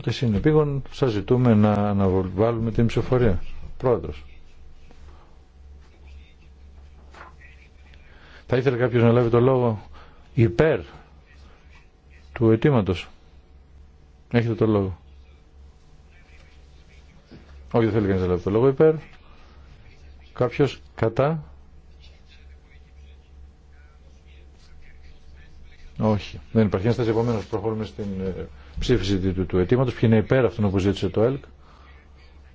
και συνεπήγον σας ζητούμε να αναβάλουμε την ψηφορία. Πρόεδρος. Θα ήθελε κάποιος να λάβει το λόγο υπέρ του αιτήματο. Έχετε το λόγο. Όχι, δεν θέλει κανείς να λάβει το λόγο υπέρ. Κάποιος κατά. Όχι. Δεν υπάρχει ένσταση. Επομένως, προχωρούμε στην ε, ψήφιση του, του αιτήματος, ποιοι είναι υπέρ αυτών που ζήτησε το ΕΛΚ,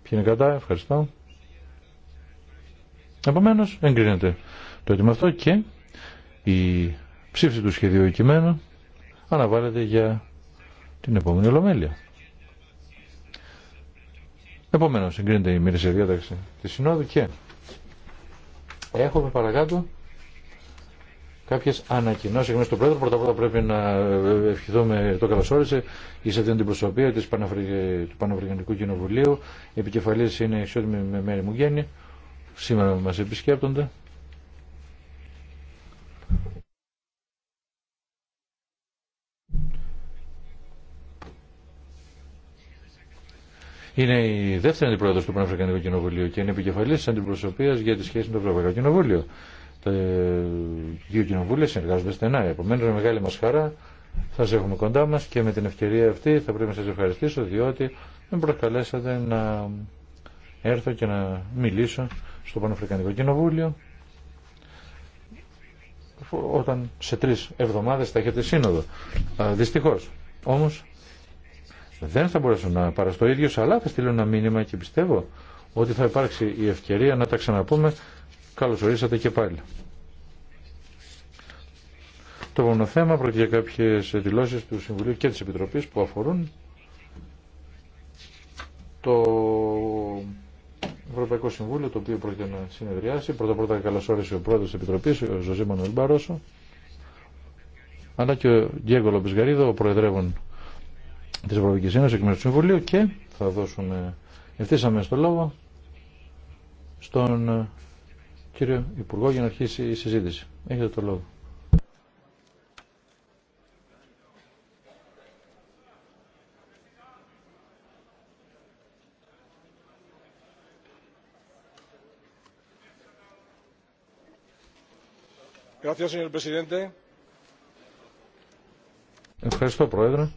ποιοι είναι κατά, ευχαριστώ. Επομένω, εγκρίνεται το αίτημα αυτό και η ψήφιση του σχεδίου κειμένου αναβάλλεται για την επόμενη ολομέλεια. Επομένω, εγκρίνεται η σε διάταξη τη Συνόδου και έχουμε παρακάτω κάποιε ανακοινώσει εκ μέρου του Πρόεδρου. Πρώτα απ' όλα πρέπει να ευχηθούμε το καλώ όρισε ει αυτήν την προσωπία της του Παναφρικανικού Κοινοβουλίου. Επικεφαλή είναι ισότιμη με μέρη μου γέννη. Σήμερα μα επισκέπτονται. Είναι η δεύτερη αντιπρόεδρο του Παναφρικανικού Κοινοβουλίου και είναι επικεφαλή τη αντιπροσωπεία για τη σχέση με το Ευρωπαϊκό Κοινοβούλιο τα δύο κοινοβούλια συνεργάζονται στενά. Επομένω, με μεγάλη μα χαρά θα σα έχουμε κοντά μα και με την ευκαιρία αυτή θα πρέπει να σα ευχαριστήσω διότι με προκαλέσατε να έρθω και να μιλήσω στο Παναφρικανικό Κοινοβούλιο όταν σε τρεις εβδομάδες θα έχετε σύνοδο. Δυστυχώς. Όμως δεν θα μπορέσω να παραστώ ίδιος αλλά θα στείλω ένα μήνυμα και πιστεύω ότι θα υπάρξει η ευκαιρία να τα ξαναπούμε Καλώς ορίσατε και πάλι. Το επόμενο θέμα πρόκειται για κάποιες δηλώσεις του Συμβουλίου και της Επιτροπής που αφορούν το Ευρωπαϊκό Συμβούλιο το οποίο πρόκειται να συνεδριάσει. Πρώτα πρώτα καλώς ο πρόεδρος της Επιτροπής, ο Ζωζή Μανουέλ αλλά και ο Γκέγκο Λομπισγαρίδο, ο προεδρεύων της Ευρωπαϊκής Ένωσης εκ μέρους του Συμβουλίου και θα δώσουμε ευθύς αμέσως το λόγο στον κύριε Υπουργό για να αρχίσει η συζήτηση. Έχετε το λόγο. Ευχαριστώ, Πρόεδρε.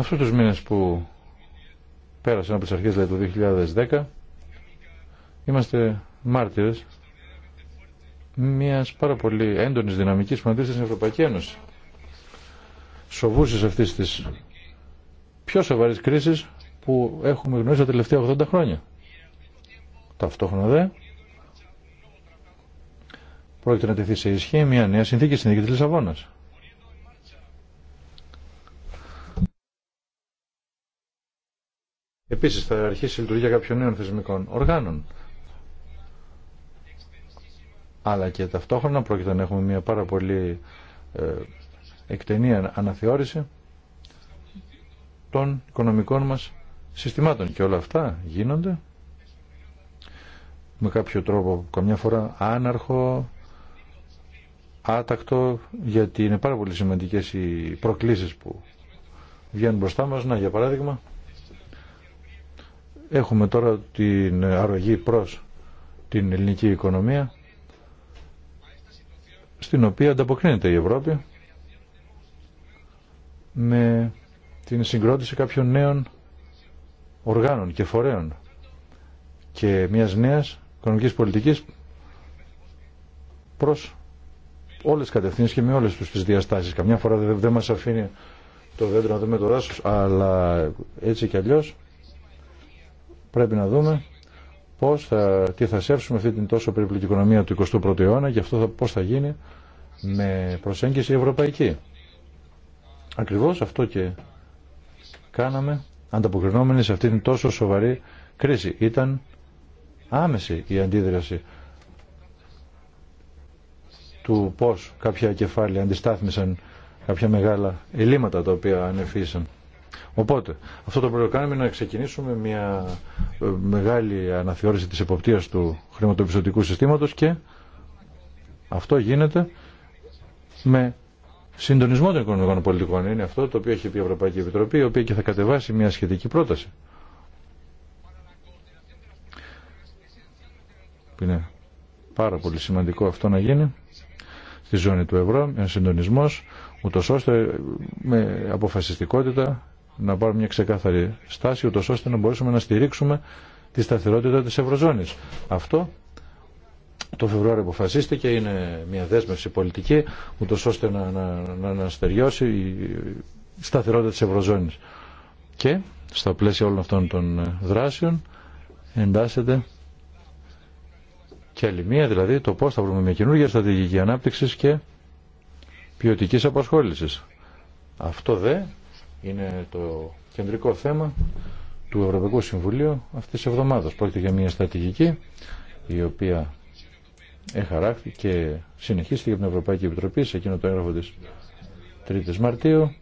Αυτούς τους μήνες που πέρασαν από τι αρχέ του 2010 είμαστε μάρτυρες μια πάρα πολύ έντονη δυναμική που στην Ευρωπαϊκή Ένωση. σοβούσε αυτής της πιο σοβαρής κρίσης που έχουμε γνωρίσει τα τελευταία 80 χρόνια. Ταυτόχρονα δε πρόκειται να τεθεί σε ισχύ μια νέα συνθήκη, συνθήκη της Λισαβόνας. Επίσης θα αρχίσει η λειτουργία κάποιων νέων θεσμικών οργάνων. Αλλά και ταυτόχρονα πρόκειται να έχουμε μια πάρα πολύ ε, εκτενή αναθεώρηση των οικονομικών μας συστημάτων. Και όλα αυτά γίνονται με κάποιο τρόπο, καμιά φορά άναρχο, άτακτο, γιατί είναι πάρα πολύ σημαντικές οι προκλήσεις που βγαίνουν μπροστά μας. Να, για παράδειγμα, Έχουμε τώρα την αρρωγή προς την ελληνική οικονομία στην οποία ανταποκρίνεται η Ευρώπη με την συγκρότηση κάποιων νέων οργάνων και φορέων και μιας νέας οικονομικής πολιτικής προς όλες τις κατευθύνσεις και με όλες τους τις διαστάσεις. Καμιά φορά δεν μας αφήνει το δέντρο να δούμε το δάσος, αλλά έτσι κι αλλιώς πρέπει να δούμε πώς θα, τι θα σέψουμε αυτή την τόσο περίπλοκη οικονομία του 21ου αιώνα και αυτό πώς θα γίνει με προσέγγιση ευρωπαϊκή. Ακριβώς αυτό και κάναμε ανταποκρινόμενοι σε αυτήν την τόσο σοβαρή κρίση. Ήταν άμεση η αντίδραση του πώς κάποια κεφάλαια αντιστάθμισαν κάποια μεγάλα ελλείμματα τα οποία ανεφίσαν. Οπότε, αυτό το πρώτο κάνουμε είναι να ξεκινήσουμε μια ε, μεγάλη αναθεώρηση της εποπτείας του χρηματοπιστωτικού συστήματος και αυτό γίνεται με συντονισμό των οικονομικών πολιτικών. Είναι αυτό το οποίο έχει πει η Ευρωπαϊκή Επιτροπή, η οποία και θα κατεβάσει μια σχετική πρόταση. Είναι πάρα πολύ σημαντικό αυτό να γίνει στη ζώνη του ευρώ, ένα συντονισμός, ούτως ώστε με αποφασιστικότητα να πάρουμε μια ξεκάθαρη στάση, ούτως ώστε να μπορέσουμε να στηρίξουμε τη σταθερότητα της Ευρωζώνης. Αυτό το Φεβρουάριο αποφασίστηκε, είναι μια δέσμευση πολιτική, ούτως ώστε να, να, να, να στεριώσει η σταθερότητα της Ευρωζώνης. Και στα πλαίσια όλων αυτών των δράσεων εντάσσεται και άλλη μία, δηλαδή το πώς θα βρούμε μια καινούργια στρατηγική καινουργια στρατηγικη αναπτυξη και ποιοτική απασχόλησης. Αυτό δε είναι το κεντρικό θέμα του Ευρωπαϊκού Συμβουλίου αυτή τη εβδομάδα. Πρόκειται για μια στρατηγική η οποία έχαράχθηκε και συνεχίστηκε από την Ευρωπαϊκή Επιτροπή σε εκείνο το έγγραφο τη 3 η Μαρτίου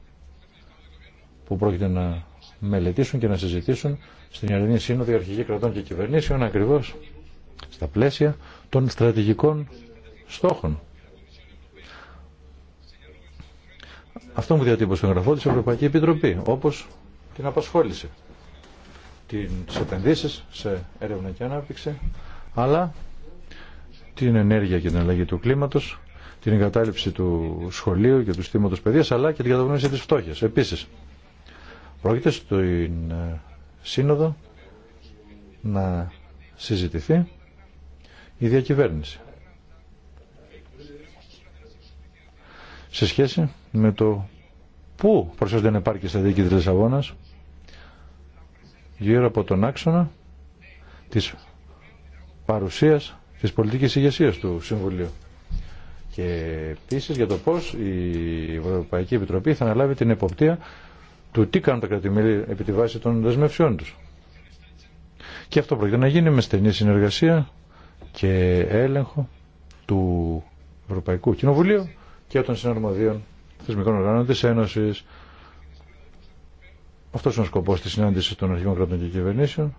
που πρόκειται να μελετήσουν και να συζητήσουν στην Ιαρνή Σύνοδο οι αρχηγοί κρατών και κυβερνήσεων ακριβώ στα πλαίσια των στρατηγικών στόχων Αυτό μου διατύπωσε το εγγραφό τη Ευρωπαϊκή Επιτροπή, όπως την απασχόλησε. Την, επενδύσει σε έρευνα και ανάπτυξη, αλλά την ενέργεια και την αλλαγή του κλίματος, την εγκατάλειψη του σχολείου και του στήματος παιδείας, αλλά και την κατανόηση της φτώχειας. Επίσης, πρόκειται στο ε, Σύνοδο να συζητηθεί η διακυβέρνηση. Σε σχέση με το πού προσέχονται να υπάρχει δική της Λισαβόνας γύρω από τον άξονα της παρουσίας της πολιτικής ηγεσία του Συμβουλίου. Και επίση για το πώς η Ευρωπαϊκή Επιτροπή θα αναλάβει την εποπτεία του τι κάνουν τα κρατημέλη επί τη βάση των δεσμευσιών τους. Και αυτό πρόκειται να γίνει με στενή συνεργασία και έλεγχο του Ευρωπαϊκού Κοινοβουλίου και των συναρμοδίων θεσμικών οργάνων τη Ένωση, αυτό είναι ο σκοπό τη συνάντηση των αρχηγών κρατών και κυβερνήσεων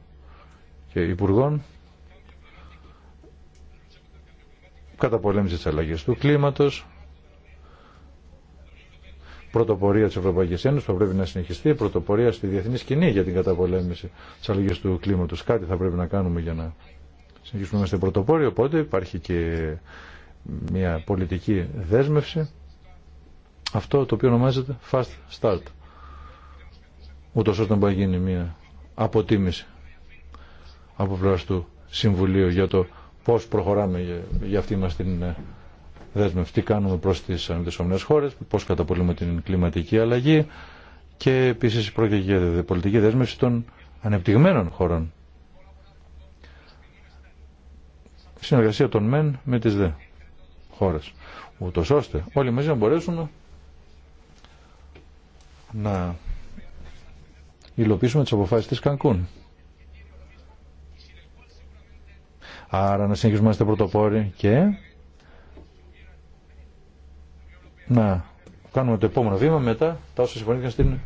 και υπουργών. Καταπολέμηση τη αλλαγή του κλίματο, Πρωτοπορία της Ευρωπαϊκής Ένωσης θα πρέπει να συνεχιστεί. Πρωτοπορία στη διεθνή σκηνή για την καταπολέμηση τη αλλαγή του κλίματο. Κάτι θα πρέπει να κάνουμε για να συνεχίσουμε να είμαστε πρωτοπόροι. Οπότε υπάρχει και μια πολιτική δέσμευση αυτό το οποίο ονομάζεται fast start. Ούτω ώστε να μπορεί να γίνει μια αποτίμηση από πλευρά του Συμβουλίου για το πώς προχωράμε για, αυτή μα την ε, δέσμευση, τι κάνουμε προ τι αντισομνές χώρες. Πώς καταπολύουμε την κλιματική αλλαγή και επίσης πρόκειται για πολιτική δέσμευση των ανεπτυγμένων χωρών. Συνεργασία των μεν με τις δε χώρες. Ούτως ώστε όλοι μαζί να μπορέσουμε να υλοποιήσουμε τις αποφάσεις της Κανκούν. Άρα να συνεχίσουμε να είστε πρωτοπόροι και να κάνουμε το επόμενο βήμα μετά τα όσα συμφωνήθηκαν στην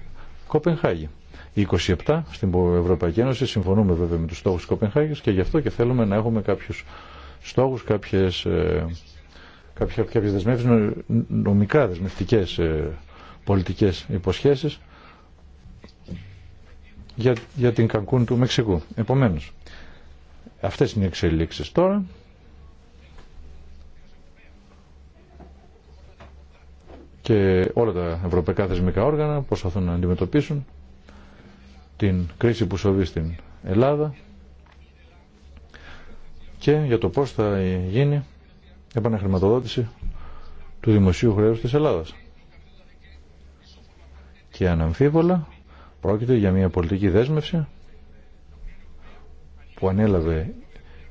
Κοπενχάγη. 27 στην Ευρωπαϊκή Ένωση συμφωνούμε βέβαια με τους στόχους της Κοπενχάγης και γι' αυτό και θέλουμε να έχουμε κάποιους στόχους, κάποιες, ε, κάποιες, κάποιες δεσμεύσεις, νομικά δεσμευτικές ε, πολιτικές υποσχέσεις για, για την Κανκούν του Μεξικού. Επομένως, αυτές είναι οι εξελίξεις τώρα. και όλα τα ευρωπαϊκά θεσμικά όργανα προσπαθούν να αντιμετωπίσουν την κρίση που σοβεί στην Ελλάδα και για το πώς θα γίνει επαναχρηματοδότηση του δημοσίου χρέους της Ελλάδας και αναμφίβολα πρόκειται για μια πολιτική δέσμευση που ανέλαβε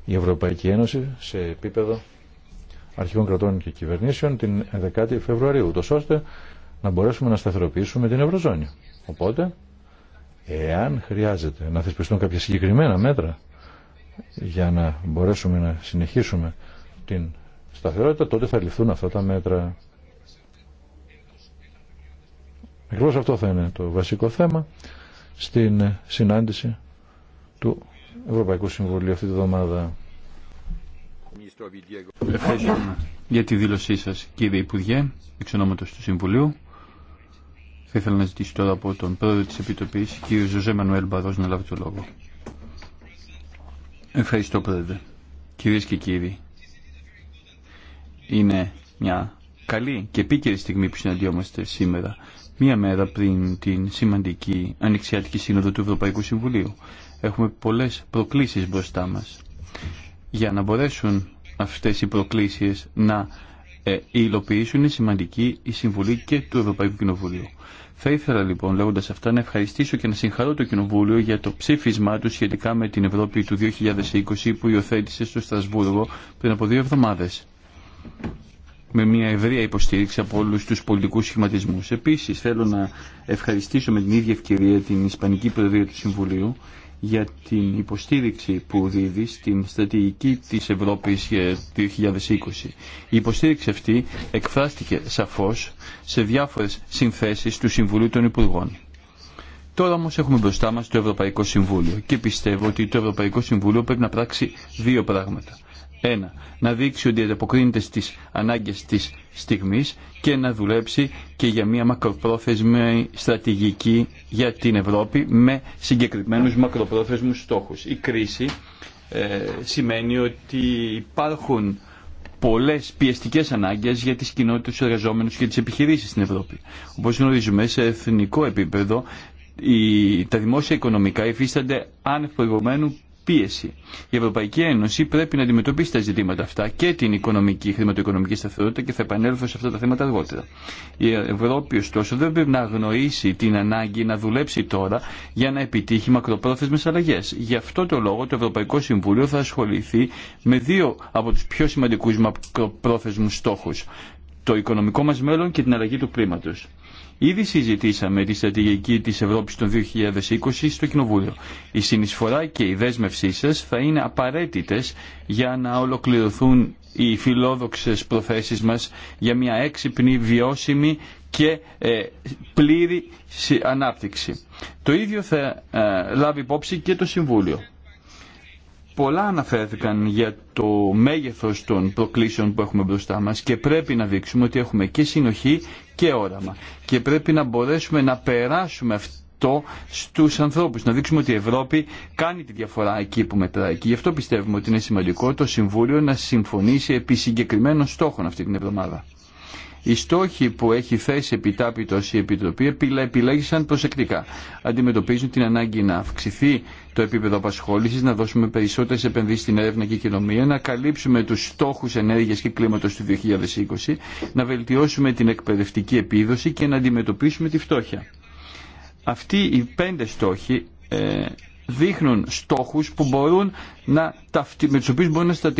η Ευρωπαϊκή Ένωση σε επίπεδο αρχικών κρατών και κυβερνήσεων την 10η Φεβρουαρίου, ούτως ώστε να μπορέσουμε να σταθεροποιήσουμε την Ευρωζώνη. Οπότε, εάν χρειάζεται να θεσπιστούν κάποια συγκεκριμένα μέτρα για να μπορέσουμε να συνεχίσουμε την σταθερότητα, τότε θα ληφθούν αυτά τα μέτρα. Ακριβώς αυτό θα είναι το βασικό θέμα στην συνάντηση του Ευρωπαϊκού Συμβουλίου αυτή τη βδομάδα. Ευχαριστώ για τη δήλωσή σας κύριε Υπουργέ, εξ ονόματος του Συμβουλίου. Θα ήθελα να ζητήσω τώρα από τον πρόεδρο της Επιτροπής, κύριο Ζωζέ Μανουέλ Μπαρός, να λάβει το λόγο. Ευχαριστώ πρόεδρε. Κυρίες και κύριοι, είναι μια καλή και επίκαιρη στιγμή που συναντιόμαστε σήμερα μία μέρα πριν την σημαντική ανοιξιάτικη σύνοδο του Ευρωπαϊκού Συμβουλίου. Έχουμε πολλές προκλήσεις μπροστά μας. Για να μπορέσουν αυτές οι προκλήσεις να ε, υλοποιήσουν είναι σημαντική η Συμβουλή και του Ευρωπαϊκού Κοινοβουλίου. Θα ήθελα λοιπόν λέγοντας αυτά να ευχαριστήσω και να συγχαρώ το Κοινοβούλιο για το ψήφισμά του σχετικά με την Ευρώπη του 2020 που υιοθέτησε στο Στρασβούργο πριν από δύο εβδομάδες με μια ευρεία υποστήριξη από όλους τους πολιτικούς σχηματισμούς. Επίσης θέλω να ευχαριστήσω με την ίδια ευκαιρία την Ισπανική Προεδρία του Συμβουλίου για την υποστήριξη που δίδει στην στρατηγική της Ευρώπης 2020. Η υποστήριξη αυτή εκφράστηκε σαφώς σε διάφορες συνθέσεις του Συμβουλίου των Υπουργών. Τώρα όμω έχουμε μπροστά μα το Ευρωπαϊκό Συμβούλιο και πιστεύω ότι το Ευρωπαϊκό Συμβούλιο πρέπει να πράξει δύο πράγματα. Ένα, να δείξει ότι ανταποκρίνεται στις ανάγκες της στιγμής και να δουλέψει και για μια μακροπρόθεσμη στρατηγική για την Ευρώπη με συγκεκριμένους μακροπρόθεσμους στόχους. Η κρίση ε, σημαίνει ότι υπάρχουν πολλές πιεστικές ανάγκες για τις κοινότητες, του εργαζόμενους και τις επιχειρήσεις στην Ευρώπη. Όπως γνωρίζουμε, σε εθνικό επίπεδο τα δημόσια οικονομικά υφίστανται άνευ πίεση. Η Ευρωπαϊκή Ένωση πρέπει να αντιμετωπίσει τα ζητήματα αυτά και την οικονομική, χρηματοοικονομική σταθερότητα και θα επανέλθω σε αυτά τα θέματα αργότερα. Η Ευρώπη, ωστόσο, δεν πρέπει να αγνοήσει την ανάγκη να δουλέψει τώρα για να επιτύχει μακροπρόθεσμε αλλαγέ. Γι' αυτό το λόγο το Ευρωπαϊκό Συμβούλιο θα ασχοληθεί με δύο από του πιο σημαντικού μακροπρόθεσμου στόχου το οικονομικό μα μέλλον και την αλλαγή του κλίματο. Ήδη συζητήσαμε τη στρατηγική της Ευρώπης το 2020 στο Κοινοβούλιο. Η συνεισφορά και η δέσμευσή σας θα είναι απαραίτητες για να ολοκληρωθούν οι φιλόδοξες προθέσεις μας για μια έξυπνη, βιώσιμη και ε, πλήρη ανάπτυξη. Το ίδιο θα ε, λάβει υπόψη και το Συμβούλιο πολλά αναφέρθηκαν για το μέγεθος των προκλήσεων που έχουμε μπροστά μας και πρέπει να δείξουμε ότι έχουμε και συνοχή και όραμα. Και πρέπει να μπορέσουμε να περάσουμε αυτό στους ανθρώπους, να δείξουμε ότι η Ευρώπη κάνει τη διαφορά εκεί που μετράει. Και γι' αυτό πιστεύουμε ότι είναι σημαντικό το Συμβούλιο να συμφωνήσει επί συγκεκριμένων στόχων αυτή την εβδομάδα. Οι στόχοι που έχει θέσει επιτάπητος η Επιτροπή επιλέγησαν προσεκτικά. Αντιμετωπίζουν την ανάγκη να αυξηθεί το επίπεδο απασχόληση, να δώσουμε περισσότερες επενδύσεις στην έρευνα και κοινωνία, να καλύψουμε τους στόχους ενέργειας και κλίματος του 2020, να βελτιώσουμε την εκπαιδευτική επίδοση και να αντιμετωπίσουμε τη φτώχεια. Αυτοί οι πέντε στόχοι ε, δείχνουν στόχους που μπορούν να με τους οποίους μπορούν να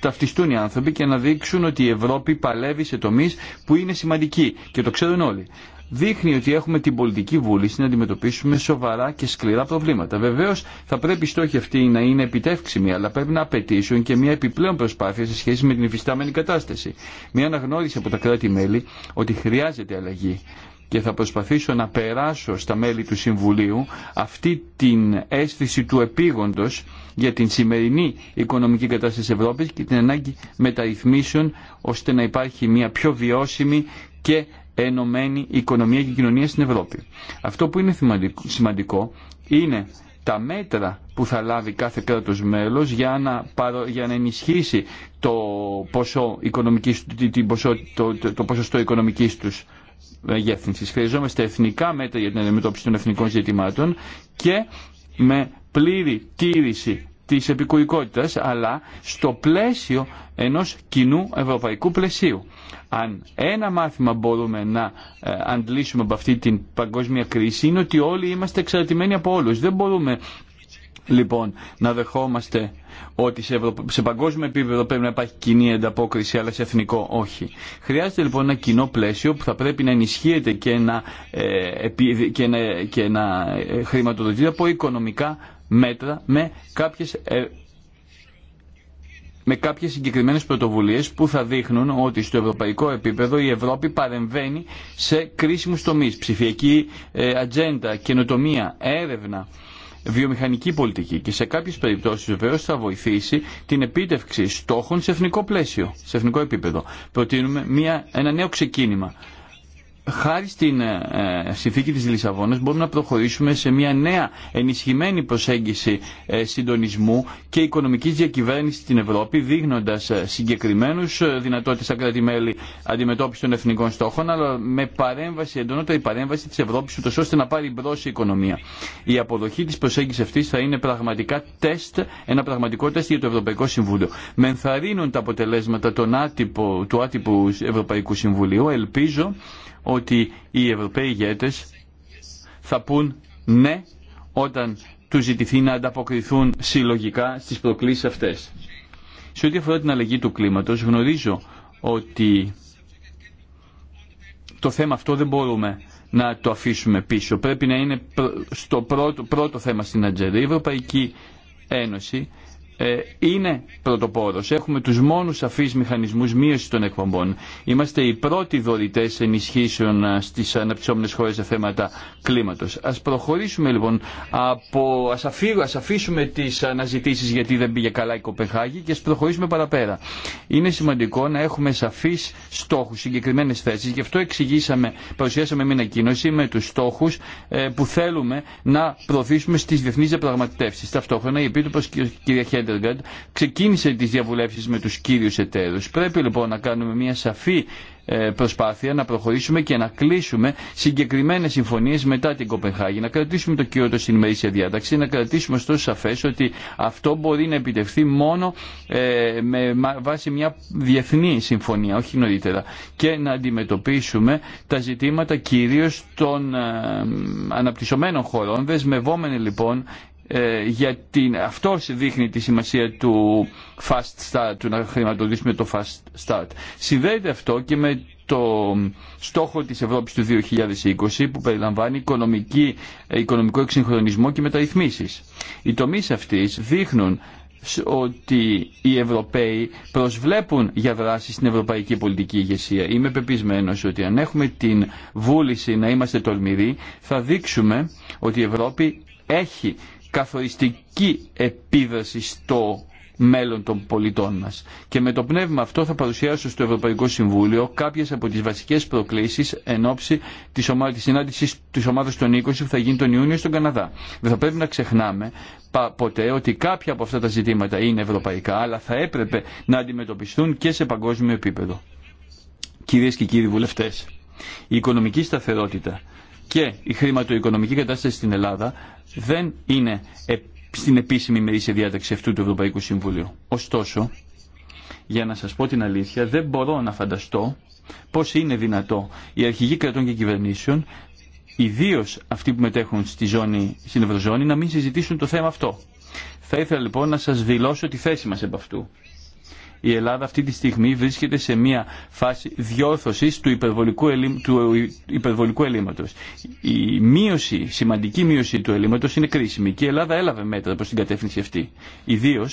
ταυτιστούν οι άνθρωποι και να δείξουν ότι η Ευρώπη παλεύει σε τομείς που είναι σημαντικοί και το ξέρουν όλοι δείχνει ότι έχουμε την πολιτική βούληση να αντιμετωπίσουμε σοβαρά και σκληρά προβλήματα. Βεβαίω θα πρέπει η στόχη αυτή να είναι επιτεύξιμη αλλά πρέπει να απαιτήσουν και μια επιπλέον προσπάθεια σε σχέση με την υφιστάμενη κατάσταση. Μια αναγνώριση από τα κράτη-μέλη ότι χρειάζεται αλλαγή και θα προσπαθήσω να περάσω στα μέλη του Συμβουλίου αυτή την αίσθηση του επίγοντος για την σημερινή οικονομική κατάσταση της Ευρώπης και την ανάγκη μεταρρυθμίσεων ώστε να υπάρχει μια πιο βιώσιμη και ενωμένη οικονομία και κοινωνία στην Ευρώπη. Αυτό που είναι σημαντικό είναι τα μέτρα που θα λάβει κάθε κράτος μέλος για να, για να ενισχύσει το, ποσό οικονομικής, την το, το, το ποσοστό οικονομικής τους ε, Γεύθυνσης. Χρειαζόμαστε εθνικά μέτρα για την αντιμετώπιση των εθνικών ζητημάτων και με πλήρη τήρηση της επικουρικότητας, αλλά στο πλαίσιο ενός κοινού ευρωπαϊκού πλαισίου. Αν ένα μάθημα μπορούμε να ε, αντλήσουμε από αυτή την παγκόσμια κρίση είναι ότι όλοι είμαστε εξαρτημένοι από όλους. Δεν μπορούμε λοιπόν να δεχόμαστε ότι σε, ευρω... παγκόσμιο επίπεδο πρέπει να υπάρχει κοινή ανταπόκριση αλλά σε εθνικό όχι. Χρειάζεται λοιπόν ένα κοινό πλαίσιο που θα πρέπει να ενισχύεται και να, ε, και να... Και να ε, από οικονομικά μέτρα με κάποιες, ε, με κάποιες συγκεκριμένες πρωτοβουλίες που θα δείχνουν ότι στο ευρωπαϊκό επίπεδο η Ευρώπη παρεμβαίνει σε κρίσιμους τομείς. Ψηφιακή ε, ατζέντα, καινοτομία, έρευνα βιομηχανική πολιτική και σε κάποιες περιπτώσεις βεβαίως θα βοηθήσει την επίτευξη στόχων σε εθνικό πλαίσιο, σε εθνικό επίπεδο. Προτείνουμε μια, ένα νέο ξεκίνημα χάρη στην ε, συνθήκη της Λισαβόνας μπορούμε να προχωρήσουμε σε μια νέα ενισχυμένη προσέγγιση ε, συντονισμού και οικονομικής διακυβέρνησης στην Ευρώπη δείχνοντας ε, συγκεκριμένους δυνατότητες στα κράτη-μέλη αντιμετώπιση των εθνικών στόχων αλλά με παρέμβαση, εντονότερη παρέμβαση της Ευρώπης ούτως ώστε να πάρει μπρος η οικονομία. Η αποδοχή της προσέγγισης αυτής θα είναι πραγματικά τεστ, ένα πραγματικό τεστ για το Ευρωπαϊκό Συμβούλιο. Με ενθαρρύνουν τα αποτελέσματα των άτυπο, του άτυπου Ευρωπαϊκού Συμβουλίου, ελπίζω ότι οι Ευρωπαίοι ηγέτες θα πούν ναι όταν του ζητηθεί να ανταποκριθούν συλλογικά στις προκλήσεις αυτές. Σε ό,τι αφορά την αλλαγή του κλίματος γνωρίζω ότι το θέμα αυτό δεν μπορούμε να το αφήσουμε πίσω. Πρέπει να είναι στο πρώτο, πρώτο θέμα στην Ατζέντα. Η Ευρωπαϊκή Ένωση ε, είναι πρωτοπόρος. Έχουμε τους μόνους σαφείς μηχανισμούς μείωση των εκπομπών. Είμαστε οι πρώτοι δωρητές ενισχύσεων ε, στις αναπτυσσόμενες χώρες σε θέματα κλίματος. Ας προχωρήσουμε λοιπόν, από, ας, αφήσουμε τις αναζητήσεις γιατί δεν πήγε καλά η Κοπεχάγη και ας προχωρήσουμε παραπέρα. Είναι σημαντικό να έχουμε σαφείς στόχους, συγκεκριμένες θέσεις. Γι' αυτό εξηγήσαμε, παρουσιάσαμε μια ανακοίνωση με τους στόχους ε, που θέλουμε να προωθήσουμε στις διεθνείς διαπραγματεύσει. Ταυτόχρονα η Επίτροπος ξεκίνησε τις διαβουλεύσεις με τους κύριους εταίρους. Πρέπει λοιπόν να κάνουμε μια σαφή ε, προσπάθεια να προχωρήσουμε και να κλείσουμε συγκεκριμένες συμφωνίες μετά την Κοπενχάγη. Να κρατήσουμε το κύριο στην ημερήσια διάταξη, να κρατήσουμε ωστόσο σαφές ότι αυτό μπορεί να επιτευχθεί μόνο ε, με βάση μια διεθνή συμφωνία, όχι νωρίτερα. Και να αντιμετωπίσουμε τα ζητήματα κυρίως των ε, αναπτυσσομένων χωρών, δεσμευόμενοι λοιπόν ε, για την, αυτός δείχνει τη σημασία του fast start, του να χρηματοδοτήσουμε το fast start. Συνδέεται αυτό και με το στόχο της Ευρώπης του 2020 που περιλαμβάνει οικονομική, ε, οικονομικό εξυγχρονισμό και μεταρρυθμίσεις. Οι τομείς αυτής δείχνουν ότι οι Ευρωπαίοι προσβλέπουν για δράση στην ευρωπαϊκή πολιτική ηγεσία. Είμαι πεπισμένος ότι αν έχουμε την βούληση να είμαστε τολμηροί θα δείξουμε ότι η Ευρώπη έχει καθοριστική επίδραση στο μέλλον των πολιτών μας. Και με το πνεύμα αυτό θα παρουσιάσω στο Ευρωπαϊκό Συμβούλιο κάποιες από τις βασικές προκλήσεις εν ώψη της, ομα... της συνάντησης της ομάδας των 20 που θα γίνει τον Ιούνιο στον Καναδά. Δεν θα πρέπει να ξεχνάμε ποτέ ότι κάποια από αυτά τα ζητήματα είναι ευρωπαϊκά αλλά θα έπρεπε να αντιμετωπιστούν και σε παγκόσμιο επίπεδο. Κυρίες και κύριοι βουλευτές, η οικονομική σταθερότητα και η χρηματοοικονομική κατάσταση στην Ελλάδα δεν είναι στην επίσημη μερίσια διάταξη αυτού του Ευρωπαϊκού Συμβουλίου. Ωστόσο, για να σας πω την αλήθεια, δεν μπορώ να φανταστώ πώς είναι δυνατό οι αρχηγοί κρατών και κυβερνήσεων, ιδίω αυτοί που μετέχουν στη ζώνη, στην Ευρωζώνη, να μην συζητήσουν το θέμα αυτό. Θα ήθελα λοιπόν να σας δηλώσω τη θέση μας επ' αυτού. Η Ελλάδα αυτή τη στιγμή βρίσκεται σε μια φάση διόρθωσης του υπερβολικού, ελλείμ, του υπερβολικού ελλείμματος. Η μείωση, σημαντική μείωση του ελλείμματος είναι κρίσιμη και η Ελλάδα έλαβε μέτρα προς την κατεύθυνση αυτή. Ιδίω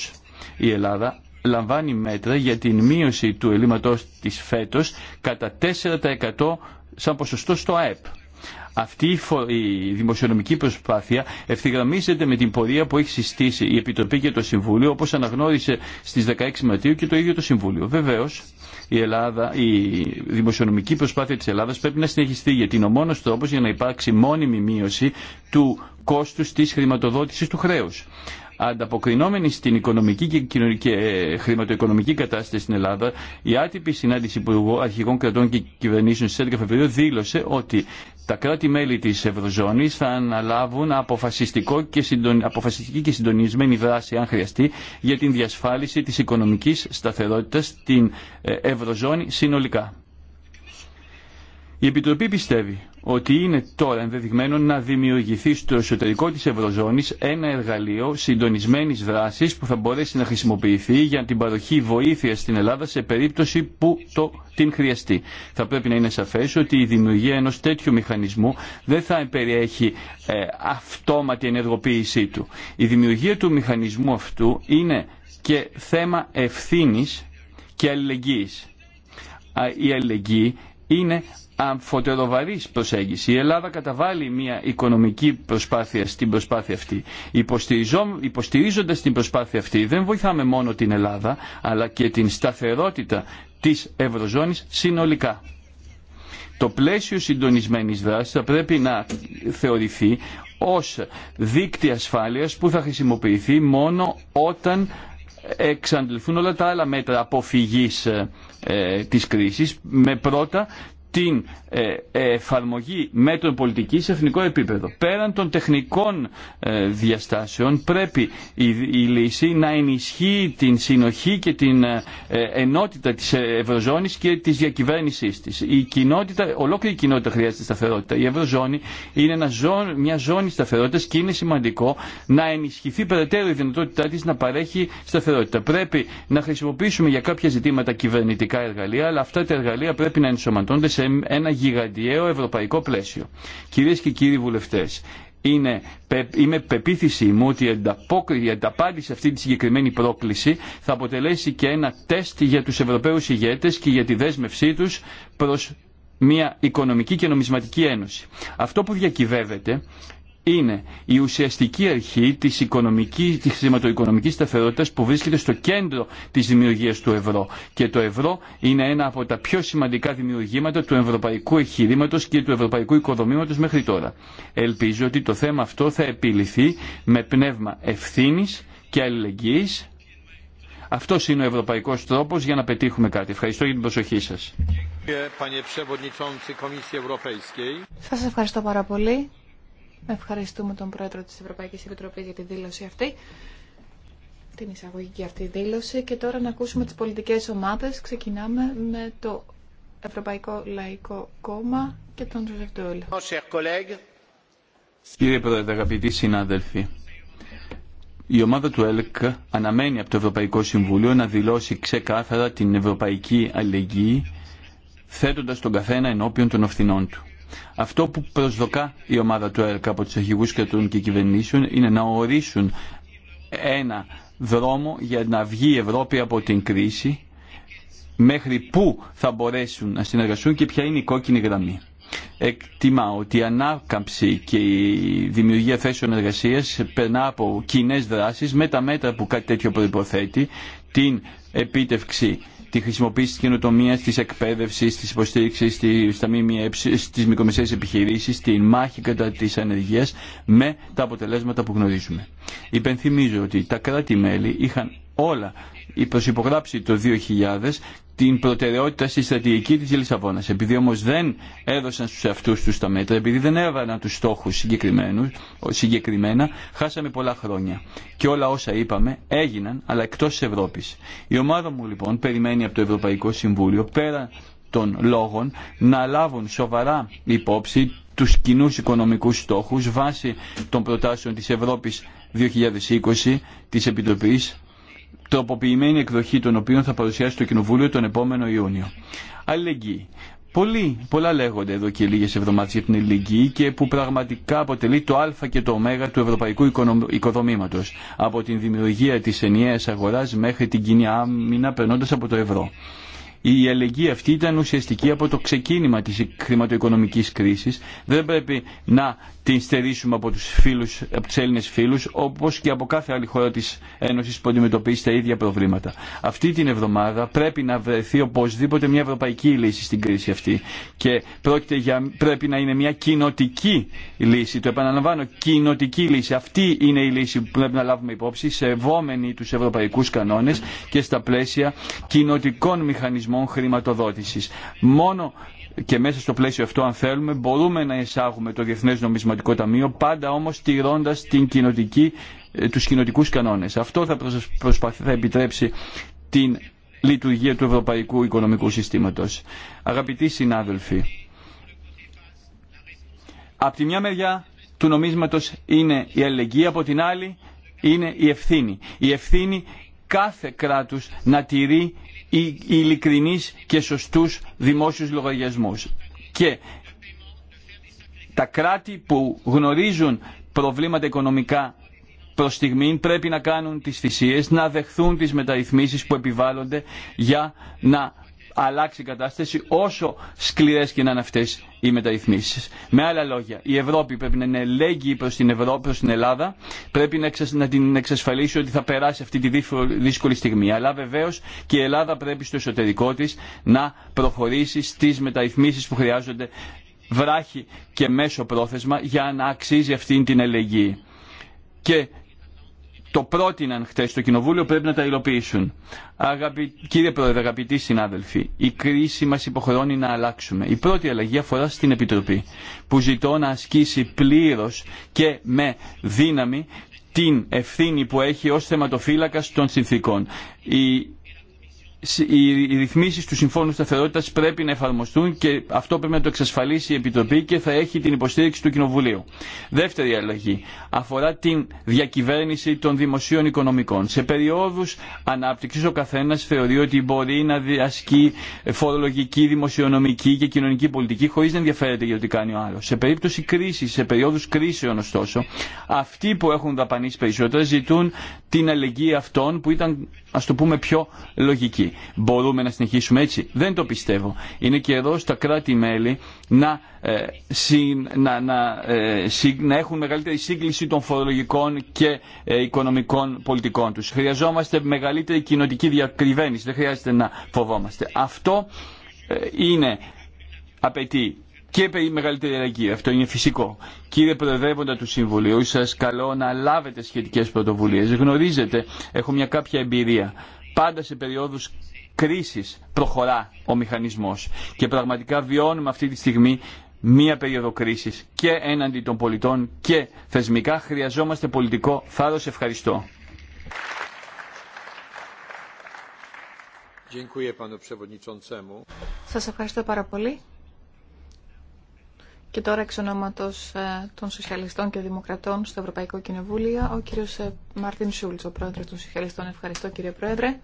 η Ελλάδα λαμβάνει μέτρα για την μείωση του ελλείμματός της φέτος κατά 4% σαν ποσοστό στο ΑΕΠ. Αυτή η δημοσιονομική προσπάθεια ευθυγραμμίζεται με την πορεία που έχει συστήσει η Επιτροπή και το Συμβούλιο, όπω αναγνώρισε στι 16 Μαρτίου και το ίδιο το Συμβούλιο. Βεβαίω, η, Ελλάδα, η δημοσιονομική προσπάθεια τη Ελλάδα πρέπει να συνεχιστεί, γιατί είναι ο μόνο τρόπο για να υπάρξει μόνιμη μείωση του κόστου τη χρηματοδότηση του χρέου ανταποκρινόμενη στην οικονομική και ε, χρηματοοικονομική κατάσταση στην Ελλάδα, η άτυπη συνάντηση Υπουργού Αρχηγών Κρατών και Κυβερνήσεων στι 11 Φεβρουαρίου δήλωσε ότι τα κράτη-μέλη τη Ευρωζώνης θα αναλάβουν αποφασιστικό και συντον... αποφασιστική και συντονισμένη δράση, αν χρειαστεί, για την διασφάλιση τη οικονομική σταθερότητα στην ε, Ευρωζώνη συνολικά. Η Επιτροπή πιστεύει ότι είναι τώρα ενδεδειγμένο να δημιουργηθεί στο εσωτερικό της Ευρωζώνης ένα εργαλείο συντονισμένης δράσης που θα μπορέσει να χρησιμοποιηθεί για την παροχή βοήθειας στην Ελλάδα σε περίπτωση που το την χρειαστεί. Θα πρέπει να είναι σαφές ότι η δημιουργία ενός τέτοιου μηχανισμού δεν θα περιέχει ε, αυτόματη ενεργοποίησή του. Η δημιουργία του μηχανισμού αυτού είναι και θέμα ευθύνης και αλληλεγγύης. Η αλληλεγγύη είναι αμφωτεροβαρή προσέγγιση. Η Ελλάδα καταβάλει μια οικονομική προσπάθεια στην προσπάθεια αυτή. Υποστηρίζοντα την προσπάθεια αυτή δεν βοηθάμε μόνο την Ελλάδα αλλά και την σταθερότητα τη ευρωζώνη συνολικά. Το πλαίσιο συντονισμένης δράσης θα πρέπει να θεωρηθεί ως δίκτυο ασφάλειας που θα χρησιμοποιηθεί μόνο όταν εξαντληθούν όλα τα άλλα μέτρα αποφυγής ε, ε, της κρίσης με πρώτα την ε, ε, εφαρμογή μέτρων πολιτική σε εθνικό επίπεδο. Πέραν των τεχνικών ε, διαστάσεων πρέπει η λύση να ενισχύει την συνοχή και την ενότητα της Ευρωζώνης και της διακυβέρνησής της. Η κοινότητα, ολόκληρη η κοινότητα χρειάζεται σταθερότητα. Η Ευρωζώνη είναι μια ζώνη σταθερότητας και είναι σημαντικό να ενισχυθεί περαιτέρω η δυνατότητά της να παρέχει σταθερότητα. Πρέπει να χρησιμοποιήσουμε για κάποια ζητήματα κυβερνητικά εργαλεία, αλλά αυτά τα εργαλεία πρέπει να ενσωματώνται σε ένα γιγαντιαίο ευρωπαϊκό πλαίσιο. Κυρίες και κύριοι βουλευτές, είναι, είμαι πεποίθησή μου ότι η ανταπάντηση σε αυτή τη συγκεκριμένη πρόκληση θα αποτελέσει και ένα τεστ για τους Ευρωπαίους ηγέτες και για τη δέσμευσή τους προς μια οικονομική και νομισματική ένωση. Αυτό που διακυβεύεται είναι η ουσιαστική αρχή της, οικονομικής, της χρηματοοικονομικής σταθερότητας που βρίσκεται στο κέντρο της δημιουργίας του ευρώ. Και το ευρώ είναι ένα από τα πιο σημαντικά δημιουργήματα του ευρωπαϊκού εγχειρήματο και του ευρωπαϊκού οικοδομήματος μέχρι τώρα. Ελπίζω ότι το θέμα αυτό θα επιληθεί με πνεύμα ευθύνη και αλληλεγγύης. Αυτό είναι ο ευρωπαϊκό τρόπο για να πετύχουμε κάτι. Ευχαριστώ για την προσοχή σα. Σα ευχαριστώ πάρα πολύ. Ευχαριστούμε τον Πρόεδρο της Ευρωπαϊκής Επιτροπής για τη δήλωση αυτή, την εισαγωγική αυτή δήλωση. Και τώρα να ακούσουμε τις πολιτικές ομάδες. Ξεκινάμε με το Ευρωπαϊκό Λαϊκό Κόμμα και τον Ζωζεφ Κύριε Πρόεδρε, αγαπητοί συνάδελφοι, η ομάδα του ΕΛΚ αναμένει από το Ευρωπαϊκό Συμβουλίο να δηλώσει ξεκάθαρα την ευρωπαϊκή αλληλεγγύη, θέτοντας τον καθένα ενώπιον των ευθυνών του. Αυτό που προσδοκά η ομάδα του ΕΡΚ από τους αρχηγούς κρατών και κυβερνήσεων είναι να ορίσουν ένα δρόμο για να βγει η Ευρώπη από την κρίση μέχρι πού θα μπορέσουν να συνεργαστούν και ποια είναι η κόκκινη γραμμή. Εκτιμά ότι η ανάκαμψη και η δημιουργία θέσεων εργασίας περνά από κοινέ δράσει με τα μέτρα που κάτι τέτοιο προποθέτει την επίτευξη τη χρησιμοποίηση τη καινοτομία, της εκπαίδευσης, της υποστήριξης στα ΜΜΕ, στις επιχειρήσεις, τη μάχη κατά τη ανεργία με τα αποτελέσματα που γνωρίζουμε. Υπενθυμίζω ότι τα κράτη-μέλη είχαν όλα προσυπογράψει το 2000 την προτεραιότητα στη στρατηγική της Λισαβόνας. Επειδή όμως δεν έδωσαν στους αυτούς τους τα μέτρα, επειδή δεν έβαλαν τους στόχους συγκεκριμένους, συγκεκριμένα, χάσαμε πολλά χρόνια. Και όλα όσα είπαμε έγιναν, αλλά εκτός της Ευρώπης. Η ομάδα μου λοιπόν περιμένει από το Ευρωπαϊκό Συμβούλιο, πέρα των λόγων, να λάβουν σοβαρά υπόψη τους κοινού οικονομικούς στόχους βάσει των προτάσεων της Ευρώπης 2020 της Επιτροπής τροποποιημένη εκδοχή των οποίων θα παρουσιάσει το Κοινοβούλιο τον επόμενο Ιούνιο. Αλληλεγγύη. Πολύ, πολλά λέγονται εδώ και λίγε εβδομάδε για την ελληνική και που πραγματικά αποτελεί το Α και το Ω του ευρωπαϊκού οικοδομήματο. Από την δημιουργία τη ενιαία αγορά μέχρι την κοινή άμυνα περνώντα από το ευρώ. Η αλληλεγγύη αυτή ήταν ουσιαστική από το ξεκίνημα της χρηματοοικονομικής κρίσης. Δεν πρέπει να την στερήσουμε από τους, φίλους, από τους Έλληνες φίλους, όπως και από κάθε άλλη χώρα της Ένωσης που αντιμετωπίζει τα ίδια προβλήματα. Αυτή την εβδομάδα πρέπει να βρεθεί οπωσδήποτε μια ευρωπαϊκή λύση στην κρίση αυτή. Και πρόκειται για, πρέπει να είναι μια κοινοτική λύση. Το επαναλαμβάνω, κοινοτική λύση. Αυτή είναι η λύση που πρέπει να λάβουμε υπόψη, σεβόμενοι τους ευρωπαϊκούς κανόνες και στα πλαίσια κοινοτικών μηχανισμών μηχανισμών χρηματοδότησης. Μόνο και μέσα στο πλαίσιο αυτό, αν θέλουμε, μπορούμε να εισάγουμε το Διεθνές Νομισματικό Ταμείο, πάντα όμως τηρώντας την κοινοτική, ε, τους κοινοτικούς κανόνες. Αυτό θα, προσπαθεί, θα επιτρέψει την λειτουργία του Ευρωπαϊκού Οικονομικού Συστήματος. Αγαπητοί συνάδελφοι, από τη μια μεριά του νομίσματος είναι η αλληλεγγύη, από την άλλη είναι η ευθύνη. Η ευθύνη κάθε κράτους να τηρεί ειλικρινείς και σωστούς δημόσιους λογαριασμούς. Και τα κράτη που γνωρίζουν προβλήματα οικονομικά προς στιγμή πρέπει να κάνουν τις θυσίες, να δεχθούν τις μεταρρυθμίσεις που επιβάλλονται για να αλλάξει η κατάσταση όσο σκληρές και να είναι αυτές οι μεταρρυθμίσει. Με άλλα λόγια, η Ευρώπη πρέπει να είναι ελέγγυη προς την, Ευρώπη, προς την Ελλάδα, πρέπει να, την εξασφαλίσει ότι θα περάσει αυτή τη δύσκολη στιγμή. Αλλά βεβαίω και η Ελλάδα πρέπει στο εσωτερικό της να προχωρήσει στις μεταρρυθμίσει που χρειάζονται βράχη και μέσο πρόθεσμα για να αξίζει αυτή την ελεγγύη. Και το πρότειναν χθε στο Κοινοβούλιο πρέπει να τα υλοποιήσουν. Αγαπη... Κύριε Πρόεδρε, αγαπητοί συνάδελφοι, η κρίση μα υποχρεώνει να αλλάξουμε. Η πρώτη αλλαγή αφορά στην Επιτροπή, που ζητώ να ασκήσει πλήρω και με δύναμη την ευθύνη που έχει ως θεματοφύλακα των συνθήκων. Η οι ρυθμίσεις του Συμφώνου Σταθερότητας πρέπει να εφαρμοστούν και αυτό πρέπει να το εξασφαλίσει η Επιτροπή και θα έχει την υποστήριξη του Κοινοβουλίου. Δεύτερη αλλαγή αφορά την διακυβέρνηση των δημοσίων οικονομικών. Σε περιόδους ανάπτυξης ο καθένας θεωρεί ότι μπορεί να διασκεί φορολογική, δημοσιονομική και κοινωνική πολιτική χωρίς να ενδιαφέρεται για το κάνει ο άλλος. Σε περίπτωση κρίσης, σε περιόδους κρίσεων ωστόσο, αυτοί που έχουν δαπανήσει περισσότερα ζητούν την αλληλεγγύη αυτών που ήταν ας το πούμε πιο λογική μπορούμε να συνεχίσουμε έτσι. Δεν το πιστεύω. Είναι καιρό στα κράτη-μέλη να, ε, να, να, ε, έχουν μεγαλύτερη σύγκληση των φορολογικών και ε, οικονομικών πολιτικών τους. Χρειαζόμαστε μεγαλύτερη κοινωτική διακριβένηση Δεν χρειάζεται να φοβόμαστε. Αυτό ε, είναι απαιτεί και μεγαλύτερη αλλαγή. Αυτό είναι φυσικό. Κύριε Προεδρεύοντα του Συμβουλίου, σα καλώ να λάβετε σχετικέ πρωτοβουλίε. Γνωρίζετε, έχω μια κάποια εμπειρία πάντα σε περιόδους κρίσης προχωρά ο μηχανισμός και πραγματικά βιώνουμε αυτή τη στιγμή μία περίοδο κρίσης και έναντι των πολιτών και θεσμικά χρειαζόμαστε πολιτικό θάρρος. Ευχαριστώ. Σας ευχαριστώ πάρα πολύ. Και τώρα εξ ονόματος ε, των Σοσιαλιστών και Δημοκρατών στο Ευρωπαϊκό Κοινοβούλιο, ο κύριος ε, Μάρτιν Σούλτς, ο πρόεδρος των Σοσιαλιστών. Ευχαριστώ κύριε Πρόεδρε.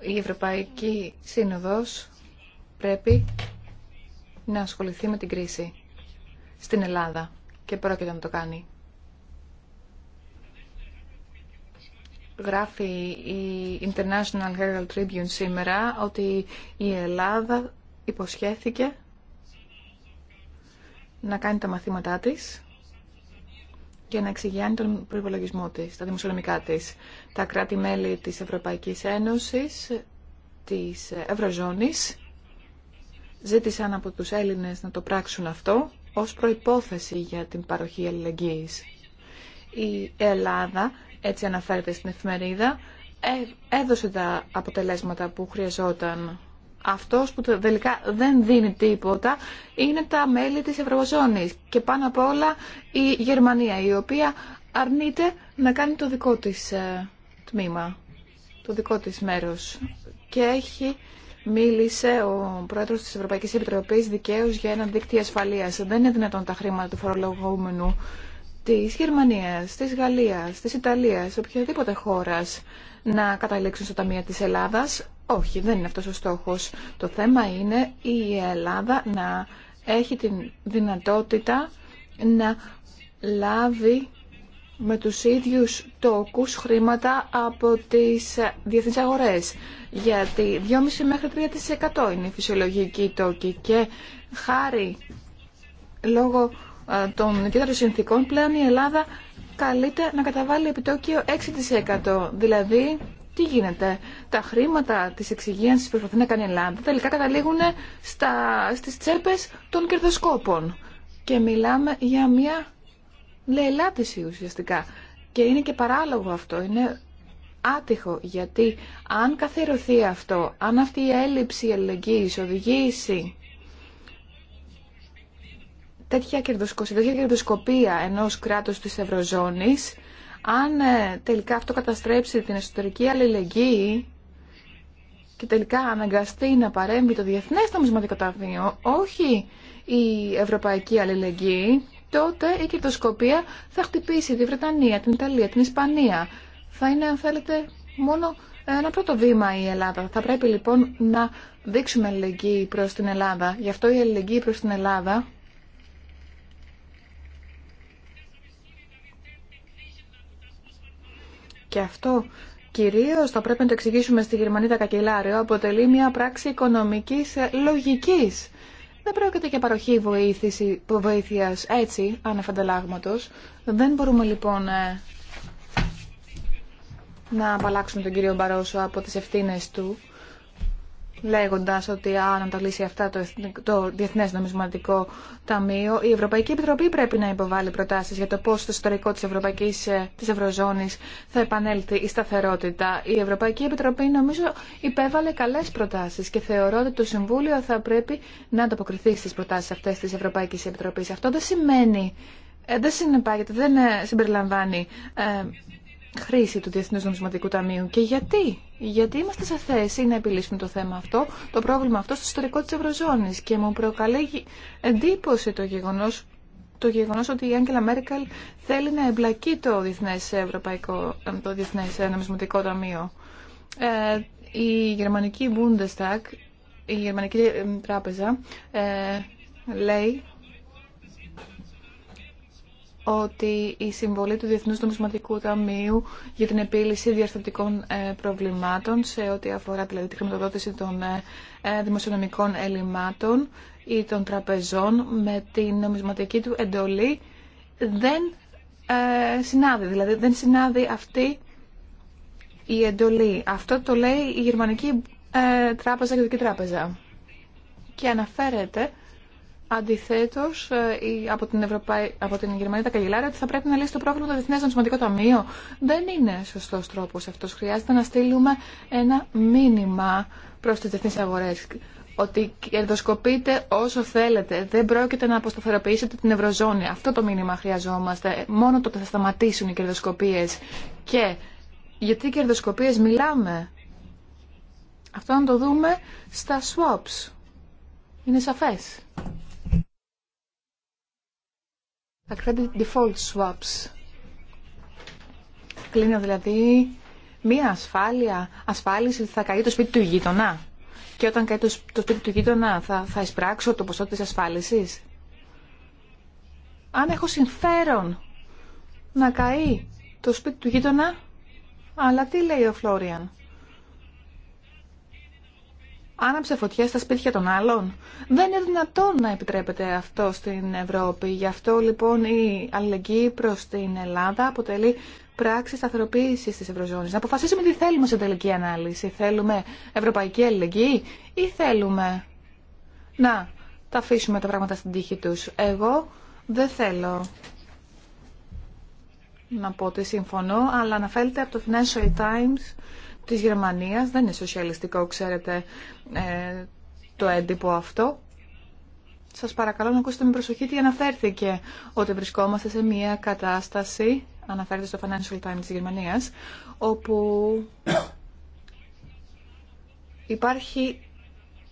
Η Ευρωπαϊκή Σύνοδος πρέπει να ασχοληθεί με την κρίση στην Ελλάδα και πρόκειται να το κάνει. γράφει η International Herald Tribune σήμερα ότι η Ελλάδα υποσχέθηκε να κάνει τα μαθήματά της και να εξηγιάνει τον προϋπολογισμό της, τα δημοσιονομικά της. Τα κράτη-μέλη της Ευρωπαϊκής Ένωσης, της Ευρωζώνης, ζήτησαν από τους Έλληνες να το πράξουν αυτό ως προϋπόθεση για την παροχή αλληλεγγύης. Η Ελλάδα έτσι αναφέρεται στην εφημερίδα, ε, έδωσε τα αποτελέσματα που χρειαζόταν. Αυτός που τελικά δεν δίνει τίποτα είναι τα μέλη της Ευρωζώνης και πάνω απ' όλα η Γερμανία, η οποία αρνείται να κάνει το δικό της ε, τμήμα, το δικό της μέρος. Και έχει μίλησε ο πρόεδρος της Ευρωπαϊκής Επιτροπής δικαίως για ένα δίκτυο ασφαλείας. Δεν είναι δυνατόν τα χρήματα του φορολογούμενου Τη Γερμανία, τη Γαλλία, τη Ιταλία, οποιαδήποτε χώρα να καταλήξουν στο Ταμείο της Ελλάδας. Όχι, δεν είναι αυτός ο στόχος. Το θέμα είναι η Ελλάδα να έχει την δυνατότητα να λάβει με τους ίδιους τόκους χρήματα από τις διεθνείς αγορές. Γιατί 2,5 μέχρι 3% είναι η φυσιολογική τόκη και χάρη λόγω ε, των κέντρων συνθήκων, πλέον η Ελλάδα καλείται να καταβάλει επιτόκιο 6%. Δηλαδή, τι γίνεται, τα χρήματα της εξυγίανσης που προσπαθεί να κάνει η Ελλάδα τελικά καταλήγουν στα, στις των κερδοσκόπων. Και μιλάμε για μια λαιλάτιση ουσιαστικά. Και είναι και παράλογο αυτό, είναι άτυχο, γιατί αν καθιερωθεί αυτό, αν αυτή η έλλειψη αλληλεγγύης οδηγήσει τέτοια κερδοσκοπία ενός κράτους της Ευρωζώνης, αν ε, τελικά αυτό καταστρέψει την εσωτερική αλληλεγγύη και τελικά αναγκαστεί να παρέμβει το Διεθνές Νομισματικό Ταμείο, όχι η Ευρωπαϊκή Αλληλεγγύη, τότε η κερδοσκοπία θα χτυπήσει τη Βρετανία, την Ιταλία, την Ισπανία. Θα είναι, αν θέλετε, μόνο ένα πρώτο βήμα η Ελλάδα. Θα πρέπει λοιπόν να δείξουμε αλληλεγγύη προς την Ελλάδα. Γι' αυτό η αλληλεγγύη προς την Ελλάδα Και αυτό κυρίω θα πρέπει να το εξηγήσουμε στη Γερμανίδα Κακελάριο αποτελεί μια πράξη οικονομικής λογικής. Δεν πρόκειται για παροχή βοήθεια έτσι, ανεφαντελάγματος. Δεν μπορούμε λοιπόν ε, να απαλλάξουμε τον κύριο Μπαρόσο από τις ευθύνε του. Λέγοντα ότι αν λύσει αυτά το, το Διεθνές Νομισματικό Ταμείο, η Ευρωπαϊκή Επιτροπή πρέπει να υποβάλει προτάσει για το πώ στο ιστορικό τη Ευρωπαϊκής ε, της Ευρωζώνης θα επανέλθει η σταθερότητα. Η Ευρωπαϊκή Επιτροπή νομίζω υπέβαλε καλέ προτάσει και θεωρώ ότι το Συμβούλιο θα πρέπει να ανταποκριθεί στις προτάσει αυτέ τη Ευρωπαϊκή Επιτροπής. Αυτό δεν σημαίνει, ε, δεν συνεπάγεται, δεν ε, συμπεριλαμβάνει χρήση του Διεθνού Νομισματικού Ταμείου. Και γιατί. Γιατί είμαστε σε θέση να επιλύσουμε το θέμα αυτό, το πρόβλημα αυτό στο ιστορικό τη Ευρωζώνη. Και μου προκαλεί εντύπωση το γεγονός το γεγονός ότι η Άγγελα Μέρκελ θέλει να εμπλακεί το Διεθνές, Ευρωπαϊκό, το Διεθνές Νομισματικό Ταμείο. Ε, η γερμανική Bundestag, η γερμανική τράπεζα, ε, λέει ότι η συμβολή του Διεθνούς Νομισματικού Ταμείου για την επίλυση διαρθρωτικών ε, προβλημάτων σε ό,τι αφορά δηλαδή, τη χρηματοδότηση των ε, ε, δημοσιονομικών ελλημάτων ή των τραπεζών με την νομισματική του εντολή δεν συνάδει. Δηλαδή δεν συνάδει αυτή η εντολή. Αυτό το λέει η Γερμανική Τράπεζα και Τράπεζα. Και αναφέρεται Αντιθέτω, ε, από, την από την Γερμανία τα καγκελάρια ότι θα πρέπει να λύσει το πρόβλημα το Διεθνέ Νομισματικό Ταμείο. Δεν είναι σωστό τρόπο αυτό. Χρειάζεται να στείλουμε ένα μήνυμα προ τι διεθνεί αγορέ. Ότι κερδοσκοπείτε όσο θέλετε. Δεν πρόκειται να αποσταθεροποιήσετε την Ευρωζώνη. Αυτό το μήνυμα χρειαζόμαστε. Μόνο τότε θα σταματήσουν οι κερδοσκοπίε. Και γιατί κερδοσκοπίε μιλάμε. Αυτό να το δούμε στα swaps. Είναι σαφές. Τα credit default swaps. Κλείνω δηλαδή μία ασφάλεια, ασφάλιση ότι θα καεί το σπίτι του γείτονα. Και όταν καεί το, σπίτι του γείτονα θα, θα εισπράξω το ποσό της ασφάλισης. Αν έχω συμφέρον να καεί το σπίτι του γείτονα, αλλά τι λέει ο Φλόριαν άναψε φωτιά στα σπίτια των άλλων. Δεν είναι δυνατόν να επιτρέπεται αυτό στην Ευρώπη. Γι' αυτό λοιπόν η αλληλεγγύη προ την Ελλάδα αποτελεί πράξη σταθεροποίηση τη Ευρωζώνη. Να αποφασίσουμε τι θέλουμε σε τελική ανάλυση. Θέλουμε ευρωπαϊκή αλληλεγγύη ή θέλουμε να τα αφήσουμε τα πράγματα στην τύχη του. Εγώ δεν θέλω να πω ότι συμφωνώ, αλλά αναφέρεται από το Financial Times της Γερμανίας. Δεν είναι σοσιαλιστικό, ξέρετε, ε, το έντυπο αυτό. Σας παρακαλώ να ακούσετε με προσοχή τι αναφέρθηκε ότι βρισκόμαστε σε μια κατάσταση, αναφέρεται στο Financial Times της Γερμανίας, όπου υπάρχει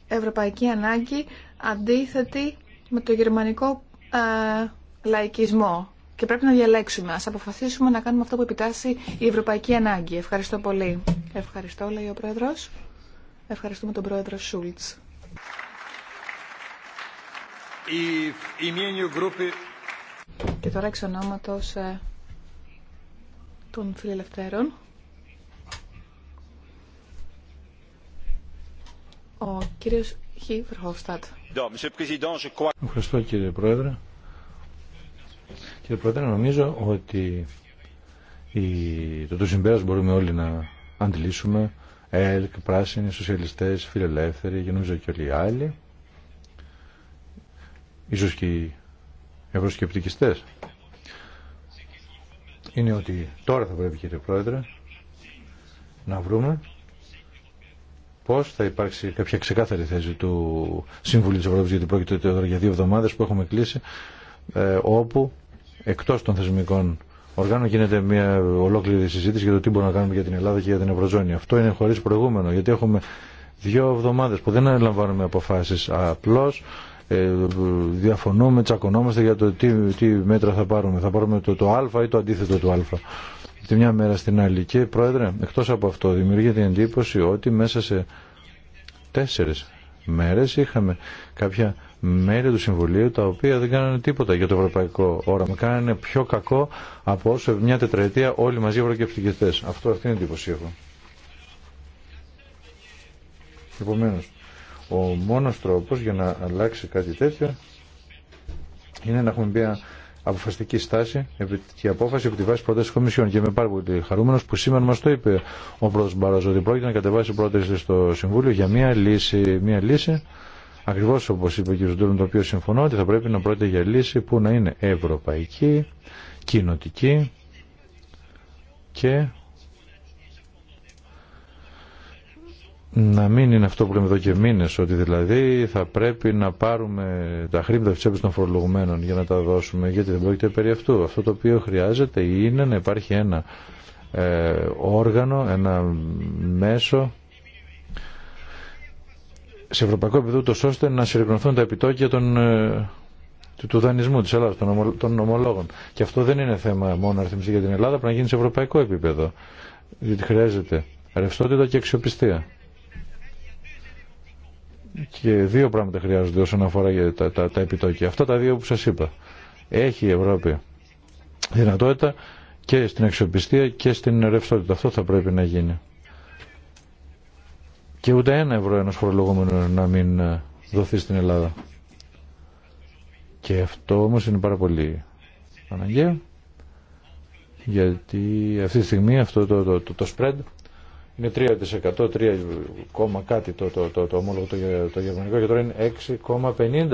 ευρωπαϊκή ανάγκη αντίθετη με το γερμανικό ε, λαϊκισμό. Και πρέπει να διαλέξουμε. Ας αποφασίσουμε να κάνουμε αυτό που επιτάσσει η ευρωπαϊκή ανάγκη. Ευχαριστώ πολύ. Ευχαριστώ, λέει ο Πρόεδρος. Ευχαριστούμε τον Πρόεδρο Σούλτς. Ε- Και τώρα εξ ονόματος ε, των φιλελευθέρων. Ο κύριος Χι Βερχοφστάτ. Ευχαριστώ κύριε Πρόεδρε. Κύριε Πρόεδρε, νομίζω ότι το, το συμπέρασμα μπορούμε όλοι να αντλήσουμε ΕΛΚ, πράσινοι, σοσιαλιστές, φιλελεύθεροι και νομίζω και όλοι οι άλλοι. Ίσως και οι ευρωσκεπτικιστές. Είναι ότι τώρα θα πρέπει κύριε Πρόεδρε να βρούμε πώς θα υπάρξει κάποια ξεκάθαρη θέση του Συμβουλίου της Ευρώπης γιατί πρόκειται τώρα για δύο εβδομάδες που έχουμε κλείσει ε, όπου εκτός των θεσμικών Οργάνω γίνεται μια ολόκληρη συζήτηση για το τι μπορούμε να κάνουμε για την Ελλάδα και για την Ευρωζώνη. Αυτό είναι χωρίς προηγούμενο, γιατί έχουμε δύο εβδομάδες που δεν αναλαμβάνουμε αποφάσεις απλώς, ε, διαφωνούμε, τσακωνόμαστε για το τι, τι μέτρα θα πάρουμε. Θα πάρουμε το, το α ή το αντίθετο του α. Τη μια μέρα στην άλλη. Και πρόεδρε, εκτό από αυτό δημιουργείται η εντύπωση ότι μέσα σε τέσσερι μέρε είχαμε κάποια μέλη του Συμβουλίου τα οποία δεν κάνανε τίποτα για το ευρωπαϊκό όραμα. Κάνανε πιο κακό από όσο μια τετραετία όλοι μαζί οι ευρωκευτικιστές. Αυτό αυτή είναι η εντύπωση έχω. Επομένω, ο μόνο τρόπο για να αλλάξει κάτι τέτοιο είναι να έχουμε μια αποφασιστική στάση και απόφαση από τη βάση πρόταση τη Κομισιόν. Και είμαι πάρα πολύ χαρούμενο που σήμερα μα το είπε ο πρώτο Μπαρόζο ότι πρόκειται να κατεβάσει πρόταση στο Συμβούλιο για μια λύση, μια λύση ακριβώς όπως είπε ο κ. Ντούλου, το οποίο συμφωνώ ότι θα πρέπει να πρόκειται για λύση που να είναι ευρωπαϊκή, κοινοτική και να μην είναι αυτό που λέμε εδώ και μήνε, ότι δηλαδή θα πρέπει να πάρουμε τα χρήματα τη τσέπη των φορολογουμένων για να τα δώσουμε, γιατί δεν πρόκειται περί αυτού. Αυτό το οποίο χρειάζεται είναι να υπάρχει ένα ε, όργανο, ένα μέσο σε ευρωπαϊκό επίπεδο τόσο ώστε να συρρυκνωθούν τα επιτόκια των, ε, του δανεισμού της Ελλάδας, των ομολόγων. Και αυτό δεν είναι θέμα μόνο αριθμιστή για την Ελλάδα, πρέπει να γίνει σε ευρωπαϊκό επίπεδο. Διότι χρειάζεται ρευστότητα και αξιοπιστία. Και δύο πράγματα χρειάζονται όσον αφορά για τα, τα, τα επιτόκια. Αυτά τα δύο που σας είπα. Έχει η Ευρώπη δυνατότητα και στην αξιοπιστία και στην ρευστότητα. Αυτό θα πρέπει να γίνει και ούτε ένα ευρώ ένας φορολογούμενος να μην ε, δοθεί στην Ελλάδα. Και αυτό όμως είναι πάρα πολύ αναγκαίο γιατί αυτή τη στιγμή αυτό το, το, το, το spread είναι 3%, 3, κάτι το, το, το, το ομόλογο το, το γερμανικό και τώρα είναι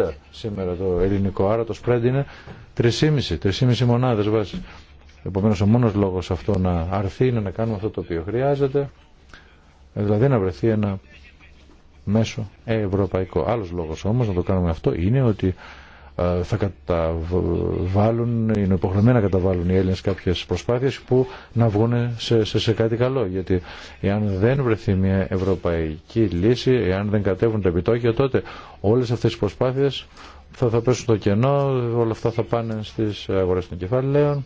6,50 σήμερα το ελληνικό. Άρα το spread είναι 3,5, 3,5 μονάδες βάση. Επομένως ο μόνος λόγος αυτό να αρθεί είναι να κάνουμε αυτό το οποίο χρειάζεται Δηλαδή να βρεθεί ένα μέσο ευρωπαϊκό. Άλλος λόγος όμως να το κάνουμε αυτό είναι ότι ε, θα καταβάλουν, είναι υποχρεωμένα να καταβάλουν οι Έλληνες κάποιες προσπάθειες που να βγουν σε, σε, κάτι καλό. Γιατί εάν δεν βρεθεί μια ευρωπαϊκή λύση, εάν δεν κατέβουν τα επιτόκια, τότε όλες αυτές οι προσπάθειες θα, θα πέσουν στο κενό, όλα αυτά θα πάνε στις αγορές των κεφαλαίων.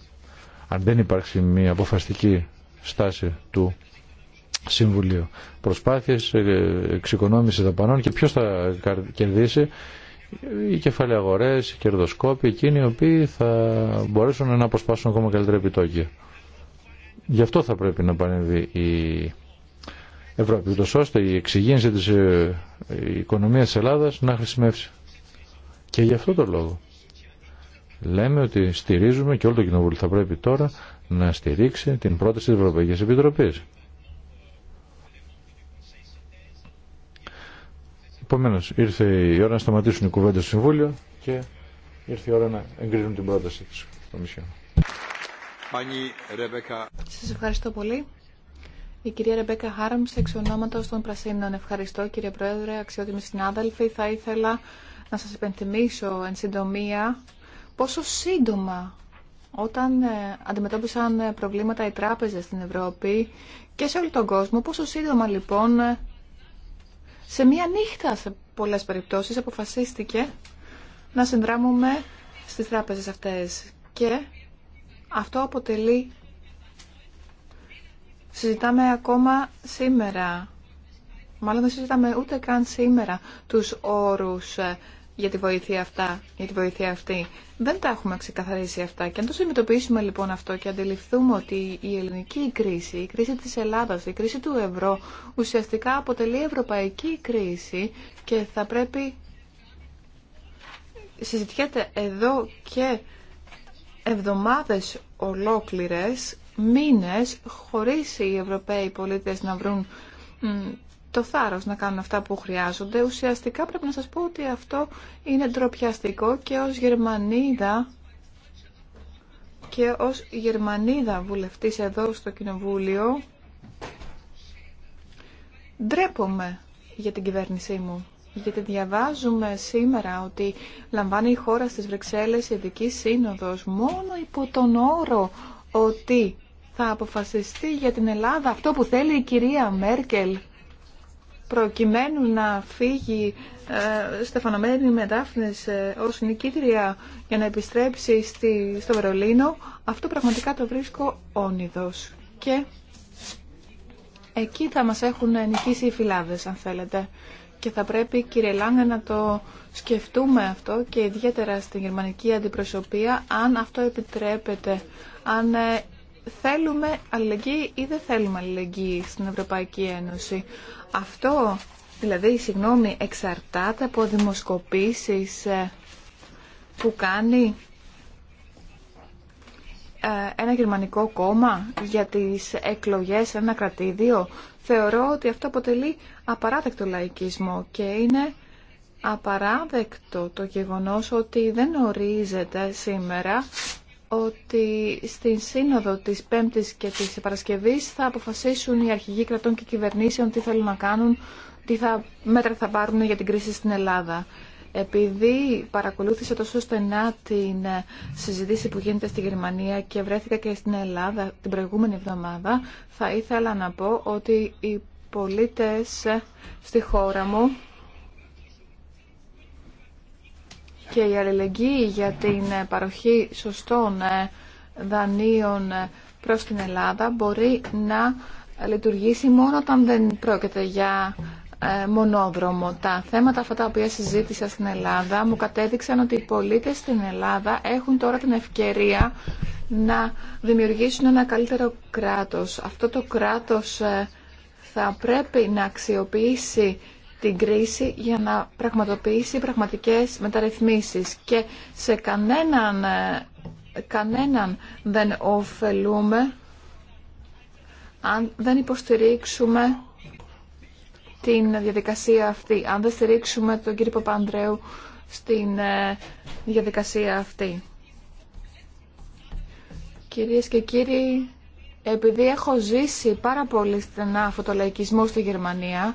Αν δεν υπάρξει μια αποφαστική στάση του συμβουλίο. Προσπάθειες ε, εξοικονόμηση δαπανών και ποιος θα κερδίσει οι κεφαλαίοι αγορές, οι κερδοσκόποι, εκείνοι οι οποίοι θα μπορέσουν να αποσπάσουν ακόμα καλύτερα επιτόκια. Γι' αυτό θα πρέπει να πανεύει η Ευρώπη, ούτως ώστε η εξυγίνηση της ε, οικονομίας της Ελλάδας να χρησιμεύσει. Και γι' αυτό το λόγο λέμε ότι στηρίζουμε και όλο το Κοινοβούλιο θα πρέπει τώρα να στηρίξει την πρόταση της Ευρωπαϊκής Επιτροπής. Επομένω, ήρθε η ώρα να σταματήσουν οι κουβέντε στο Συμβούλιο και ήρθε η ώρα να εγκρίνουν την πρόταση τη Κομισιόν. Σα ευχαριστώ πολύ. Η κυρία Ρεμπέκα Χάραμ, εξ ονόματο των Πρασίνων. Ευχαριστώ κύριε Πρόεδρε, αξιότιμοι συνάδελφοι. Θα ήθελα να σα υπενθυμίσω εν συντομία πόσο σύντομα όταν ε, αντιμετώπισαν ε, προβλήματα οι τράπεζες στην Ευρώπη και σε όλο τον κόσμο, πόσο σύντομα λοιπόν σε μία νύχτα σε πολλές περιπτώσεις αποφασίστηκε να συνδράμουμε στις τράπεζες αυτές και αυτό αποτελεί συζητάμε ακόμα σήμερα μάλλον δεν συζητάμε ούτε καν σήμερα τους όρους ε, για τη βοήθεια αυτά, για τη βοήθεια αυτή. Δεν τα έχουμε ξεκαθαρίσει αυτά. Και αν το συνειδητοποιήσουμε λοιπόν αυτό και αντιληφθούμε ότι η ελληνική κρίση, η κρίση της Ελλάδας, η κρίση του ευρώ ουσιαστικά αποτελεί ευρωπαϊκή κρίση και θα πρέπει συζητιέται εδώ και εβδομάδες ολόκληρες, μήνες, χωρίς οι Ευρωπαίοι πολίτες να βρουν το θάρρος να κάνουν αυτά που χρειάζονται. Ουσιαστικά πρέπει να σας πω ότι αυτό είναι ντροπιαστικό και ως Γερμανίδα και ως Γερμανίδα βουλευτής εδώ στο Κοινοβούλιο ντρέπομαι για την κυβέρνησή μου. Γιατί διαβάζουμε σήμερα ότι λαμβάνει η χώρα στις Βρυξέλλες η Ειδική Σύνοδος μόνο υπό τον όρο ότι θα αποφασιστεί για την Ελλάδα αυτό που θέλει η κυρία Μέρκελ προκειμένου να φύγει ε, στεφανωμένη με Δάφνες ε, ως νικήτρια για να επιστρέψει στη, στο Βερολίνο, αυτό πραγματικά το βρίσκω όνειδος. Και εκεί θα μας έχουν νικήσει οι φυλάδες, αν θέλετε. Και θα πρέπει, κύριε Λάγκα, να το σκεφτούμε αυτό και ιδιαίτερα στην γερμανική αντιπροσωπεία, αν αυτό επιτρέπεται, αν ε, θέλουμε αλληλεγγύη ή δεν θέλουμε αλληλεγγύη στην Ευρωπαϊκή Ένωση. Αυτό, δηλαδή, συγγνώμη, εξαρτάται από δημοσκοπήσεις ε, που κάνει ε, ένα γερμανικό κόμμα για τις εκλογές σε ένα κρατήδιο. Θεωρώ ότι αυτό αποτελεί απαράδεκτο λαϊκισμό και είναι απαράδεκτο το γεγονός ότι δεν ορίζεται σήμερα ότι στην σύνοδο της Πέμπτης και της Παρασκευής θα αποφασίσουν οι αρχηγοί κρατών και κυβερνήσεων τι θέλουν να κάνουν, τι θα, μέτρα θα πάρουν για την κρίση στην Ελλάδα. Επειδή παρακολούθησα τόσο στενά την ε, συζήτηση που γίνεται στη Γερμανία και βρέθηκα και στην Ελλάδα την προηγούμενη εβδομάδα, θα ήθελα να πω ότι οι πολίτες ε, στη χώρα μου και η αλληλεγγύη για την ε, παροχή σωστών ε, δανείων ε, προς την Ελλάδα μπορεί να λειτουργήσει μόνο όταν δεν πρόκειται για μονόδρομο. Τα θέματα αυτά τα οποία συζήτησα στην Ελλάδα μου κατέδειξαν ότι οι πολίτες στην Ελλάδα έχουν τώρα την ευκαιρία να δημιουργήσουν ένα καλύτερο κράτος. Αυτό το κράτος θα πρέπει να αξιοποιήσει την κρίση για να πραγματοποιήσει πραγματικές μεταρρυθμίσεις και σε κανέναν, ε, κανέναν δεν ωφελούμε αν δεν υποστηρίξουμε την διαδικασία αυτή, αν δεν στηρίξουμε τον κύριο Παπανδρέου στην ε, διαδικασία αυτή. Κυρίες και κύριοι, επειδή έχω ζήσει πάρα πολύ στενά λαϊκισμό στη Γερμανία,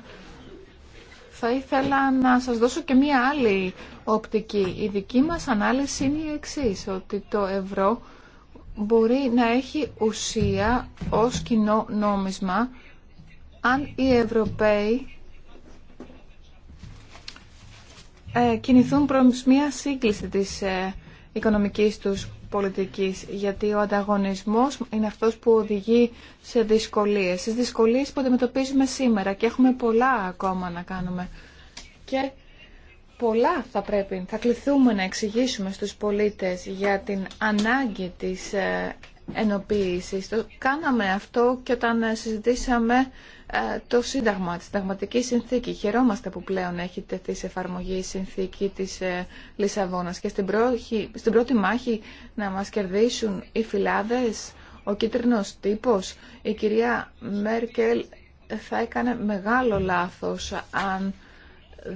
θα ήθελα να σας δώσω και μία άλλη οπτική. Η δική μας ανάλυση είναι η εξής, ότι το ευρώ μπορεί να έχει ουσία ως κοινό νόμισμα αν οι Ευρωπαίοι ε, κινηθούν προς μία σύγκληση της ε, οικονομικής τους πολιτικής, γιατί ο ανταγωνισμός είναι αυτός που οδηγεί σε δυσκολίες. Στις δυσκολίες που αντιμετωπίζουμε σήμερα και έχουμε πολλά ακόμα να κάνουμε. Και πολλά θα πρέπει, θα κληθούμε να εξηγήσουμε στους πολίτες για την ανάγκη της ε, ενοποίησης. Το κάναμε αυτό και όταν συζητήσαμε ε, το Σύνταγμα, τη Συνταγματική Συνθήκη. Χαιρόμαστε που πλέον έχει τεθεί σε εφαρμογή η συνθήκη της ε, Λισαβόνα. και στην, πρόχη, στην πρώτη μάχη να μα κερδίσουν οι φυλάδε, ο κίτρινο τύπος, η κυρία Μέρκελ θα έκανε μεγάλο λάθος αν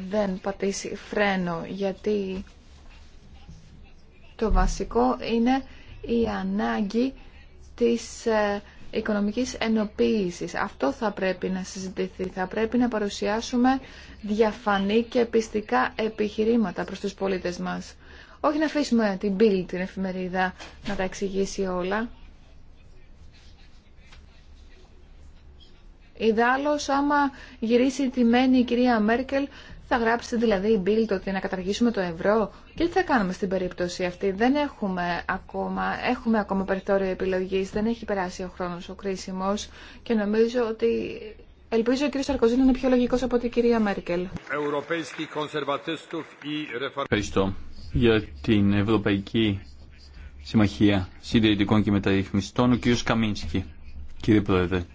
δεν πατήσει φρένο γιατί το βασικό είναι η ανάγκη της ε, οικονομικής ενοποίησης. Αυτό θα πρέπει να συζητηθεί. Θα πρέπει να παρουσιάσουμε διαφανή και πιστικά επιχειρήματα προς τους πολίτες μας. Όχι να αφήσουμε την Bill, την εφημερίδα, να τα εξηγήσει όλα. Ιδάλλως, άμα γυρίσει τιμένη η κυρία Μέρκελ, θα γράψει δηλαδή η Bill ότι να καταργήσουμε το ευρώ και τι θα κάνουμε στην περίπτωση αυτή. Δεν έχουμε ακόμα, έχουμε ακόμα περιθώριο επιλογής, δεν έχει περάσει ο χρόνος ο κρίσιμος και νομίζω ότι ελπίζω ο κ. Σαρκοζή να είναι πιο λογικός από την κυρία Μέρκελ. Ευχαριστώ για την Ευρωπαϊκή Συμμαχία Συντηρητικών και Μεταρρυθμιστών, ο κ. Καμίνσκι. Κύριε Πρόεδρε,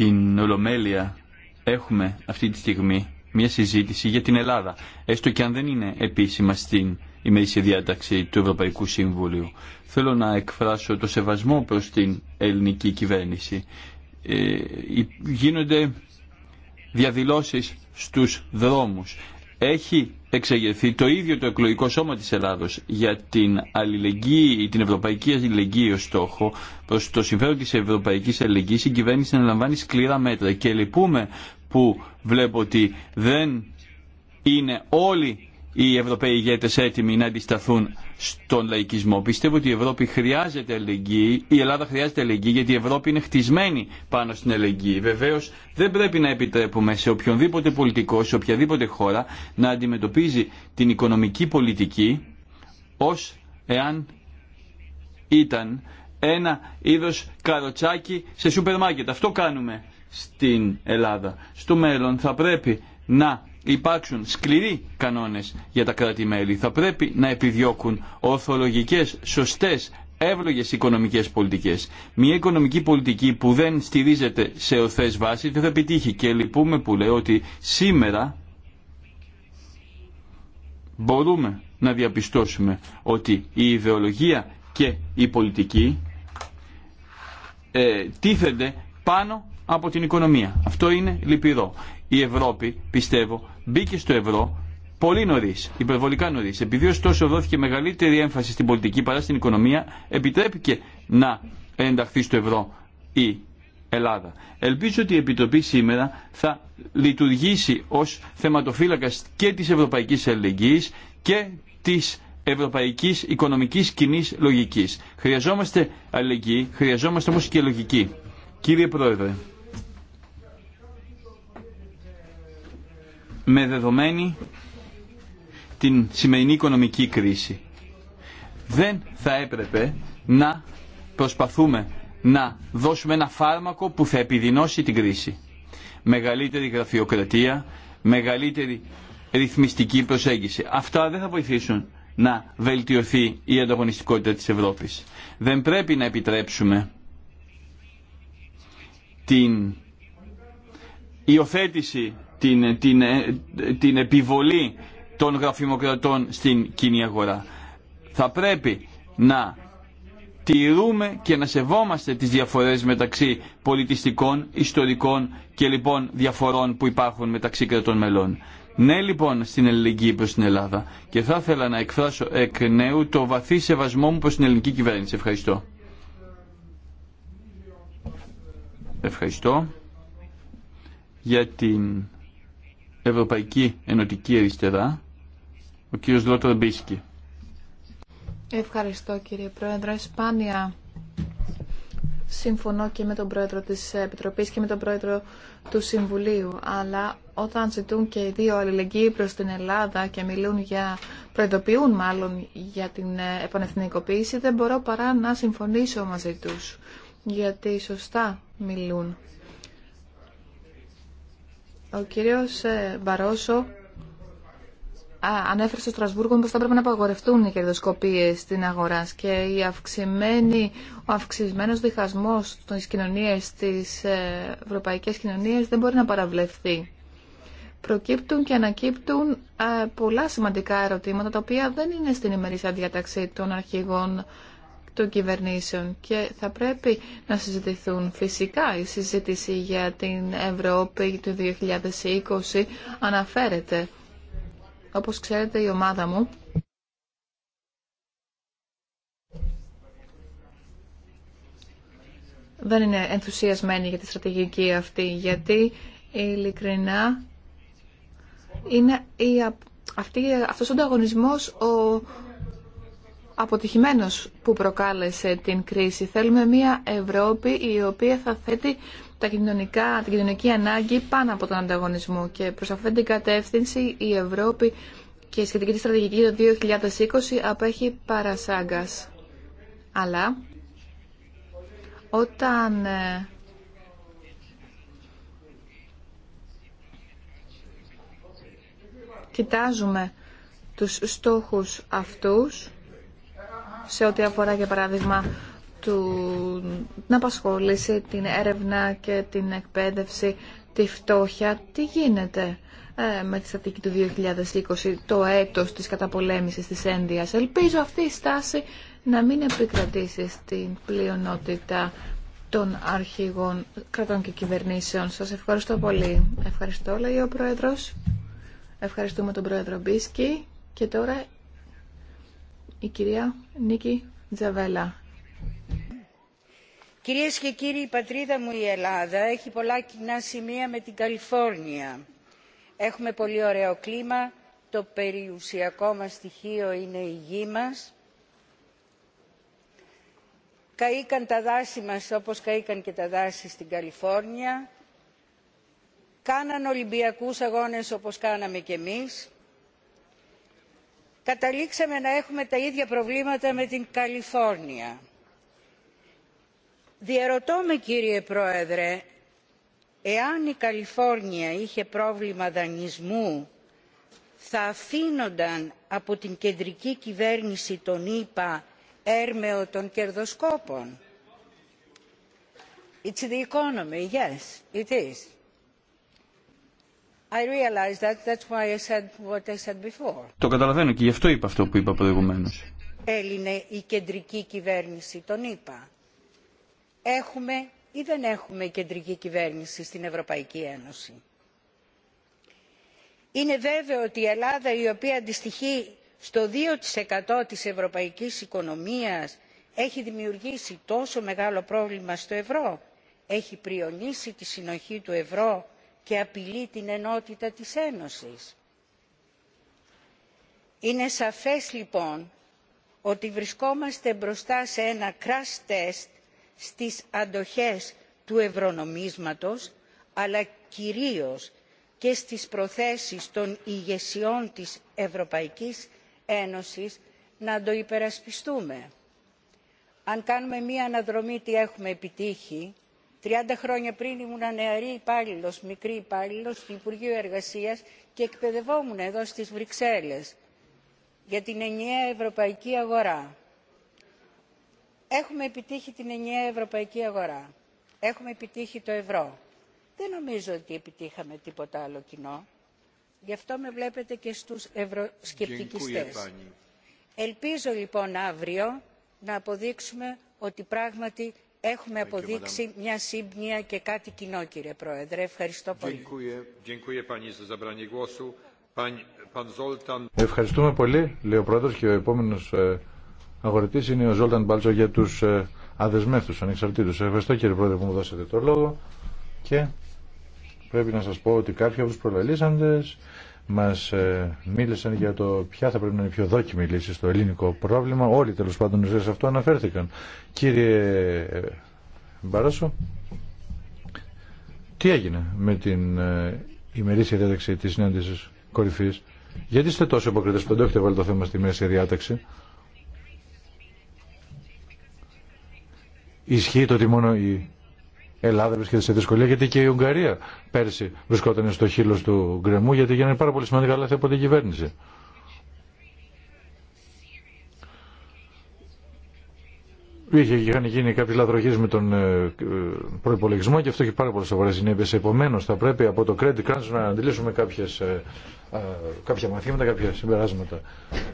στην Ολομέλεια έχουμε αυτή τη στιγμή μια συζήτηση για την Ελλάδα, έστω και αν δεν είναι επίσημα στην ημερήσια διάταξη του Ευρωπαϊκού Συμβουλίου. Θέλω να εκφράσω το σεβασμό προς την ελληνική κυβέρνηση. Ε, γίνονται διαδηλώσεις στους δρόμους. Έχει εξεγερθεί το ίδιο το εκλογικό σώμα της Ελλάδος για την αλληλεγγύη, την ευρωπαϊκή αλληλεγγύη ως στόχο προς το συμφέρον της ευρωπαϊκής αλληλεγγύης η κυβέρνηση να λαμβάνει σκληρά μέτρα και λυπούμε που βλέπω ότι δεν είναι όλοι οι ευρωπαίοι ηγέτες έτοιμοι να αντισταθούν στον λαϊκισμό. Πιστεύω ότι η Ευρώπη χρειάζεται αλληλεγγύη, η Ελλάδα χρειάζεται αλληλεγγύη γιατί η Ευρώπη είναι χτισμένη πάνω στην αλληλεγγύη. Βεβαίω δεν πρέπει να επιτρέπουμε σε οποιονδήποτε πολιτικό, σε οποιαδήποτε χώρα να αντιμετωπίζει την οικονομική πολιτική ω εάν ήταν ένα είδος καροτσάκι σε σούπερ μάρκετ. Αυτό κάνουμε στην Ελλάδα. Στο μέλλον θα πρέπει να υπάρξουν σκληροί κανόνες για τα κράτη-μέλη. Θα πρέπει να επιδιώκουν ορθολογικές, σωστές, εύλογες οικονομικές πολιτικές. Μια οικονομική πολιτική που δεν στηρίζεται σε ορθές βάσεις δεν θα επιτύχει και λυπούμε που λέω ότι σήμερα μπορούμε να διαπιστώσουμε ότι η ιδεολογία και η πολιτική ε, πάνω από την οικονομία. Αυτό είναι λυπηρό η Ευρώπη, πιστεύω, μπήκε στο ευρώ πολύ νωρί, υπερβολικά νωρί. Επειδή ωστόσο δόθηκε μεγαλύτερη έμφαση στην πολιτική παρά στην οικονομία, επιτρέπηκε να ενταχθεί στο ευρώ η Ελλάδα. Ελπίζω ότι η Επιτροπή σήμερα θα λειτουργήσει ως θεματοφύλακας και της Ευρωπαϊκής Ελληνικής και της Ευρωπαϊκής Οικονομικής κοινή Λογικής. Χρειαζόμαστε αλληλεγγύη, χρειαζόμαστε όμως και λογική. Κύριε Πρόεδρε, με δεδομένη την σημερινή οικονομική κρίση. Δεν θα έπρεπε να προσπαθούμε να δώσουμε ένα φάρμακο που θα επιδεινώσει την κρίση. Μεγαλύτερη γραφειοκρατία, μεγαλύτερη ρυθμιστική προσέγγιση. Αυτά δεν θα βοηθήσουν να βελτιωθεί η ανταγωνιστικότητα της Ευρώπης. Δεν πρέπει να επιτρέψουμε την υιοθέτηση την, την, την επιβολή των γραφημοκρατών στην κοινή αγορά. Θα πρέπει να τηρούμε και να σεβόμαστε τις διαφορές μεταξύ πολιτιστικών, ιστορικών και λοιπόν διαφορών που υπάρχουν μεταξύ κρατών μελών. Ναι λοιπόν στην ελληνική προς την Ελλάδα και θα ήθελα να εκφράσω εκ νέου το βαθύ σεβασμό μου προς την ελληνική κυβέρνηση. Ευχαριστώ. Ευχαριστώ για την Ευρωπαϊκή Ενωτική Αριστερά, ο κύριος Λότρο Μπίσκι. Ευχαριστώ κύριε Πρόεδρε. Σπάνια συμφωνώ και με τον Πρόεδρο της Επιτροπής και με τον Πρόεδρο του Συμβουλίου, αλλά όταν ζητούν και οι δύο αλληλεγγύοι προς την Ελλάδα και μιλούν για, προειδοποιούν μάλλον για την επανεθνικοποίηση, δεν μπορώ παρά να συμφωνήσω μαζί τους, γιατί σωστά μιλούν ο κύριος ε, Μπαρόσο ανέφερε στο Στρασβούργο πως θα πρέπει να απαγορευτούν οι κερδοσκοπίες στην αγορά και η αυξημένη, ο αυξημένος διχασμός στις κοινωνίες, στις ε, ευρωπαϊκές κοινωνίες δεν μπορεί να παραβλεφθεί. Προκύπτουν και ανακύπτουν ε, πολλά σημαντικά ερωτήματα τα οποία δεν είναι στην ημερήσια διάταξη των αρχηγών των κυβερνήσεων και θα πρέπει να συζητηθούν φυσικά η συζήτηση για την Ευρώπη του 2020 αναφέρεται. Όπως ξέρετε η ομάδα μου δεν είναι ενθουσιασμένη για τη στρατηγική αυτή γιατί ειλικρινά είναι η, αυτή, αυτός ο ανταγωνισμός ο αποτυχημένος που προκάλεσε την κρίση. Θέλουμε μια Ευρώπη η οποία θα θέτει τα κοινωνικά, την κοινωνική ανάγκη πάνω από τον ανταγωνισμό και προς αυτήν την κατεύθυνση η Ευρώπη και η σχετική της στρατηγική το 2020 απέχει παρασάγκας. Αλλά όταν ε, κοιτάζουμε τους στόχους αυτούς σε ό,τι αφορά για παράδειγμα του, την απασχόληση, την έρευνα και την εκπαίδευση, τη φτώχεια. Τι γίνεται ε, με τη στατική του 2020, το έτος της καταπολέμησης της ένδυας. Ελπίζω αυτή η στάση να μην επικρατήσει στην πλειονότητα των αρχηγών κρατών και κυβερνήσεων. Σας ευχαριστώ πολύ. Ευχαριστώ, λέει ο Πρόεδρος. Ευχαριστούμε τον Πρόεδρο Μπίσκι. Και τώρα η κυρία Νίκη Τζαβέλα. Κυρίες και κύριοι, η πατρίδα μου η Ελλάδα έχει πολλά κοινά σημεία με την Καλιφόρνια. Έχουμε πολύ ωραίο κλίμα, το περιουσιακό μας στοιχείο είναι η γη μας. Καήκαν τα δάση μας όπως καήκαν και τα δάση στην Καλιφόρνια. Κάναν Ολυμπιακούς αγώνες όπως κάναμε και εμείς καταλήξαμε να έχουμε τα ίδια προβλήματα με την καλιφόρνια. διαρωτώ με κύριε πρόεδρε εάν η καλιφόρνια είχε πρόβλημα δανεισμού θα αφήνονταν από την κεντρική κυβέρνηση των ηπα έρμεο των κερδοσκόπων. It's the economy, yes, it is. Το καταλαβαίνω και γι' αυτό είπα αυτό που είπα προηγουμένως. Έλληνε η κεντρική κυβέρνηση, τον είπα. Έχουμε ή δεν έχουμε κεντρική κυβέρνηση στην Ευρωπαϊκή Ένωση. Είναι βέβαιο ότι η Ελλάδα η οποία αντιστοιχεί στο 2% της ευρωπαϊκής οικονομίας έχει δημιουργήσει τόσο μεγάλο πρόβλημα στο ευρώ, έχει πριονίσει τη συνοχή του ευρώ και απειλεί την ενότητα της Ένωσης. Είναι σαφές λοιπόν ότι βρισκόμαστε μπροστά σε ένα crash test στις αντοχές του ευρωνομίσματος αλλά κυρίως και στις προθέσεις των ηγεσιών της Ευρωπαϊκής Ένωσης να το υπερασπιστούμε. Αν κάνουμε μία αναδρομή τι έχουμε επιτύχει τριάντα χρόνια πριν ήμουν νεαρή υπάλληλο μικρή υπάλληλο του υπουργείου εργασία και εκπαιδευόμουν εδώ στι βρυξέλλε για την ενιαία ευρωπαϊκή αγορά. έχουμε επιτύχει την ενιαία ευρωπαϊκή αγορά έχουμε επιτύχει το ευρώ. δεν νομίζω ότι επιτύχαμε τίποτα άλλο κοινό γι' αυτό με βλέπετε και στους ευρωσκεπτικιστές. ελπίζω λοιπόν αύριο να αποδείξουμε ότι πράγματι έχουμε αποδείξει μια σύμπνοια και κάτι κοινό κύριε πρόεδρε. ευχαριστώ πολύ. Ευχαριστούμε πολύ, λέει ο πρόεδρος και ο επόμενος ε, αγορητής είναι ο Ζόλταν Μπάλτσο για τους ε, αδεσμεύτους ανεξαρτήτους. Ευχαριστώ κύριε πρόεδρε που μου δώσατε το λόγο και πρέπει να σας πω ότι κάποιοι από τους προλαλήσαντες μας ε, μίλησαν για το ποια θα πρέπει να είναι πιο δόκιμη λύση στο ελληνικό πρόβλημα. Όλοι τέλος πάντων σε αυτό αναφέρθηκαν. Κύριε ε, Μπαράσο, τι έγινε με την ε, ημερήσια διάταξη της συνάντησης κορυφής. Γιατί είστε τόσο υποκριτές που δεν έχετε βάλει το θέμα στη μέση διάταξη. Ισχύει το ότι μόνο η Ελλάδα βρίσκεται σε δυσκολία γιατί και η Ουγγαρία πέρσι βρισκόταν στο χείλο του γκρεμού γιατί γίνανε πάρα πολύ σημαντικά λάθη από την κυβέρνηση. Είχαν γίνει κάποιε λαδροχέ με τον ε, ε, προπολογισμό και αυτό έχει πάρα πολλέ σοβαρέ συνέπειε. Επομένω, θα πρέπει από το credit crunch να αντιλήσουμε κάποιες, ε, κάποια μαθήματα, κάποια συμπεράσματα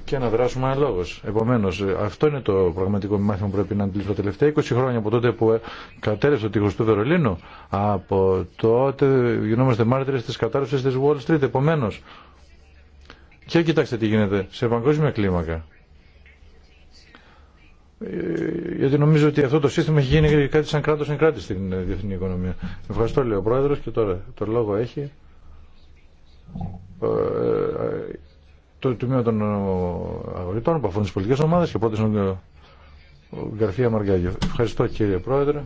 και να δράσουμε αναλόγω. Επομένω, αυτό είναι το πραγματικό μάθημα που πρέπει να αντιληφθούμε τα τελευταία 20 χρόνια από τότε που κατέρευσε το τείχο του Βερολίνου. Από τότε γινόμαστε μάρτυρε τη κατάρρευση τη Wall Street. Επομένω, και κοιτάξτε τι γίνεται σε παγκόσμια κλίμακα γιατί νομίζω ότι αυτό το σύστημα έχει γίνει κάτι σαν κράτος εν κράτη στην ε, διεθνή οικονομία. Ευχαριστώ λέει ο Πρόεδρος και τώρα το λόγο έχει ε, ε, το τμήμα των Αγωγητών που αφορούν τις πολιτικές και πρώτης είναι ο Γκαρφία Ευχαριστώ κύριε Πρόεδρε,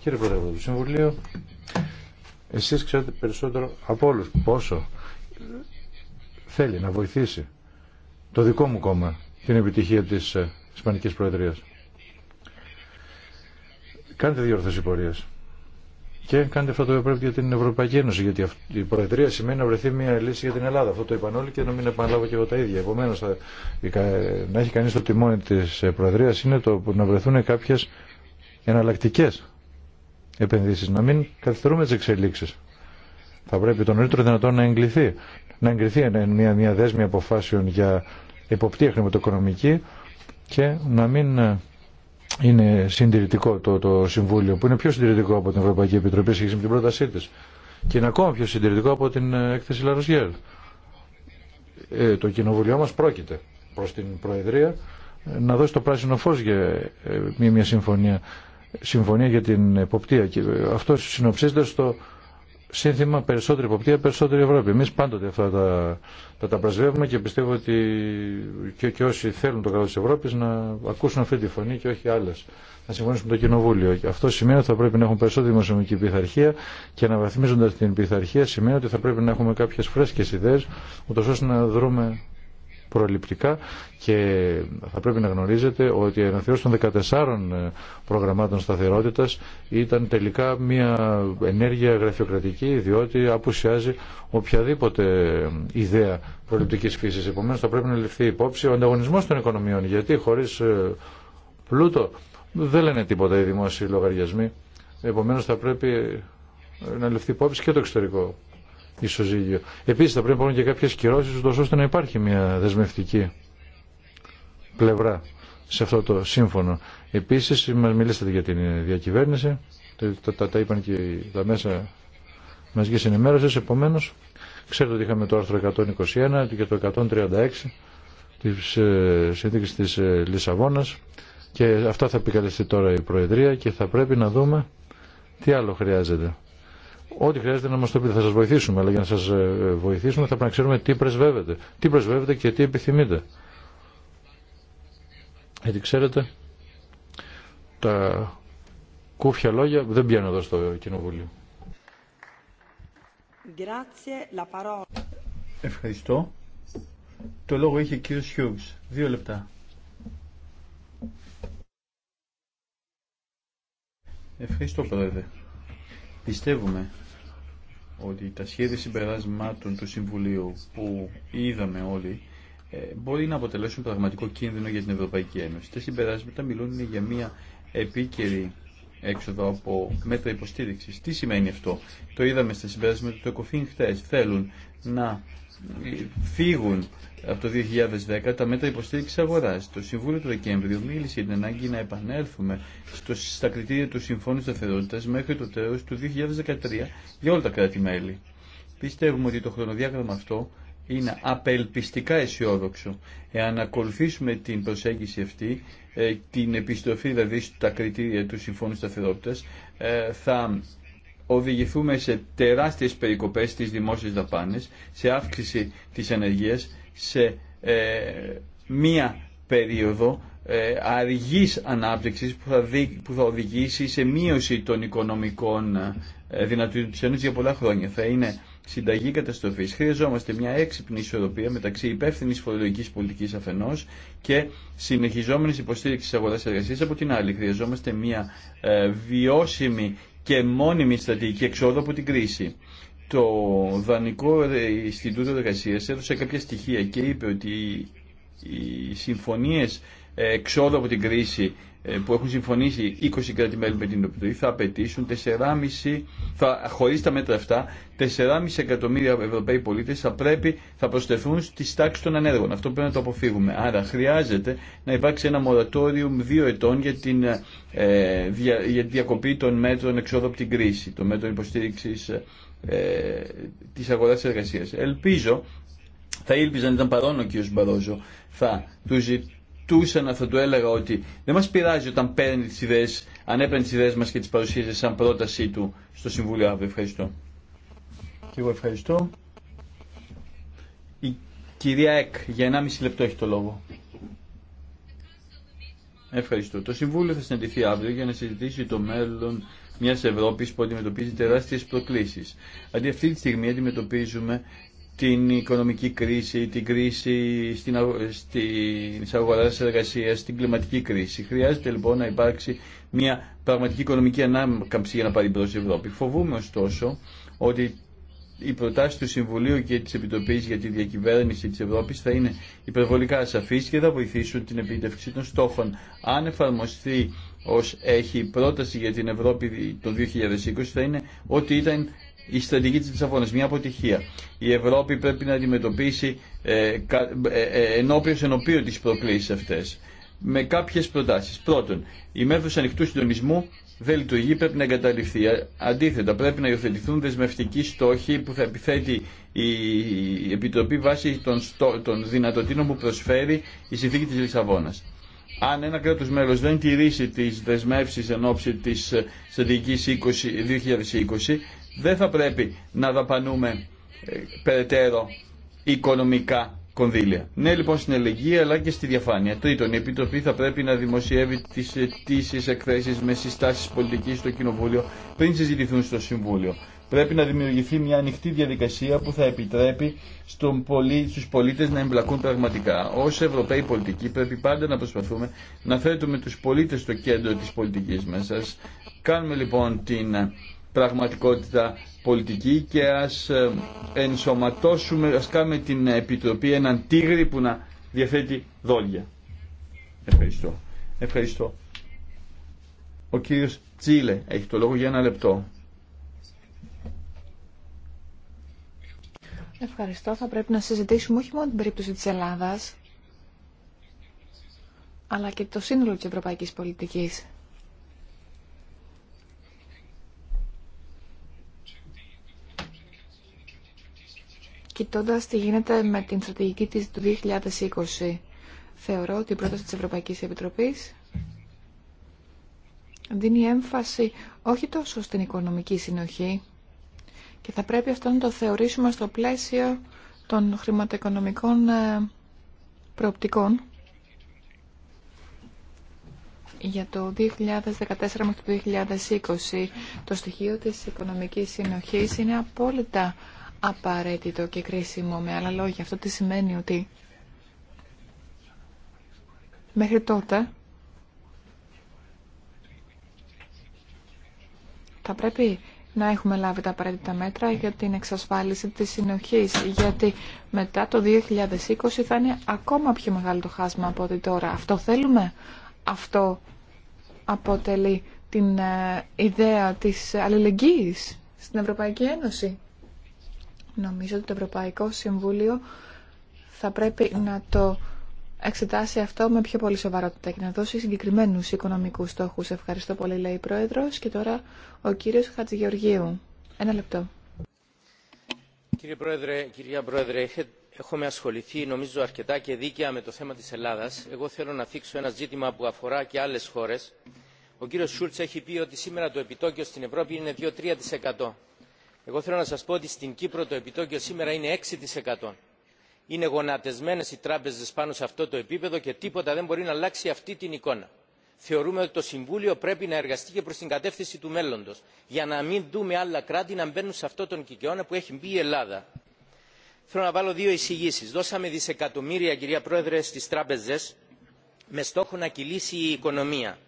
κύριε Πρόεδρε του Συμβουλίου. Εσείς ξέρετε περισσότερο από όλους πόσο θέλει να βοηθήσει το δικό μου κόμμα την επιτυχία της πανική Προεδρία. Κάντε διόρθωση πορεία. Και κάντε αυτό το οποίο για την Ευρωπαϊκή Ένωση, γιατί η Προεδρία σημαίνει να βρεθεί μια λύση για την Ελλάδα. Αυτό το είπαν όλοι και να μην επαναλάβω και εγώ τα ίδια. Επομένω, να έχει κανεί το τιμόνι τη ε, Προεδρία είναι το να βρεθούν κάποιε εναλλακτικέ επενδύσει, να μην καθυστερούμε τι εξελίξει. Θα πρέπει το νωρίτερο δυνατόν να εγκληθεί. Να εγκριθεί μια, μια δέσμη αποφάσεων για εποπτεία χρηματοοικονομική και να μην ε, είναι συντηρητικό το, το Συμβούλιο, που είναι πιο συντηρητικό από την Ευρωπαϊκή Επιτροπή σχέση με την πρότασή τη. Και είναι ακόμα πιο συντηρητικό από την ε, έκθεση Λαροζιέλ. Ε, το Κοινοβουλίο μα πρόκειται προ την Προεδρία ε, να δώσει το πράσινο φω για μια, συμφωνία. Συμφωνία για την εποπτεία. Και αυτό συνοψίζεται στο σύνθημα περισσότερη υποπτία, περισσότερη Ευρώπη. Εμεί πάντοτε αυτά τα, τα, πρεσβεύουμε και πιστεύω ότι και, και όσοι θέλουν το καλό τη Ευρώπη να ακούσουν αυτή τη φωνή και όχι άλλε. Να συμφωνήσουν με το Κοινοβούλιο. Αυτό σημαίνει ότι θα πρέπει να έχουμε περισσότερη δημοσιονομική πειθαρχία και αναβαθμίζοντα την πειθαρχία σημαίνει ότι θα πρέπει να έχουμε κάποιε φρέσκε ιδέε, ούτω ώστε να δρούμε προληπτικά και θα πρέπει να γνωρίζετε ότι η αναθεώρηση των 14 ε, προγραμμάτων σταθερότητας ήταν τελικά μια ενέργεια γραφειοκρατική διότι απουσιάζει οποιαδήποτε ε, ιδέα προληπτικής φύσης. Επομένως θα πρέπει να ληφθεί υπόψη ο ανταγωνισμός των οικονομιών γιατί χωρίς ε, πλούτο δεν λένε τίποτα οι δημόσιοι λογαριασμοί. Επομένως θα πρέπει να ληφθεί υπόψη και το εξωτερικό ισοζύγιο. Επίσης θα πρέπει να υπάρχουν και κάποιες κυρώσεις ώστε να υπάρχει μια δεσμευτική πλευρά σε αυτό το σύμφωνο. Επίσης μας μιλήσατε για την διακυβέρνηση, τα, τα, είπαν και τα μέσα μαζικής ενημέρωση, επομένως ξέρετε ότι είχαμε το άρθρο 121 και το 136 της ε, συνθήκης της ε, Λισαβόνας και αυτά θα επικαλεστεί τώρα η Προεδρία και θα πρέπει να δούμε τι άλλο χρειάζεται. Ό,τι χρειάζεται να μα το πείτε, θα σα βοηθήσουμε. Αλλά για να σα ε, βοηθήσουμε θα πρέπει να ξέρουμε τι πρεσβεύετε. Τι πρεσβεύετε και τι επιθυμείτε. Γιατί ξέρετε, τα κούφια λόγια δεν πιάνουν εδώ στο Κοινοβούλιο. Ευχαριστώ. Το λόγο είχε ο κύριος Χιούγκς. Δύο λεπτά. Ευχαριστώ, Πρόεδρε. Πιστεύουμε ότι τα σχέδια συμπεράσματων του Συμβουλίου που είδαμε όλοι ε, μπορεί να αποτελέσουν πραγματικό κίνδυνο για την Ευρωπαϊκή Ένωση. Τα συμπεράσματα μιλούν για μια επίκαιρη έξοδο από μέτρα υποστήριξη. Τι σημαίνει αυτό. Το είδαμε στα συμπεράσματα του ΕΚΟΦΗΝ χθε. Θέλουν να φύγουν από το 2010 τα μέτρα υποστήριξη αγορά. Το Συμβούλιο του Δεκέμβριου μίλησε για την ανάγκη να επανέλθουμε στο, στα κριτήρια του Συμφώνου Σταθερότητα μέχρι το τέλο του 2013 για όλα τα κράτη-μέλη. Πιστεύουμε ότι το χρονοδιάγραμμα αυτό είναι απελπιστικά αισιόδοξο. Εάν ακολουθήσουμε την προσέγγιση αυτή, ε, την επιστροφή δηλαδή στα κριτήρια του Συμφώνου Σταθερότητας, ε, θα οδηγηθούμε σε τεράστιες περικοπές στις δημόσιες δαπάνες, σε αύξηση της ενεργείας, σε ε, μία περίοδο ε, αργής ανάπτυξης που θα, οδηγήσει σε μείωση των οικονομικών ε, δυνατοτήτων για πολλά χρόνια. Θα είναι συνταγή καταστροφής. Χρειαζόμαστε μια έξυπνη ισορροπία μεταξύ υπεύθυνη φορολογικής πολιτικής αφενός και συνεχιζόμενης υποστήριξης αγορά από την άλλη. Χρειαζόμαστε μια ε, βιώσιμη και μόνιμη στρατηγική εξόδου από την κρίση. Το Δανικό Ινστιτούτο Εργασία έδωσε κάποια στοιχεία και είπε ότι οι συμφωνίε εξόδου από την κρίση ε, που έχουν συμφωνήσει 20 κράτη-μέλη με την Επιτροπή θα απαιτήσουν 4,5, θα, χωρίς τα μέτρα αυτά, 4,5 εκατομμύρια Ευρωπαίοι πολίτες θα πρέπει, θα προσθεθούν στις τάξεις των ανέργων. Αυτό πρέπει να το αποφύγουμε. Άρα χρειάζεται να υπάρξει ένα μορατόριο δύο ετών για, την, ε, για διακοπή των μέτρων εξόδου από την κρίση, των μέτρων υποστήριξης ε, της αγοράς εργασίας. Ελπίζω, θα ήλπιζαν ήταν παρόν ο κ. Μπαρόζο, θα του ζητήσω να θα του έλεγα ότι δεν μα πειράζει όταν παίρνει τι ιδέε αν έπαιρνε τις ιδέε μας και τι παρουσίαζε σαν πρότασή του στο Συμβούλιο αύριο. Ευχαριστώ. Και εγώ ευχαριστώ. Η κυρία Εκ, για 1,5 λεπτό έχει το λόγο. Ευχαριστώ. Το Συμβούλιο θα συναντηθεί αύριο για να συζητήσει το μέλλον μια Ευρώπη που αντιμετωπίζει τεράστιε προκλήσει. Αντί αυτή τη στιγμή αντιμετωπίζουμε την οικονομική κρίση, την κρίση στην, στην αγορά της εργασίας, την κλιματική κρίση. Χρειάζεται λοιπόν να υπάρξει μια πραγματική οικονομική ανάκαμψη για να πάρει μπρος η Ευρώπη. Φοβούμαι ωστόσο ότι οι προτάσει του Συμβουλίου και τη Επιτροπή για τη διακυβέρνηση τη Ευρώπη θα είναι υπερβολικά ασαφεί και θα βοηθήσουν την επίτευξη των στόχων. Αν εφαρμοστεί ω έχει η πρόταση για την Ευρώπη το 2020, θα είναι ό,τι ήταν η στρατηγική της Λισαβόνας, μια αποτυχία. Η Ευρώπη πρέπει να αντιμετωπίσει ε, κα, ε, ε ενώπιος τις προκλήσεις αυτές. Με κάποιες προτάσεις. Πρώτον, η μέθοδος ανοιχτού συντονισμού δεν λειτουργεί, πρέπει να εγκαταλειφθεί. Αντίθετα, πρέπει να υιοθετηθούν δεσμευτικοί στόχοι που θα επιθέτει η Επιτροπή βάσει των, στό, των δυνατοτήτων που προσφέρει η συνθήκη της Λισαβόνας. Αν ένα κράτος μέλος δεν τηρήσει τις δεσμεύσεις εν ώψη της ε, στρατηγικής 2020, δεν θα πρέπει να δαπανούμε ε, περαιτέρω οικονομικά κονδύλια. Ναι λοιπόν στην ελεγγύη αλλά και στη διαφάνεια. Τρίτον, η Επιτροπή θα πρέπει να δημοσιεύει τι αιτήσει εκθέσει με συστάσεις πολιτική στο Κοινοβούλιο πριν συζητηθούν στο Συμβούλιο. Πρέπει να δημιουργηθεί μια ανοιχτή διαδικασία που θα επιτρέπει πολί, πολίτες να εμπλακούν πραγματικά. Ω Ευρωπαίοι πολιτικοί πρέπει πάντα να προσπαθούμε να θέτουμε του πολίτε στο κέντρο τη πολιτική μέσα. κάνουμε λοιπόν την πραγματικότητα πολιτική και ας ε, ενσωματώσουμε, ας κάνουμε την Επιτροπή έναν τίγρη που να διαθέτει δόλια. Ευχαριστώ. Ευχαριστώ. Ο κύριος Τσίλε έχει το λόγο για ένα λεπτό. Ευχαριστώ. Θα πρέπει να συζητήσουμε όχι μόνο την περίπτωση της Ελλάδας, αλλά και το σύνολο της ευρωπαϊκής πολιτικής. Κοιτώντας τι γίνεται με την στρατηγική της του 2020, θεωρώ ότι η πρόταση της Ευρωπαϊκής Επιτροπής δίνει έμφαση όχι τόσο στην οικονομική συνοχή και θα πρέπει αυτό να το θεωρήσουμε στο πλαίσιο των χρηματοοικονομικών ε, προοπτικών για το 2014 μέχρι το 2020 το στοιχείο της οικονομικής συνοχής είναι απόλυτα απαραίτητο και κρίσιμο. Με άλλα λόγια, αυτό τι σημαίνει ότι μέχρι τότε θα πρέπει να έχουμε λάβει τα απαραίτητα μέτρα για την εξασφάλιση της συνοχής, γιατί μετά το 2020 θα είναι ακόμα πιο μεγάλο το χάσμα από ότι τώρα. Αυτό θέλουμε. Αυτό αποτελεί την ε, ιδέα της αλληλεγγύης στην Ευρωπαϊκή Ένωση. Νομίζω ότι το Ευρωπαϊκό Συμβούλιο θα πρέπει να το εξετάσει αυτό με πιο πολύ σοβαρότητα και να δώσει συγκεκριμένους οικονομικούς στόχους. Ευχαριστώ πολύ, λέει η Πρόεδρος. Και τώρα ο κύριος Χατζηγεωργίου. Ένα λεπτό. Κύριε Πρόεδρε, κυρία Πρόεδρε, έχουμε ασχοληθεί νομίζω αρκετά και δίκαια με το θέμα της Ελλάδας. Εγώ θέλω να θίξω ένα ζήτημα που αφορά και άλλες χώρες. Ο κύριος Σούλτς έχει πει ότι σήμερα το επιτόκιο στην Ευρώπη είναι 2-3%. Εγώ θέλω να σας πω ότι στην Κύπρο το επιτόκιο σήμερα είναι 6%. Είναι γονατισμένες οι τράπεζες πάνω σε αυτό το επίπεδο και τίποτα δεν μπορεί να αλλάξει αυτή την εικόνα. Θεωρούμε ότι το Συμβούλιο πρέπει να εργαστεί και προς την κατεύθυνση του μέλλοντος για να μην δούμε άλλα κράτη να μπαίνουν σε αυτόν τον κυκαιώνα που έχει μπει η Ελλάδα. Θέλω να βάλω δύο εισηγήσεις. Δώσαμε δισεκατομμύρια, κυρία Πρόεδρε, στις τράπεζες με στόχο να κυλήσει η οικονομία.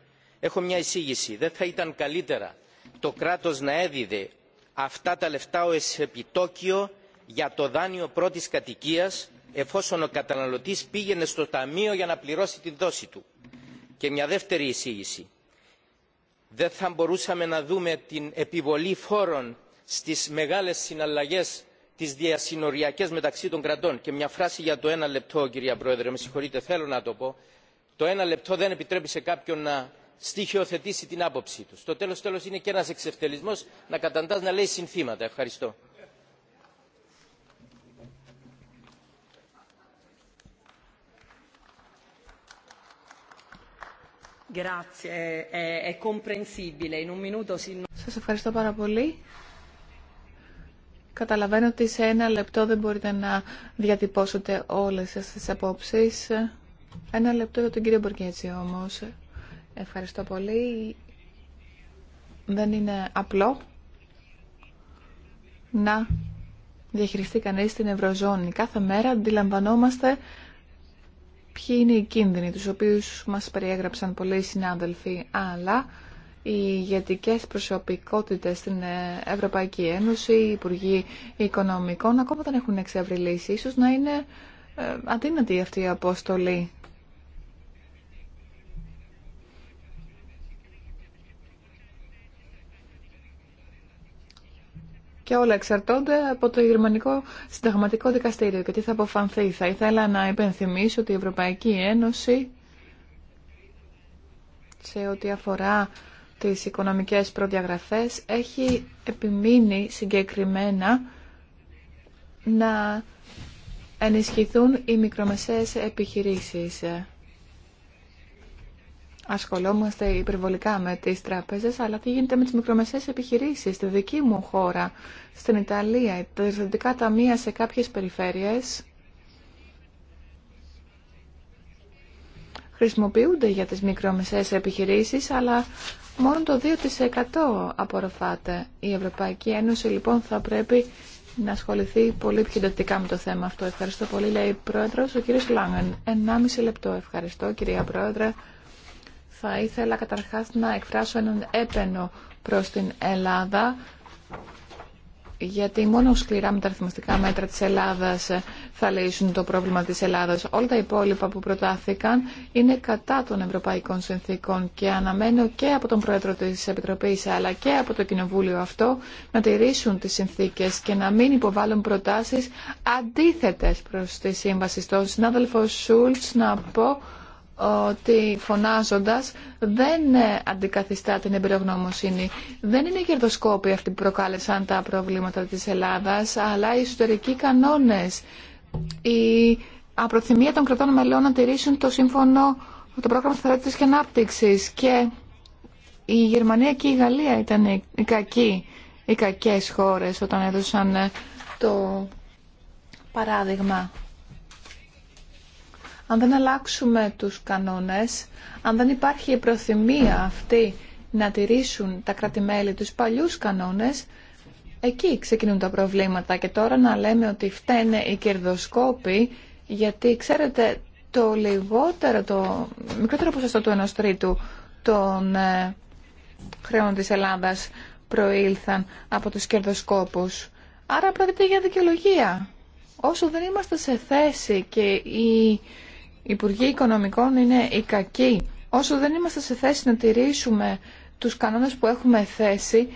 Έχω μια εισήγηση. Δεν θα ήταν καλύτερα το κράτος να έδιδε αυτά τα λεφτά ως επιτόκιο για το δάνειο πρώτης κατοικία, εφόσον ο καταναλωτή πήγαινε στο ταμείο για να πληρώσει τη δόση του. Και μια δεύτερη εισήγηση. Δεν θα μπορούσαμε να δούμε την επιβολή φόρων στις μεγάλες συναλλαγές τις διασυνοριακές μεταξύ των κρατών. Και μια φράση για το ένα λεπτό κυρία Πρόεδρε, με συγχωρείτε θέλω να το πω. Το ένα λεπτό δεν επιτρέπει σε κάποιον να στοιχειοθετήσει την άποψή του. Στο τέλος τέλος είναι και ένας εξευτελισμός να καταντάς να λέει συνθήματα. Ευχαριστώ. Σας ευχαριστώ πάρα πολύ. Καταλαβαίνω ότι σε ένα λεπτό δεν μπορείτε να διατυπώσετε όλες σας τις απόψεις. Ένα λεπτό για τον κύριο Μπορκέτσι όμως. Ευχαριστώ πολύ. Δεν είναι απλό να διαχειριστεί κανείς την Ευρωζώνη. Κάθε μέρα αντιλαμβανόμαστε ποιοι είναι οι κίνδυνοι, τους οποίους μας περιέγραψαν πολλοί συνάδελφοι, αλλά οι ηγετικέ προσωπικότητες στην ε, Ευρωπαϊκή Ένωση, οι Υπουργοί Οικονομικών, ακόμα δεν έχουν εξευρυλίσει. Ίσως να είναι ε, αδύνατη αυτή η αποστολή και όλα εξαρτώνται από το Γερμανικό Συνταγματικό Δικαστήριο και τι θα αποφανθεί. Θα ήθελα να υπενθυμίσω ότι η Ευρωπαϊκή Ένωση σε ό,τι αφορά τις οικονομικές προδιαγραφές έχει επιμείνει συγκεκριμένα να ενισχυθούν οι μικρομεσαίες επιχειρήσεις ασχολόμαστε υπερβολικά με τις τράπεζες, αλλά τι γίνεται με τις μικρομεσαίες επιχειρήσεις στη δική μου χώρα, στην Ιταλία, τα διευθυντικά ταμεία σε κάποιες περιφέρειες χρησιμοποιούνται για τις μικρομεσαίες επιχειρήσεις, αλλά μόνο το 2% απορροφάται η Ευρωπαϊκή Ένωση. Λοιπόν, θα πρέπει να ασχοληθεί πολύ πιο εντατικά με το θέμα αυτό. Ευχαριστώ πολύ, λέει η Πρόεδρος, ο κύριος Λάγκεν. 1,5 λεπτό. Ευχαριστώ, κυρία Πρόεδρε. Θα ήθελα καταρχάς να εκφράσω έναν έπαινο προς την Ελλάδα γιατί μόνο σκληρά μεταρρυθμιστικά μέτρα της Ελλάδας θα λύσουν το πρόβλημα της Ελλάδας. Όλα τα υπόλοιπα που προτάθηκαν είναι κατά των ευρωπαϊκών συνθήκων και αναμένω και από τον Πρόεδρο της Επιτροπής αλλά και από το Κοινοβούλιο αυτό να τηρήσουν τις συνθήκες και να μην υποβάλουν προτάσεις αντίθετες προς τη σύμβαση. Στον συνάδελφο Σούλτς να πω ότι φωνάζοντας δεν αντικαθιστά την εμπειρογνωμοσύνη. Δεν είναι οι κερδοσκόποι αυτοί που προκάλεσαν τα προβλήματα της Ελλάδας, αλλά οι ιστορικοί κανόνες, η απροθυμία των κρατών μελών να τηρήσουν το σύμφωνο, το πρόγραμμα σταθερότητας και ανάπτυξης και η Γερμανία και η Γαλλία ήταν οι κακοί, οι κακές χώρες όταν έδωσαν το παράδειγμα αν δεν αλλάξουμε τους κανόνες, αν δεν υπάρχει η προθυμία αυτή να τηρήσουν τα κρατημέλη τους παλιούς κανόνες, εκεί ξεκινούν τα προβλήματα. Και τώρα να λέμε ότι φταίνε οι κερδοσκόποι, γιατί ξέρετε το λιγότερο, το μικρότερο ποσοστό του ενός τρίτου των ε, χρέων της Ελλάδας προήλθαν από τους κερδοσκόπους. Άρα πρόκειται για δικαιολογία. Όσο δεν είμαστε σε θέση και οι Υπουργοί Οικονομικών είναι οι κακοί. Όσο δεν είμαστε σε θέση να τηρήσουμε τους κανόνες που έχουμε θέσει,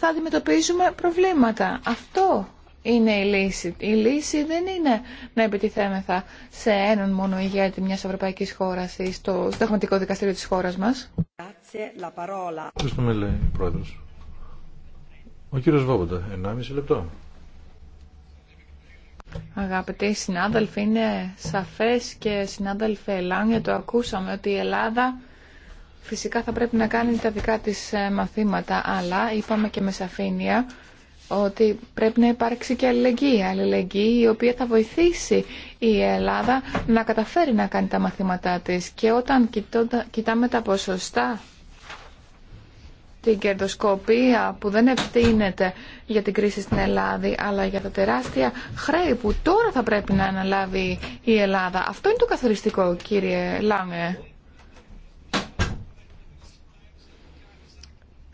θα αντιμετωπίζουμε προβλήματα. Αυτό είναι η λύση. Η λύση δεν είναι να επιτιθέμεθα σε έναν μόνο ηγέτη μιας ευρωπαϊκής χώρας ή στο συνταγματικό δικαστήριο της χώρας μας. λέει Ο κύριος Βόμποντα, 1,5 λεπτό. Αγαπητοί συνάδελφοι, είναι σαφές και συνάδελφε για το ακούσαμε ότι η Ελλάδα φυσικά θα πρέπει να κάνει τα δικά της ε, μαθήματα, αλλά είπαμε και με σαφήνεια ότι πρέπει να υπάρξει και αλληλεγγύη, αλληλεγγύη η οποία θα βοηθήσει η Ελλάδα να καταφέρει να κάνει τα μαθήματά της. Και όταν κοιτάμε τα ποσοστά την κερδοσκοπία που δεν ευθύνεται για την κρίση στην Ελλάδα, αλλά για τα τεράστια χρέη που τώρα θα πρέπει να αναλάβει η Ελλάδα. Αυτό είναι το καθοριστικό, κύριε Λάμε.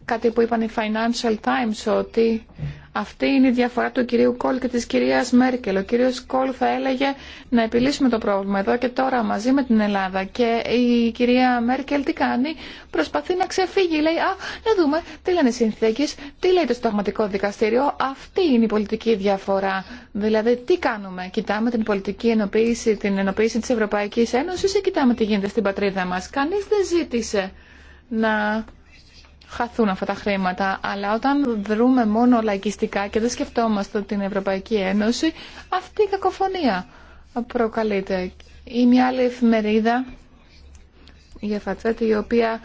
Κάτι που είπαν οι Financial Times ότι αυτή είναι η διαφορά του κυρίου Κόλ και της κυρίας Μέρκελ. Ο κύριος Κόλ θα έλεγε να επιλύσουμε το πρόβλημα εδώ και τώρα μαζί με την Ελλάδα. Και η κυρία Μέρκελ τι κάνει, προσπαθεί να ξεφύγει. Λέει, α, να δούμε τι λένε οι συνθήκες, τι λέει το συνταγματικό δικαστήριο. Αυτή είναι η πολιτική διαφορά. Δηλαδή, τι κάνουμε, κοιτάμε την πολιτική ενοποίηση, την ενοποίηση της Ευρωπαϊκής Ένωσης ή κοιτάμε τι γίνεται στην πατρίδα μας. Κανείς δεν ζήτησε να χαθούν αυτά τα χρήματα. Αλλά όταν δρούμε μόνο λαϊκιστικά και δεν σκεφτόμαστε την Ευρωπαϊκή Ένωση, αυτή η κακοφωνία προκαλείται. Ή μια άλλη εφημερίδα, η Εφατσέτη, η οποία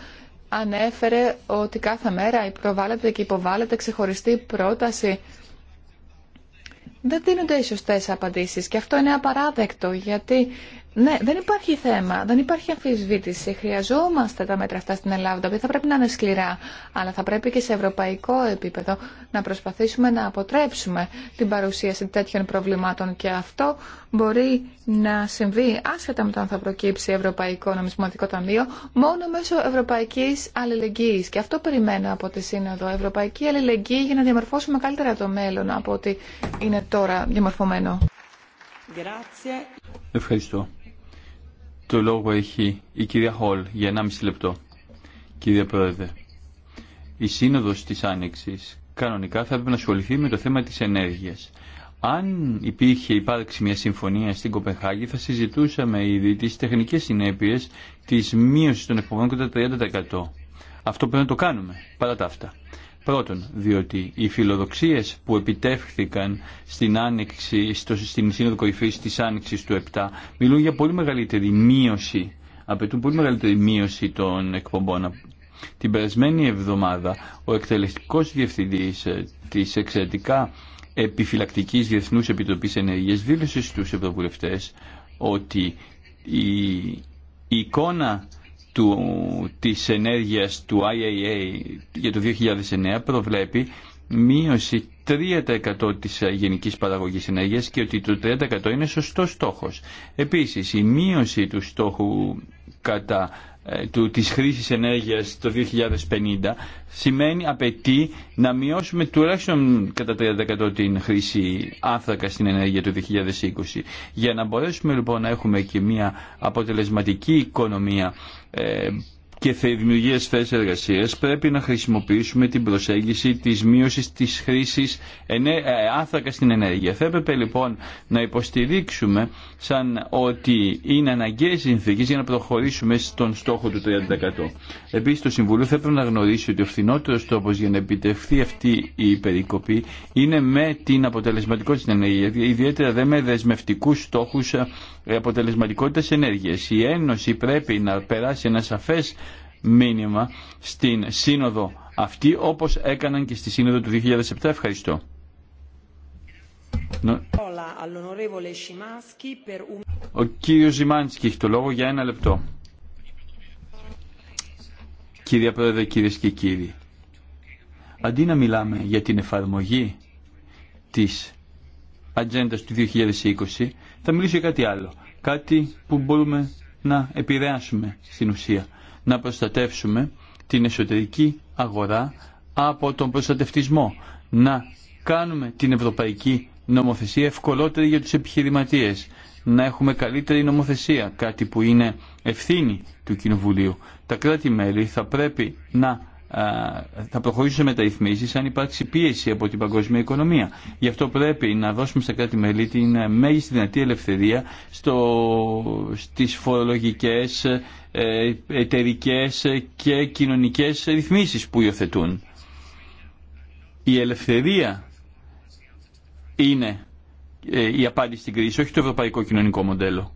ανέφερε ότι κάθε μέρα προβάλλεται και υποβάλλεται ξεχωριστή πρόταση. Δεν δίνονται οι σωστές απαντήσεις και αυτό είναι απαράδεκτο γιατί ναι, δεν υπάρχει θέμα, δεν υπάρχει αμφισβήτηση. Χρειαζόμαστε τα μέτρα αυτά στην Ελλάδα, τα οποία θα πρέπει να είναι σκληρά, αλλά θα πρέπει και σε ευρωπαϊκό επίπεδο να προσπαθήσουμε να αποτρέψουμε την παρουσίαση τέτοιων προβλημάτων και αυτό μπορεί να συμβεί άσχετα με το αν θα προκύψει Ευρωπαϊκό Νομισματικό Ταμείο, μόνο μέσω ευρωπαϊκή αλληλεγγύη. Και αυτό περιμένω από τη Σύνοδο. Ευρωπαϊκή αλληλεγγύη για να διαμορφώσουμε καλύτερα το μέλλον από ό,τι είναι τώρα διαμορφωμένο. Ευχαριστώ. Το λόγο έχει η κυρία Χολ για 1,5 λεπτό. Κύριε Πρόεδρε, η Σύνοδος της Άνοιξης κανονικά θα έπρεπε να ασχοληθεί με το θέμα της ενέργειας. Αν υπήρχε υπάρξει μια συμφωνία στην Κοπεχάγη θα συζητούσαμε ήδη τι τεχνικές συνέπειες τη μείωση των εκπομπών κατά 30%. Αυτό πρέπει να το κάνουμε παρά τα αυτά. Πρώτον, διότι οι φιλοδοξίες που επιτεύχθηκαν στην, άνοιξη, στο, στην Σύνοδο κορυφή της άνοιξη του 7 μιλούν για πολύ μεγαλύτερη μείωση, απαιτούν πολύ μεγαλύτερη μείωση των εκπομπών. Την περασμένη εβδομάδα ο εκτελεστικός διευθυντής ε, της εξαιρετικά επιφυλακτική διεθνού επιτροπή ενέργεια, δήλωσε στου ευρωβουλευτέ ότι η εικόνα του, της ενέργειας του IAA για το 2009 προβλέπει μείωση 3% της γενικής παραγωγής ενέργειας και ότι το 30% είναι σωστός στόχος. Επίσης, η μείωση του στόχου κατά ε, του, της χρήσης ενέργειας το 2050 σημαίνει απαιτεί να μειώσουμε τουλάχιστον κατά 30% την χρήση άθρακα στην ενέργεια το 2020. Για να μπορέσουμε λοιπόν να έχουμε και μια αποτελεσματική οικονομία ε, και δημιουργία θέσει εργασία, πρέπει να χρησιμοποιήσουμε την προσέγγιση τη μείωση τη χρήση ε, άνθρακα στην ενέργεια. Θα έπρεπε λοιπόν να υποστηρίξουμε σαν ότι είναι αναγκαίες συνθήκες για να προχωρήσουμε στον στόχο του 30%. Επίσης, το Συμβουλίο θα έπρεπε να γνωρίσει ότι ο φθηνότερο τρόπος για να επιτευχθεί αυτή η περικοπή είναι με την αποτελεσματικότητα της ενέργεια, ιδιαίτερα δε με δεσμευτικού στόχου ε, αποτελεσματικότητα ενέργεια. Η Ένωση πρέπει να περάσει ένα σαφέ μήνυμα στην σύνοδο αυτή όπως έκαναν και στη σύνοδο του 2007. Ευχαριστώ. Ο κύριος Ζημάνσκι έχει το λόγο για ένα λεπτό. Κύριε Πρόεδρε, κύριε και κύριοι, αντί να μιλάμε για την εφαρμογή της Ατζέντα του 2020, θα μιλήσω για κάτι άλλο, κάτι που μπορούμε να επηρεάσουμε στην ουσία να προστατεύσουμε την εσωτερική αγορά από τον προστατευτισμό, να κάνουμε την ευρωπαϊκή νομοθεσία ευκολότερη για τους επιχειρηματίες, να έχουμε καλύτερη νομοθεσία, κάτι που είναι ευθύνη του Κοινοβουλίου. Τα κράτη-μέλη θα πρέπει να θα προχωρήσουν σε μεταρρυθμίσεις αν υπάρξει πίεση από την παγκόσμια οικονομία. Γι' αυτό πρέπει να δώσουμε στα κράτη-μέλη την μέγιστη δυνατή ελευθερία στο, στις φορολογικές ε, εταιρικέ και κοινωνικές ρυθμίσεις που υιοθετούν. Η ελευθερία είναι ε, η απάντηση στην κρίση, όχι το ευρωπαϊκό κοινωνικό μοντέλο.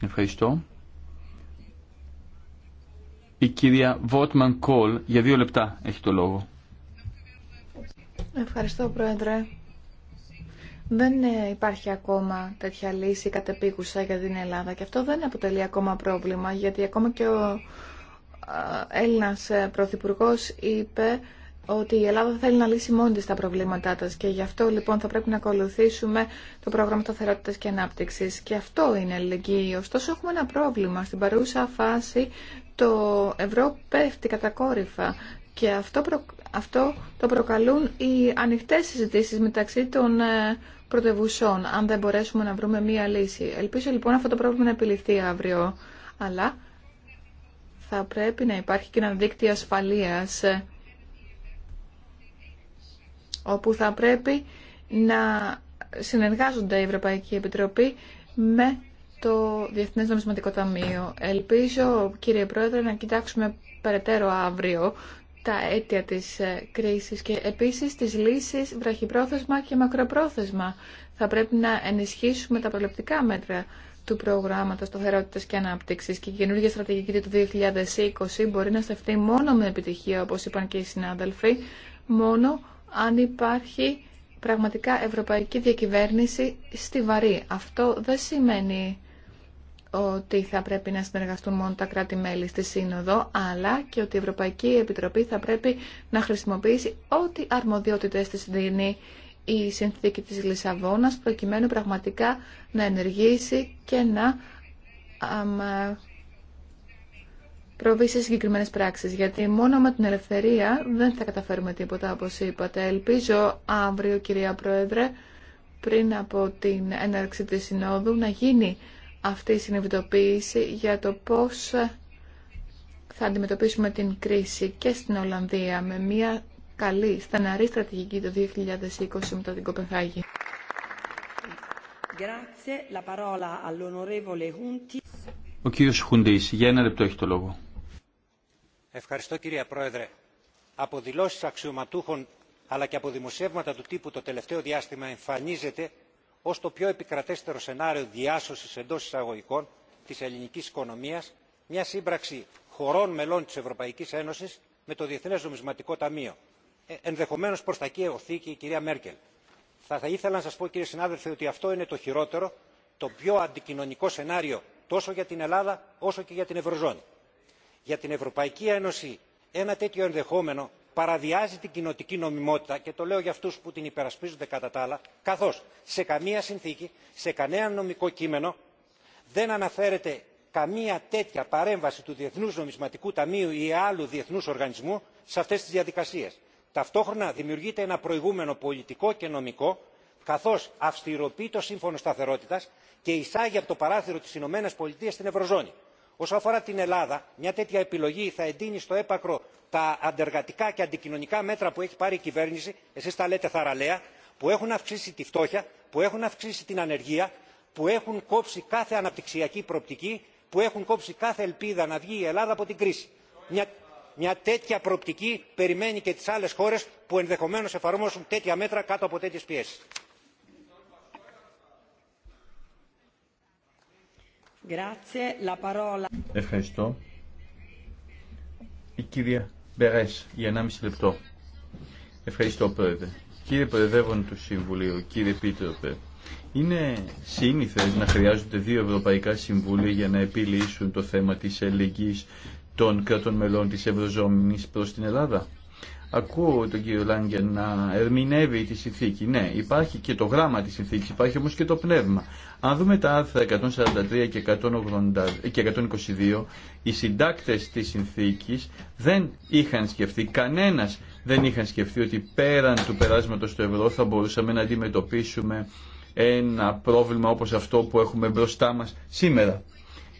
Ευχαριστώ. Η κυρία Βότμαν Κόλ για δύο λεπτά έχει το λόγο. Ευχαριστώ, Πρόεδρε. Δεν ε, υπάρχει ακόμα τέτοια λύση κατεπίκουσα για την Ελλάδα και αυτό δεν αποτελεί ακόμα πρόβλημα γιατί ακόμα και ο Έλληνας ε, Πρωθυπουργό είπε ότι η Ελλάδα θέλει να λύσει μόνη της τα προβλήματά της και γι' αυτό λοιπόν θα πρέπει να ακολουθήσουμε το πρόγραμμα σταθερότητας και ανάπτυξης και αυτό είναι αλληλεγγύη. Ωστόσο έχουμε ένα πρόβλημα. Στην παρούσα φάση το ευρώ πέφτει κατακόρυφα και αυτό, αυτό το προκαλούν οι ανοιχτές συζητήσεις μεταξύ των ε, πρωτευουσών, αν δεν μπορέσουμε να βρούμε μία λύση. Ελπίζω λοιπόν αυτό το πρόβλημα να επιληθεί αύριο, αλλά θα πρέπει να υπάρχει και ένα δίκτυο ασφαλείας, ε, όπου θα πρέπει να συνεργάζονται η Ευρωπαϊκή Επιτροπή με το Διεθνές Νομισματικό Ταμείο. Ελπίζω, κύριε Πρόεδρε, να κοιτάξουμε περαιτέρω αύριο τα αίτια της ε, κρίσης και επίσης τις λύσεις βραχυπρόθεσμα και μακροπρόθεσμα. Θα πρέπει να ενισχύσουμε τα προληπτικά μέτρα του προγράμματος σταθερότητας και ανάπτυξης και η καινούργια στρατηγική του 2020 μπορεί να στεφτεί μόνο με επιτυχία, όπως είπαν και οι συνάδελφοι, μόνο αν υπάρχει πραγματικά ευρωπαϊκή διακυβέρνηση στη βαρύ. Αυτό δεν σημαίνει ότι θα πρέπει να συνεργαστούν μόνο τα κράτη-μέλη στη Σύνοδο, αλλά και ότι η Ευρωπαϊκή Επιτροπή θα πρέπει να χρησιμοποιήσει ό,τι αρμοδιότητες της δίνει η συνθήκη της Λισαβόνας, προκειμένου πραγματικά να ενεργήσει και να προβεί σε συγκεκριμένε πράξεις, Γιατί μόνο με την ελευθερία δεν θα καταφέρουμε τίποτα, όπω είπατε. Ελπίζω αύριο, κυρία Πρόεδρε, πριν από την έναρξη της Συνόδου, να γίνει αυτή η συνειδητοποίηση για το πώς θα αντιμετωπίσουμε την κρίση και στην Ολλανδία με μια καλή, στεναρή στρατηγική το 2020 μετά την Κοπεχάγη. Ο κύριος Χουντής, για ένα λεπτό έχει το λόγο. Ευχαριστώ κύριε Πρόεδρε. Από δηλώσεις αξιωματούχων αλλά και από δημοσιεύματα του τύπου το τελευταίο διάστημα εμφανίζεται ω το πιο επικρατέστερο σενάριο διάσωσης εντός εισαγωγικών της ελληνικής οικονομίας, μια σύμπραξη χωρών μελών της Ευρωπαϊκής Ένωσης με το Διεθνές νομισματικό ταμείο. Ε, Ενδεχομένω προ τα εκεί και η κυρία Μέρκελ. Θα, θα ήθελα να σα πω, κύριε συνάδελφε, ότι αυτό είναι το χειρότερο, το πιο αντικοινωνικό σενάριο τόσο για την Ελλάδα όσο και για την Ευρωζώνη. Για την Ευρωπαϊκή Ένωση ένα τέτοιο ενδεχόμενο παραδιάζει την κοινοτική νομιμότητα και το λέω για αυτούς που την υπερασπίζονται κατά τα άλλα καθώς σε καμία συνθήκη, σε κανένα νομικό κείμενο δεν αναφέρεται καμία τέτοια παρέμβαση του Διεθνούς Νομισματικού Ταμείου ή άλλου διεθνούς οργανισμού σε αυτές τις διαδικασίες. Ταυτόχρονα δημιουργείται ένα προηγούμενο πολιτικό και νομικό καθώς αυστηροποιεί το σύμφωνο σταθερότητας και εισάγει από το παράθυρο της ΗΠΑ στην Ευρωζώνη. Όσον αφορά την Ελλάδα, μια τέτοια επιλογή θα εντείνει στο έπακρο τα αντεργατικά και αντικοινωνικά μέτρα που έχει πάρει η κυβέρνηση, εσείς τα λέτε θαραλέα, που έχουν αυξήσει τη φτώχεια, που έχουν αυξήσει την ανεργία, που έχουν κόψει κάθε αναπτυξιακή προοπτική, που έχουν κόψει κάθε ελπίδα να βγει η Ελλάδα από την κρίση. Μια, τέτοια προοπτική περιμένει και τις άλλες χώρες που ενδεχομένως εφαρμόσουν τέτοια μέτρα κάτω από τέτοιες πιέσεις. Ευχαριστώ. Η κυρία Μπερέ, για 1,5 λεπτό. Ευχαριστώ πρόεδρε. Κύριε Προεδρεύον του Συμβουλίου, κύριε Πίτροπε, είναι σύνηθε να χρειάζονται δύο ευρωπαϊκά συμβούλια για να επιλύσουν το θέμα τη ελληνική των κρατών μελών τη Ευρωζώνης προ την Ελλάδα. Ακούω τον κύριο Λάγκερ να ερμηνεύει τη συνθήκη. Ναι, υπάρχει και το γράμμα της συνθήκης, υπάρχει όμως και το πνεύμα. Αν δούμε τα άρθρα 143 και, 180, και 122, οι συντάκτες της συνθήκης δεν είχαν σκεφτεί, κανένας δεν είχαν σκεφτεί ότι πέραν του περάσματος του ευρώ θα μπορούσαμε να αντιμετωπίσουμε ένα πρόβλημα όπως αυτό που έχουμε μπροστά μας σήμερα.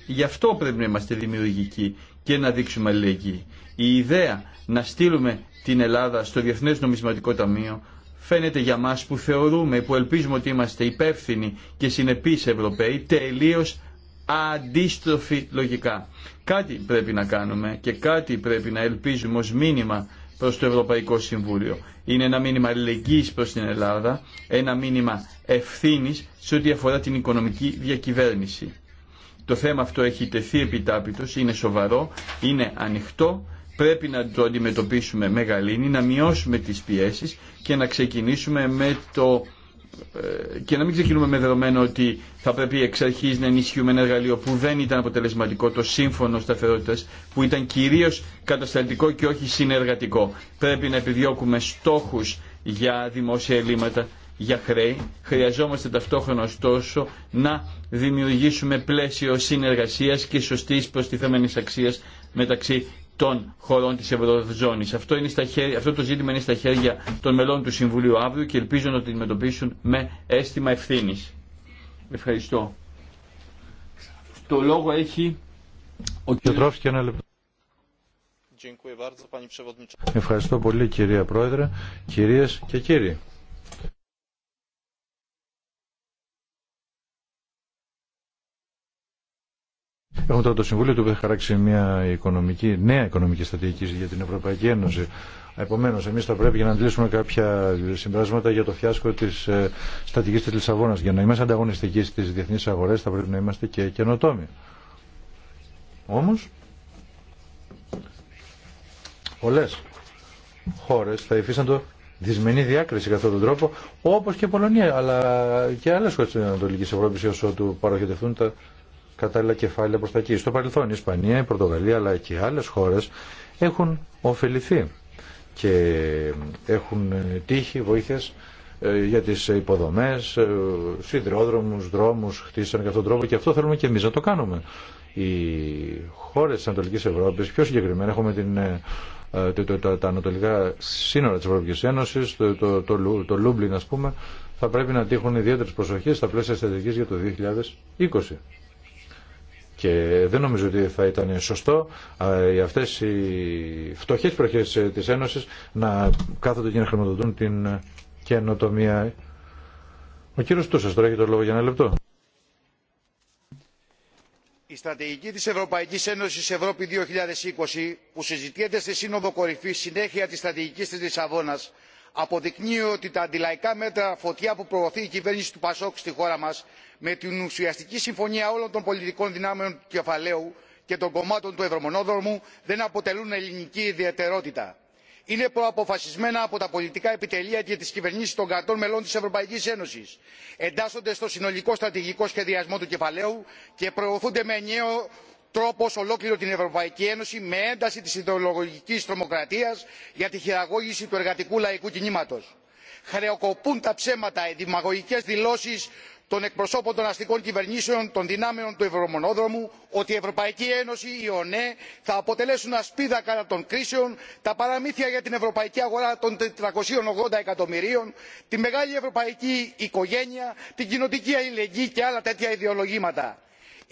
Γι' αυτό πρέπει να είμαστε δημιουργικοί και να δείξουμε αλληλεγγύη. Η ιδέα να στείλουμε την Ελλάδα στο Διεθνές Νομισματικό Ταμείο φαίνεται για μας που θεωρούμε, που ελπίζουμε ότι είμαστε υπεύθυνοι και συνεπείς Ευρωπαίοι, τελείως αντίστροφοι λογικά. Κάτι πρέπει να κάνουμε και κάτι πρέπει να ελπίζουμε ως μήνυμα προς το Ευρωπαϊκό Συμβούλιο. Είναι ένα μήνυμα αλληλεγγύης προς την Ελλάδα, ένα μήνυμα ευθύνης σε ό,τι αφορά την οικονομική διακυβέρνηση. Το θέμα αυτό έχει τεθεί επιτάπητος, είναι σοβαρό, είναι ανοιχτό πρέπει να το αντιμετωπίσουμε με γαλήνη, να μειώσουμε τις πιέσεις και να ξεκινήσουμε με το ε, και να μην ξεκινούμε με δεδομένο ότι θα πρέπει εξ αρχή να ενισχύουμε ένα εργαλείο που δεν ήταν αποτελεσματικό, το σύμφωνο σταθερότητα, που ήταν κυρίω κατασταλτικό και όχι συνεργατικό. Πρέπει να επιδιώκουμε στόχου για δημόσια ελλείμματα, για χρέη. Χρειαζόμαστε ταυτόχρονα ωστόσο να δημιουργήσουμε πλαίσιο συνεργασία και σωστή προστιθέμενη αξία μεταξύ των χωρών της Ευρωζώνης. Αυτό, είναι αυτό το ζήτημα είναι στα χέρια των μελών του Συμβουλίου αύριο και ελπίζω να το αντιμετωπίσουν με αίσθημα ευθύνη. Ευχαριστώ. Το λόγο έχει ο κ. ένα λεπτό. Ευχαριστώ πολύ κυρία Πρόεδρε, κυρίες και κύριοι. Έχουμε τώρα το Συμβούλιο του που έχει χαράξει μια οικονομική, νέα οικονομική στρατηγική για την Ευρωπαϊκή Ένωση. Επομένω, εμεί θα πρέπει να αντλήσουμε κάποια συμπράσματα για το φιάσκο τη ε, στρατηγική τη Λισαβόνα. Για να είμαστε ανταγωνιστικοί στι διεθνεί αγορέ, θα πρέπει να είμαστε και καινοτόμοι. Όμω, πολλέ χώρε θα υφίσταν το δυσμενή διάκριση κατά αυτόν τον τρόπο, όπω και η Πολωνία, αλλά και άλλε χώρε τη Ανατολική Ευρώπη, όσο του παροχετευτούν τα κατάλληλα κεφάλαια προ τα εκεί. Στο παρελθόν η Ισπανία, η Πορτογαλία αλλά και άλλε χώρε έχουν ωφεληθεί και έχουν τύχει βοήθειε ε, για τις υποδομές, ε, σιδηρόδρομους, δρόμους, χτίσαν και αυτόν τον τρόπο και αυτό θέλουμε και εμείς να το κάνουμε. Οι χώρες της Ανατολικής Ευρώπης, πιο συγκεκριμένα έχουμε την, ε, τα, ανατολικά σύνορα της Ευρωπαϊκής Ένωσης, το, το, το, Λούμπλιν ας πούμε, θα πρέπει να τύχουν ιδιαίτερες προσοχές στα πλαίσια στρατηγικής για το 2020. Και δεν νομίζω ότι θα ήταν σωστό για αυτές οι φτωχές προχές ε, της Ένωσης να κάθονται και να χρηματοδοτούν την ε, καινοτομία. Ο κύριος Τούσας τώρα έχει το λόγο για ένα λεπτό. Η στρατηγική της Ευρωπαϊκής Ένωσης Ευρώπη 2020 που συζητιέται σε Σύνοδο κορυφή συνέχεια της στρατηγικής της Λισαβόνας αποδεικνύει ότι τα αντιλαϊκά μέτρα φωτιά που προωθεί η κυβέρνηση του Πασόκ στη χώρα μας με την ουσιαστική συμφωνία όλων των πολιτικών δυνάμεων του κεφαλαίου και των κομμάτων του ευρωμονόδρομου δεν αποτελούν ελληνική ιδιαιτερότητα. είναι προαποφασισμένα από τα πολιτικά επιτελεία και τι κυβερνήσει των κρατών μελών τη ευρωπαϊκή ένωση εντάσσονται στο συνολικό στρατηγικό σχεδιασμό του κεφαλαίου και προωθούνται με ενιαίο τρόπο σε ολόκληρη την ευρωπαϊκή ένωση με ένταση τη ιδεολογική τρομοκρατία για τη χειραγώγηση του εργατικού λαϊκού κινήματο χρεοκοπούν τα ψέματα οι δημαγωγικέ δηλώσει των εκπροσώπων των αστικών κυβερνήσεων των δυνάμεων του ευρωμονόδρομου ότι η ευρωπαϊκή ένωση η ονε θα αποτελέσουν ασπίδα κατά των κρίσεων τα παραμύθια για την ευρωπαϊκή αγορά των 480 εκατομμυρίων τη μεγάλη ευρωπαϊκή οικογένεια την κοινοτική αλληλεγγύη και άλλα τέτοια ιδεολογήματα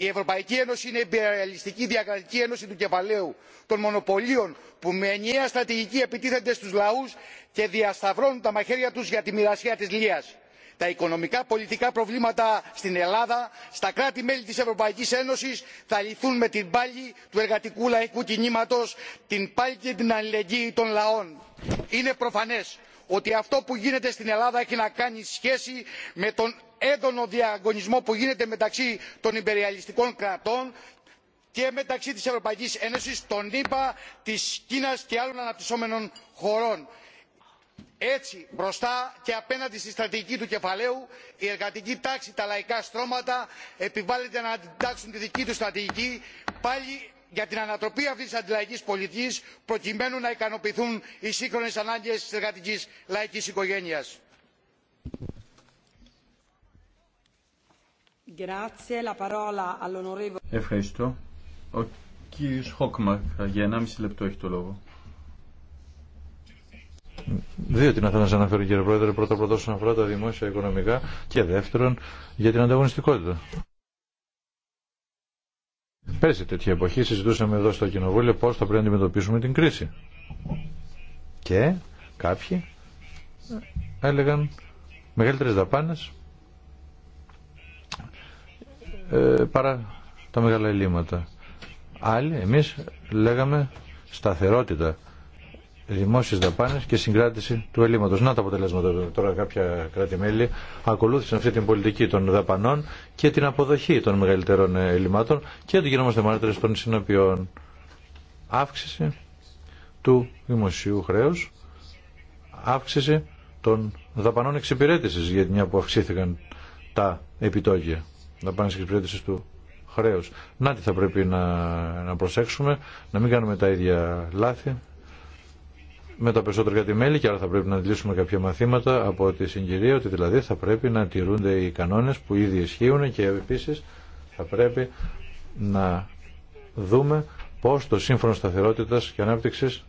η ευρωπαϊκή ένωση είναι η υπεραλιστική διακρατική ένωση του κεφαλαίου των μονοπωλίων που με ενιαία στρατηγική επιτίθενται στους λαούς και διασταυρώνουν τα μαχαίρια τους για τη μοιρασιά της λίας. τα οικονομικά πολιτικά προβλήματα στην ελλάδα στα κράτη μέλη της ευρωπαϊκής ένωσης θα λυθούν με την πάλη του εργατικού λαϊκού κινήματος την πάλη και την αλληλεγγύη των λαών. είναι προφανές ότι αυτό που γίνεται στην ελλάδα έχει να κάνει σχέση με τον έντονο διαγωνισμό που γίνεται μεταξύ των υπεριαλιστικών κρατών και μεταξύ της ευρωπαϊκής ένωσης των ηπα της κίνας και άλλων αναπτυσσόμενων χωρών. έτσι μπροστά και απέναντι στη στρατηγική του κεφαλαίου η εργατική τάξη τα λαϊκά στρώματα επιβάλλεται να αντιτάξουν τη δική του στρατηγική πάλι για την ανατροπή αυτής της αντιλαϊκής πολιτικής προκειμένου να ικανοποιηθούν οι σύγχρονες ανάγκες της εργατικής λαϊκής οικογένειας. Ευχαριστώ. Ο κύριο Χόκμαρ για 1,5 λεπτό έχει το λόγο. Δύο τι να θέλω να σα αναφέρω κύριε Πρόεδρε. Πρώτα πρώτα όσον αφορά τα δημόσια οικονομικά και δεύτερον για την ανταγωνιστικότητα. Πέρσι τέτοια εποχή συζητούσαμε εδώ στο Κοινοβούλιο πώς θα πρέπει να αντιμετωπίσουμε την κρίση. Και κάποιοι έλεγαν μεγαλύτερες δαπάνες ε, παρά τα μεγάλα ελλείμματα. Άλλοι, εμείς λέγαμε σταθερότητα δημόσιες δαπάνε και συγκράτηση του ελλείμματο. Να τα αποτελέσματα τώρα κάποια κράτη-μέλη ακολούθησαν αυτή την πολιτική των δαπανών και την αποδοχή των μεγαλύτερων ελλείμματων και του γινόμαστε μάρτυρες των συνοποιών. Αύξηση του δημοσίου χρέου, αύξηση των δαπανών εξυπηρέτηση για την μια που αυξήθηκαν τα επιτόκια να πάνε στις εξυπηρέτησης του χρέους. Να τι θα πρέπει να, να προσέξουμε, να μην κάνουμε τα ίδια λάθη με τα περισσότερα κάτι μέλη και άρα θα πρέπει να αντιλήσουμε κάποια μαθήματα από τη συγκυρία ότι δηλαδή θα πρέπει να τηρούνται οι κανόνες που ήδη ισχύουν και επίσης θα πρέπει να δούμε πώς το σύμφωνο σταθερότητας και ανάπτυξης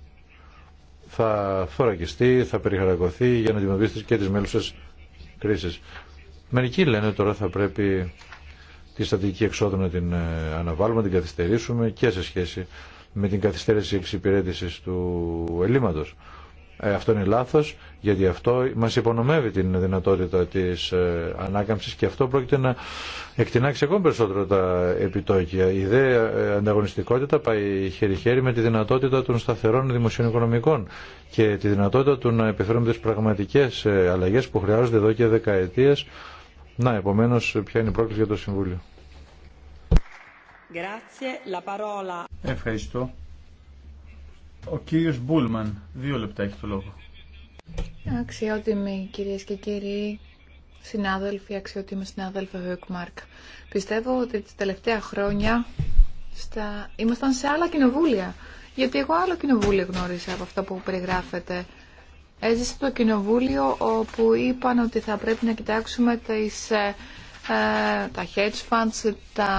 θα θωρακιστεί, θα περιχαρακωθεί για να αντιμετωπίσει και τις μέλουσες κρίσεις. Μερικοί λένε τώρα θα πρέπει τη στατική εξόδου να την ε, αναβάλουμε, να την καθυστερήσουμε και σε σχέση με την καθυστέρηση εξυπηρέτηση του ελλείμματο. Ε, αυτό είναι λάθο, γιατί αυτό μα υπονομεύει την δυνατότητα τη ε, ανάκαμψης και αυτό πρόκειται να εκτινάξει ακόμη περισσότερο τα επιτόκια. Η ιδεα ε, ανταγωνιστικότητα πάει χέρι-χέρι με τη δυνατότητα των σταθερών δημοσίων οικονομικών και τη δυνατότητα του να επιφέρουμε τις πραγματικές ε, αλλαγές που χρειάζονται εδώ και δεκαετίε. Να, επομένω ποια είναι η πρόκληση για το Συμβούλιο. Ευχαριστώ. Ο κύριος Μπούλμαν, δύο λεπτά έχει το λόγο. Αξιότιμοι κυρίες και κύριοι, συνάδελφοι, αξιότιμοι συνάδελφοι Χουεκμάρκ. Πιστεύω ότι τις τελευταία χρόνια στα... ήμασταν σε άλλα κοινοβούλια. Γιατί εγώ άλλο κοινοβούλιο γνώρισα από αυτό που περιγράφεται. Έζησα το κοινοβούλιο όπου είπαν ότι θα πρέπει να κοιτάξουμε ε, ε, τα hedge funds, τα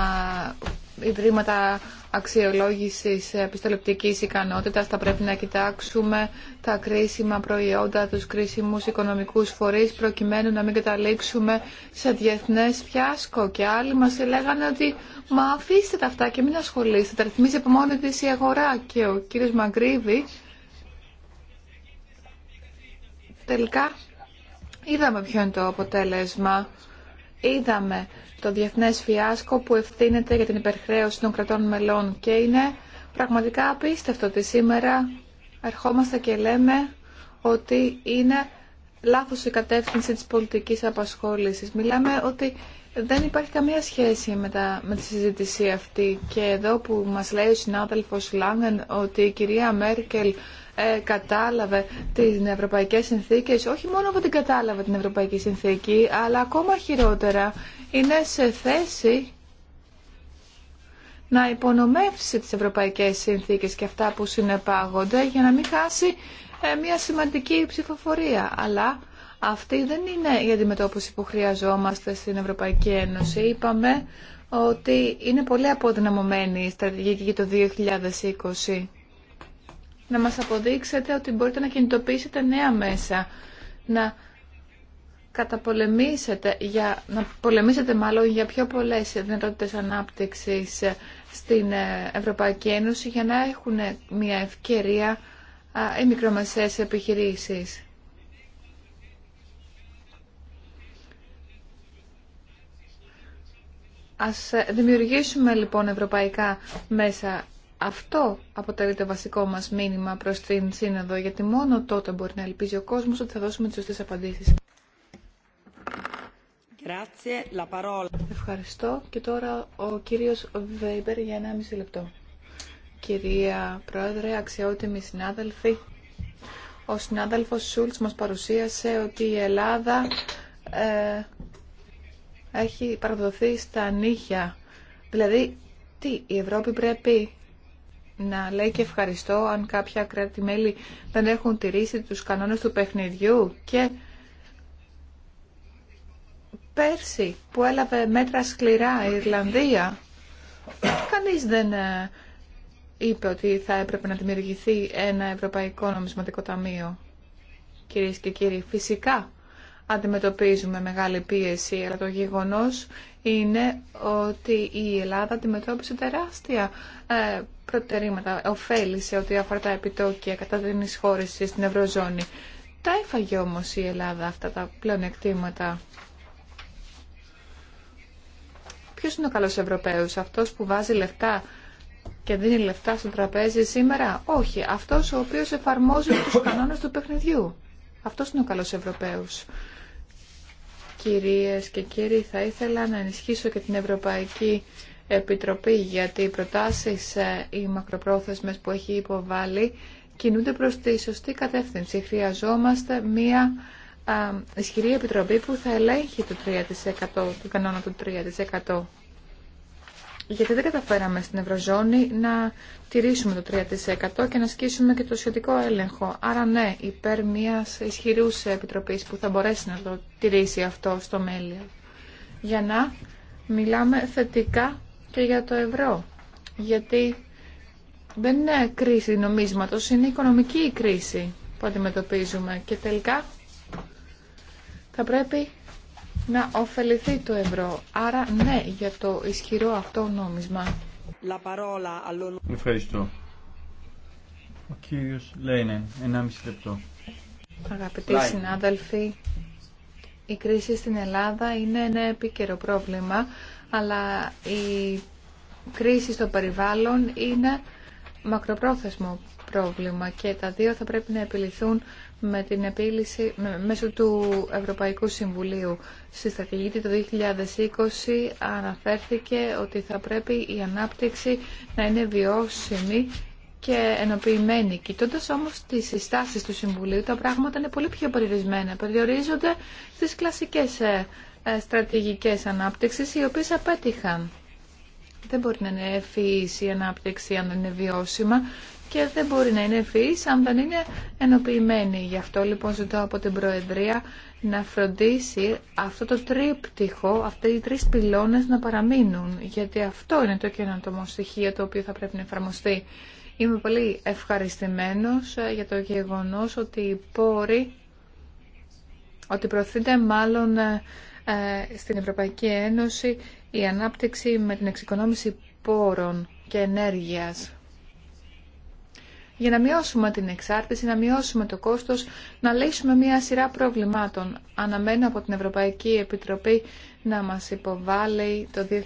ιδρύματα αξιολόγησης επιστολεπτικής ικανότητας θα πρέπει να κοιτάξουμε τα κρίσιμα προϊόντα, τους κρίσιμους οικονομικούς φορείς προκειμένου να μην καταλήξουμε σε διεθνές φιάσκο και άλλοι μας έλεγαν ότι μα αφήστε τα αυτά και μην ασχολείστε, τα ρυθμίζει από μόνη της η αγορά και ο κύριος Μαγκρίβη τελικά είδαμε ποιο είναι το αποτέλεσμα είδαμε το διεθνές φιάσκο που ευθύνεται για την υπερχρέωση των κρατών μελών και είναι πραγματικά απίστευτο ότι σήμερα ερχόμαστε και λέμε ότι είναι λάθος η κατεύθυνση της πολιτικής απασχόλησης. Μιλάμε ότι δεν υπάρχει καμία σχέση με, τα, με τη συζήτηση αυτή και εδώ που μας λέει ο συνάδελφος Λάγκεν ότι η κυρία Μέρκελ ε, κατάλαβε τις ευρωπαϊκές συνθήκες, όχι μόνο που την κατάλαβε την ευρωπαϊκή συνθήκη, αλλά ακόμα χειρότερα είναι σε θέση να υπονομεύσει τις ευρωπαϊκές συνθήκες και αυτά που συνεπάγονται για να μην χάσει ε, μια σημαντική ψηφοφορία. Αλλά αυτή δεν είναι η αντιμετώπιση που χρειαζόμαστε στην Ευρωπαϊκή Ένωση. Είπαμε ότι είναι πολύ αποδυναμωμένη η στρατηγική το 2020 να μας αποδείξετε ότι μπορείτε να κινητοποιήσετε νέα μέσα, να καταπολεμήσετε, για, να πολεμήσετε μάλλον για πιο πολλές δυνατότητες ανάπτυξης στην ε, Ευρωπαϊκή Ένωση για να έχουν μια ευκαιρία οι μικρομεσαίες επιχειρήσεις. Ας ε, δημιουργήσουμε λοιπόν ευρωπαϊκά μέσα αυτό αποτελεί το βασικό μας μήνυμα προς την Σύνοδο, γιατί μόνο τότε μπορεί να ελπίζει ο κόσμος ότι θα δώσουμε τις σωστές απαντήσεις. Ευχαριστώ. Και τώρα ο κύριος Βέιμπερ για ένα μισή λεπτό. Κυρία Πρόεδρε, αξιότιμοι συνάδελφοι, ο συνάδελφος Σούλτς μας παρουσίασε ότι η Ελλάδα ε, έχει παραδοθεί στα νύχια. Δηλαδή, τι, η Ευρώπη πρέπει να λέει και ευχαριστώ αν κάποια κράτη-μέλη δεν έχουν τηρήσει τους κανόνες του παιχνιδιού και πέρσι που έλαβε μέτρα σκληρά η Ιρλανδία κανείς δεν ε, είπε ότι θα έπρεπε να δημιουργηθεί ένα Ευρωπαϊκό Νομισματικό Ταμείο. Κυρίες και κύριοι, φυσικά αντιμετωπίζουμε μεγάλη πίεση, αλλά το γεγονός είναι ότι η Ελλάδα αντιμετώπισε τεράστια ε, προτερήματα, ωφέλησε ό,τι αφορά τα επιτόκια κατά την εισχώρηση στην Ευρωζώνη. Τα έφαγε όμως η Ελλάδα αυτά τα πλεονεκτήματα. Ποιος είναι ο καλός Ευρωπαίος, αυτός που βάζει λεφτά και δίνει λεφτά στο τραπέζι σήμερα. Όχι, αυτός ο οποίος εφαρμόζει τους κανόνες του παιχνιδιού. Αυτός είναι ο καλός Ευρωπαίος. Κυρίες και κύριοι, θα ήθελα να ενισχύσω και την Ευρωπαϊκή Επιτροπή γιατί οι προτάσεις ε, οι μακροπρόθεσμες που έχει υποβάλει κινούνται προς τη σωστή κατεύθυνση. Χρειαζόμαστε μία ε, ισχυρή επιτροπή που θα ελέγχει το 3%, το κανόνα του 3% γιατί δεν καταφέραμε στην Ευρωζώνη να τηρήσουμε το 3% και να σκίσουμε και το σχετικό έλεγχο. Άρα ναι, υπέρ μια ισχυρού επιτροπή που θα μπορέσει να το τηρήσει αυτό στο μέλλον. Για να μιλάμε θετικά και για το ευρώ. Γιατί δεν είναι κρίση νομίσματος, είναι οικονομική η κρίση που αντιμετωπίζουμε. Και τελικά θα πρέπει να ωφεληθεί το ευρώ. Άρα ναι για το ισχυρό αυτό νόμισμα. Ευχαριστώ. Ο κύριος Λέινεν, 1,5 λεπτό. Αγαπητοί συνάδελφοι, η κρίση στην Ελλάδα είναι ένα επίκαιρο πρόβλημα, αλλά η κρίση στο περιβάλλον είναι μακροπρόθεσμο πρόβλημα και τα δύο θα πρέπει να επιληθούν με την επίλυση μέσω του Ευρωπαϊκού Συμβουλίου. Στη στρατηγική του 2020 αναφέρθηκε ότι θα πρέπει η ανάπτυξη να είναι βιώσιμη και ενοποιημένη. Κοιτώντα όμω τι συστάσει του Συμβουλίου, τα πράγματα είναι πολύ πιο περιορισμένα. Περιορίζονται στι κλασικέ ε, ε, στρατηγικέ ανάπτυξη, οι οποίε απέτυχαν. Δεν μπορεί να είναι ευφυή η ανάπτυξη αν δεν είναι βιώσιμα και δεν μπορεί να είναι ευφυής αν δεν είναι ενοποιημένη. Γι' αυτό λοιπόν ζητώ από την Προεδρία να φροντίσει αυτό το τρίπτυχο, αυτοί οι τρεις πυλώνες να παραμείνουν, γιατί αυτό είναι το καινοτομό στοιχείο το οποίο θα πρέπει να εφαρμοστεί. Είμαι πολύ ευχαριστημένος ε, για το γεγονός ότι οι πόροι, ότι προωθείται μάλλον ε, ε, στην Ευρωπαϊκή Ένωση η ανάπτυξη με την εξοικονόμηση πόρων και ενέργειας για να μειώσουμε την εξάρτηση, να μειώσουμε το κόστος, να λύσουμε μια σειρά προβλημάτων. Αναμένω από την Ευρωπαϊκή Επιτροπή να μας υποβάλει το 2010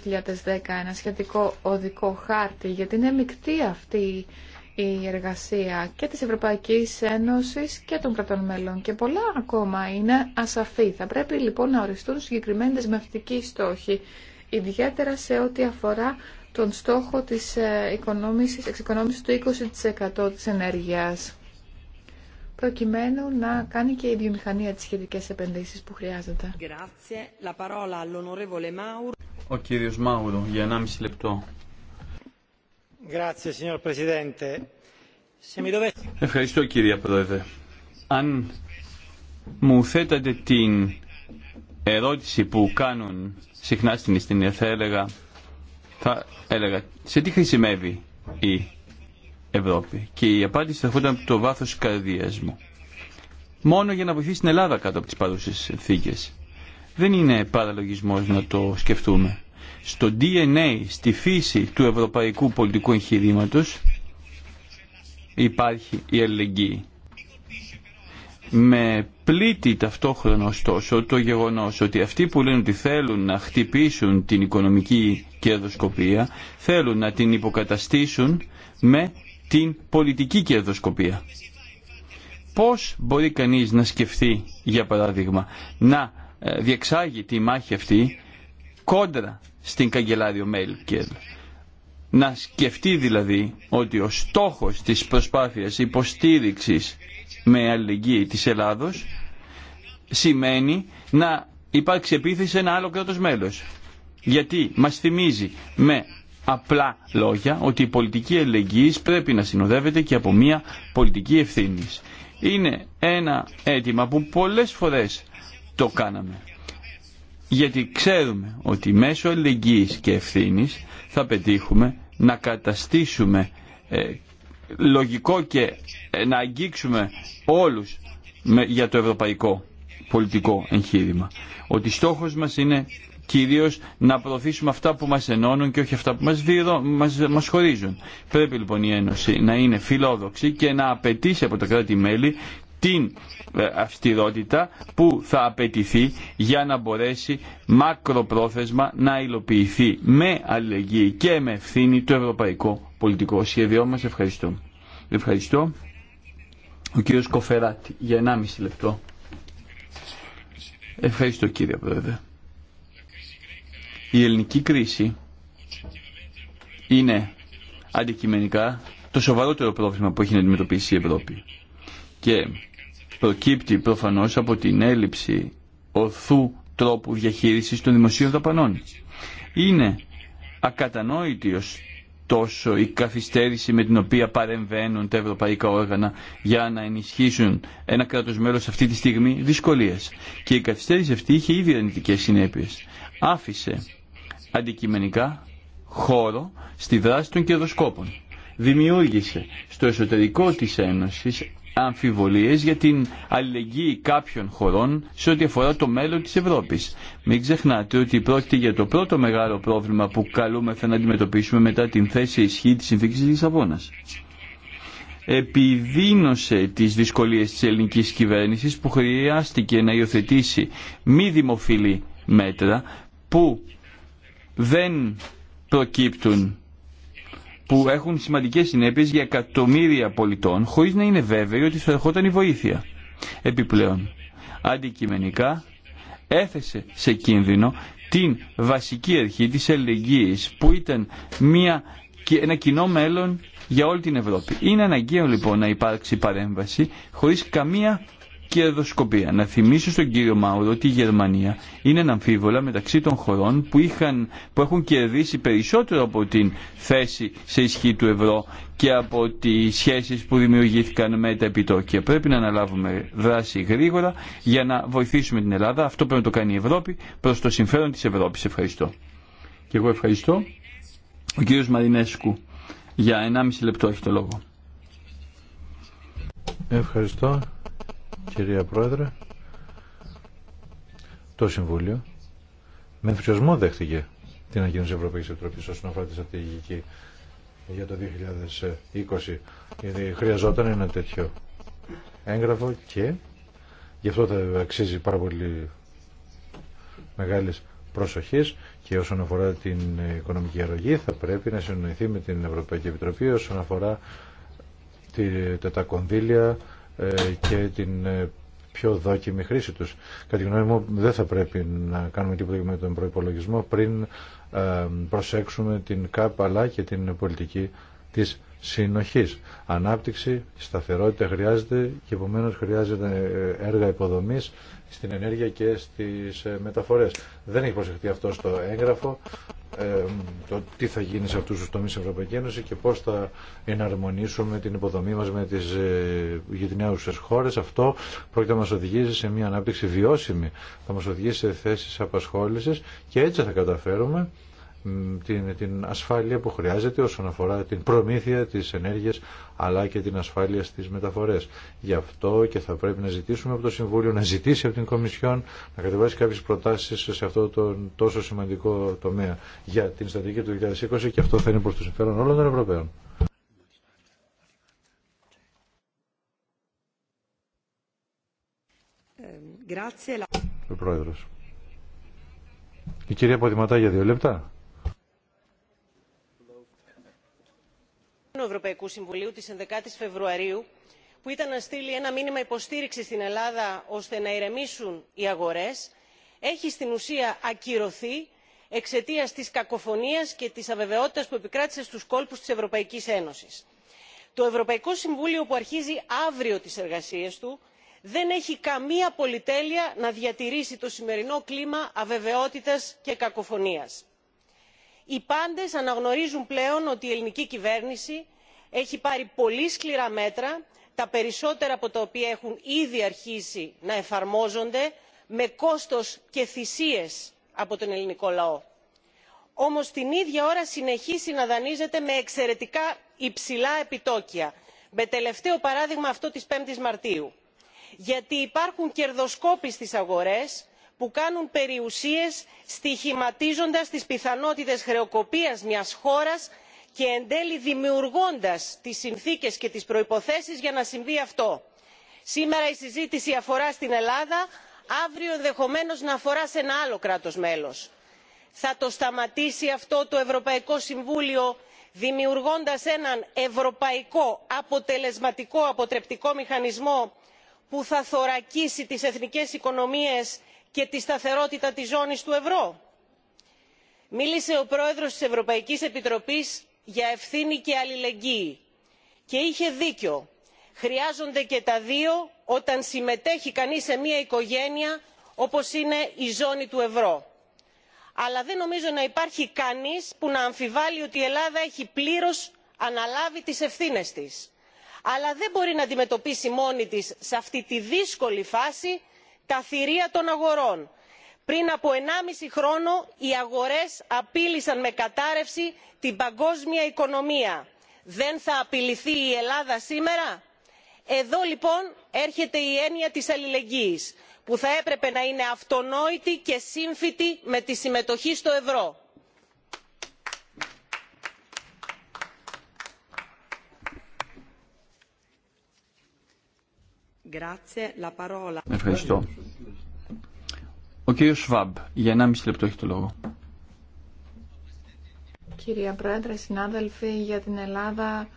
ένα σχετικό οδικό χάρτη, γιατί είναι μεικτή αυτή η εργασία και της Ευρωπαϊκής Ένωσης και των κρατών μέλων και πολλά ακόμα είναι ασαφή. Θα πρέπει λοιπόν να οριστούν συγκεκριμένες μευτικοί στόχοι, ιδιαίτερα σε ό,τι αφορά τον στόχο της ε, εξοικονόμησης, του 20% της ενέργειας προκειμένου να κάνει και η βιομηχανία τις σχετικές επενδύσεις που χρειάζεται. Ο κύριος Μάουρο, για 1,5 λεπτό. Ευχαριστώ κύριε Πρόεδρε. Αν μου θέτατε την ερώτηση που κάνουν συχνά στην Ιστινία θα έλεγα θα έλεγα σε τι χρησιμεύει η Ευρώπη και η απάντηση θα έρχονταν από το βάθος καρδίας μου. Μόνο για να βοηθήσει την Ελλάδα κάτω από τις παρούσες συνθήκε. Δεν είναι παραλογισμός να το σκεφτούμε. Στο DNA, στη φύση του ευρωπαϊκού πολιτικού εγχειρήματο υπάρχει η αλληλεγγύη. Με πλήττει ταυτόχρονα ωστόσο το γεγονός ότι αυτοί που λένε ότι θέλουν να χτυπήσουν την οικονομική κερδοσκοπία θέλουν να την υποκαταστήσουν με την πολιτική κερδοσκοπία. Πώς μπορεί κανείς να σκεφτεί, για παράδειγμα, να ε, διεξάγει τη μάχη αυτή κόντρα στην καγκελάριο Μέλκελ. Να σκεφτεί δηλαδή ότι ο στόχος της προσπάθειας υποστήριξης με αλληλεγγύη της Ελλάδος σημαίνει να υπάρξει επίθεση σε ένα άλλο κράτος μέλος. Γιατί μας θυμίζει με απλά λόγια ότι η πολιτική αλληλεγγύης πρέπει να συνοδεύεται και από μια πολιτική ευθύνη. Είναι ένα αίτημα που πολλές φορές το κάναμε. Γιατί ξέρουμε ότι μέσω αλληλεγγύης και ευθύνης θα πετύχουμε να καταστήσουμε ε, λογικό και ε, να αγγίξουμε όλους με, για το ευρωπαϊκό πολιτικό εγχείρημα. Ότι στόχος μας είναι κυρίως να προωθήσουμε αυτά που μας ενώνουν και όχι αυτά που μας, μας, μας χωρίζουν. Πρέπει λοιπόν η Ένωση να είναι φιλόδοξη και να απαιτήσει από τα κράτη-μέλη την ε, αυστηρότητα που θα απαιτηθεί για να μπορέσει μακροπρόθεσμα να υλοποιηθεί με αλληλεγγύη και με ευθύνη το ευρωπαϊκό πολιτικό σχέδιό μας. Ευχαριστώ. Ευχαριστώ. Ο κύριος Κοφεράτη για 1,5 λεπτό. Ευχαριστώ κύριε Πρόεδρε. Η ελληνική κρίση είναι αντικειμενικά το σοβαρότερο πρόβλημα που έχει να αντιμετωπίσει η Ευρώπη. Και προκύπτει προφανώς από την έλλειψη ορθού τρόπου διαχείρισης των δημοσίων δαπανών. Είναι ακατανόητη τόσο η καθυστέρηση με την οποία παρεμβαίνουν τα ευρωπαϊκά όργανα για να ενισχύσουν ένα κράτος μέλος αυτή τη στιγμή δυσκολίες. Και η καθυστέρηση αυτή είχε ήδη αρνητικέ συνέπειες. Άφησε αντικειμενικά χώρο στη δράση των κερδοσκόπων. Δημιούργησε στο εσωτερικό της Ένωσης αμφιβολίες για την αλληλεγγύη κάποιων χωρών σε ό,τι αφορά το μέλλον της Ευρώπης. Μην ξεχνάτε ότι πρόκειται για το πρώτο μεγάλο πρόβλημα που καλούμεθα να αντιμετωπίσουμε μετά την θέση ισχύ της συνθήκης της Λισαβόνας. Επιδίνωσε τις δυσκολίες της ελληνικής κυβέρνησης που χρειάστηκε να υιοθετήσει μη δημοφιλή μέτρα που δεν προκύπτουν που έχουν σημαντικές συνέπειες για εκατομμύρια πολιτών χωρίς να είναι βέβαιοι ότι θα ερχόταν η βοήθεια. Επιπλέον, αντικειμενικά έθεσε σε κίνδυνο την βασική αρχή της ελεγγύης που ήταν μια, ένα κοινό μέλλον για όλη την Ευρώπη. Είναι αναγκαίο λοιπόν να υπάρξει παρέμβαση χωρίς καμία κερδοσκοπία. Να θυμίσω στον κύριο Μάουρο ότι η Γερμανία είναι αναμφίβολα μεταξύ των χωρών που, είχαν, που έχουν κερδίσει περισσότερο από την θέση σε ισχύ του ευρώ και από τι σχέσει που δημιουργήθηκαν με τα επιτόκια. Πρέπει να αναλάβουμε δράση γρήγορα για να βοηθήσουμε την Ελλάδα. Αυτό πρέπει να το κάνει η Ευρώπη προ το συμφέρον τη Ευρώπη. Ευχαριστώ. Και εγώ ευχαριστώ. Ο κύριο Μαρινέσκου για 1,5 λεπτό έχει το λόγο. Ευχαριστώ κυρία Πρόεδρε. Το Συμβούλιο με ενθουσιασμό δέχτηκε την ανακοίνωση της Ευρωπαϊκής Επιτροπής όσον αφορά τη στρατηγική για το 2020. Γιατί χρειαζόταν ένα τέτοιο έγγραφο και γι' αυτό θα αξίζει πάρα πολύ μεγάλης προσοχής και όσον αφορά την οικονομική αρρωγή θα πρέπει να συνοηθεί με την Ευρωπαϊκή Επιτροπή όσον αφορά τα κονδύλια ε, και την ε, πιο δόκιμη χρήση τους. Κατά τη γνώμη μου δεν θα πρέπει να κάνουμε τίποτα με τον προϋπολογισμό πριν ε, προσέξουμε την ΚΑΠ αλλά και την πολιτική της συνοχής. Ανάπτυξη, σταθερότητα χρειάζεται και επομένως χρειάζεται έργα υποδομής στην ενέργεια και στις μεταφορές. Δεν έχει προσεχτεί αυτό στο έγγραφο το τι θα γίνει σε αυτούς τους τομείς στην Ευρωπαϊκή Ένωση και πώς θα εναρμονίσουμε την υποδομή μας με τις ε, χώρες. Αυτό πρόκειται να μας οδηγήσει σε μια ανάπτυξη βιώσιμη, θα μας οδηγήσει σε θέσεις απασχόλησης και έτσι θα καταφέρουμε την, την ασφάλεια που χρειάζεται όσον αφορά την προμήθεια της ενέργειας αλλά και την ασφάλεια στις μεταφορές. Γι' αυτό και θα πρέπει να ζητήσουμε από το Συμβούλιο, να ζητήσει από την Κομισιόν να κατεβάσει κάποιες προτάσεις σε αυτό το τόσο σημαντικό τομέα για την στρατηγική του 2020 και αυτό θα είναι προς το συμφέρον όλων των Ευρωπαίων. Ε, Η κυρία Ποδηματά για δύο λεπτά. ευρωπαϊκού συμβουλίου τη 11 η φεβρουαρίου που ήταν να στείλει ένα μήνυμα υποστήριξη στην ελλάδα ώστε να ηρεμήσουν οι αγορές έχει στην ουσία ακυρωθεί εξαιτία τη κακοφωνία και τη αβεβαιότητας που επικράτησε στου κόλπους της ευρωπαϊκής ένωσης. το ευρωπαϊκό συμβούλιο που αρχίζει αύριο τις εργασίες του δεν έχει καμία πολυτέλεια να διατηρήσει το σημερινό κλίμα αβεβαιότητας και κακοφωνίας οι πάντες αναγνωρίζουν πλέον ότι η ελληνική κυβέρνηση έχει πάρει πολύ σκληρά μέτρα τα περισσότερα από τα οποία έχουν ήδη αρχίσει να εφαρμόζονται με κόστος και θυσίες από τον ελληνικό λαό. όμως την ίδια ώρα συνεχίζει να δανείζεται με εξαιρετικά υψηλά επιτόκια με τελευταίο παράδειγμα αυτό της 5ης μαρτίου γιατί υπάρχουν κερδοσκόποι στις αγορές που κάνουν περιουσίες στοιχηματίζοντας τις πιθανότητες χρεοκοπίας μιας χώρας και εν τέλει δημιουργώντας τις συνθήκες και τις προϋποθέσεις για να συμβεί αυτό. σήμερα η συζήτηση αφορά στην ελλάδα αύριο ενδεχομένως να αφορά σε ένα άλλο κράτος μέλος. θα το σταματήσει αυτό το ευρωπαϊκό συμβούλιο δημιουργώντας έναν ευρωπαϊκό αποτελεσματικό αποτρεπτικό μηχανισμό που θα θωρακίσει τις εθνικές οικονομίες και τη σταθερότητα της ζώνης του ευρώ. μίλησε ο πρόεδρος της ευρωπαϊκής επιτροπής για ευθύνη και αλληλεγγύη και είχε δίκιο χρειάζονται και τα δύο όταν συμμετέχει κανείς σε μια οικογένεια όπως είναι η ζώνη του ευρώ. αλλά δεν νομίζω να υπάρχει κανείς που να αμφιβάλλει ότι η ελλάδα έχει πλήρως αναλάβει τις ευθύνες της αλλά δεν μπορεί να αντιμετωπίσει μόνη της σε αυτή τη δύσκολη φάση τα θηρία των αγορών. πριν από ενάμιση χρόνο οι αγορές απείλησαν με κατάρρευση την παγκόσμια οικονομία. δεν θα απειληθεί η ελλάδα σήμερα; εδώ λοιπόν έρχεται η έννοια της αλληλεγγύης που θα έπρεπε να είναι αυτονόητη και σύμφυτη με τη συμμετοχή στο ευρώ. Ευχαριστώ. Ο κύριος Σβάμπ, για 1,5 λεπτό έχει το λόγο. Κυρία Πρόεδρε, συνάδελφοι, για την Ελλάδα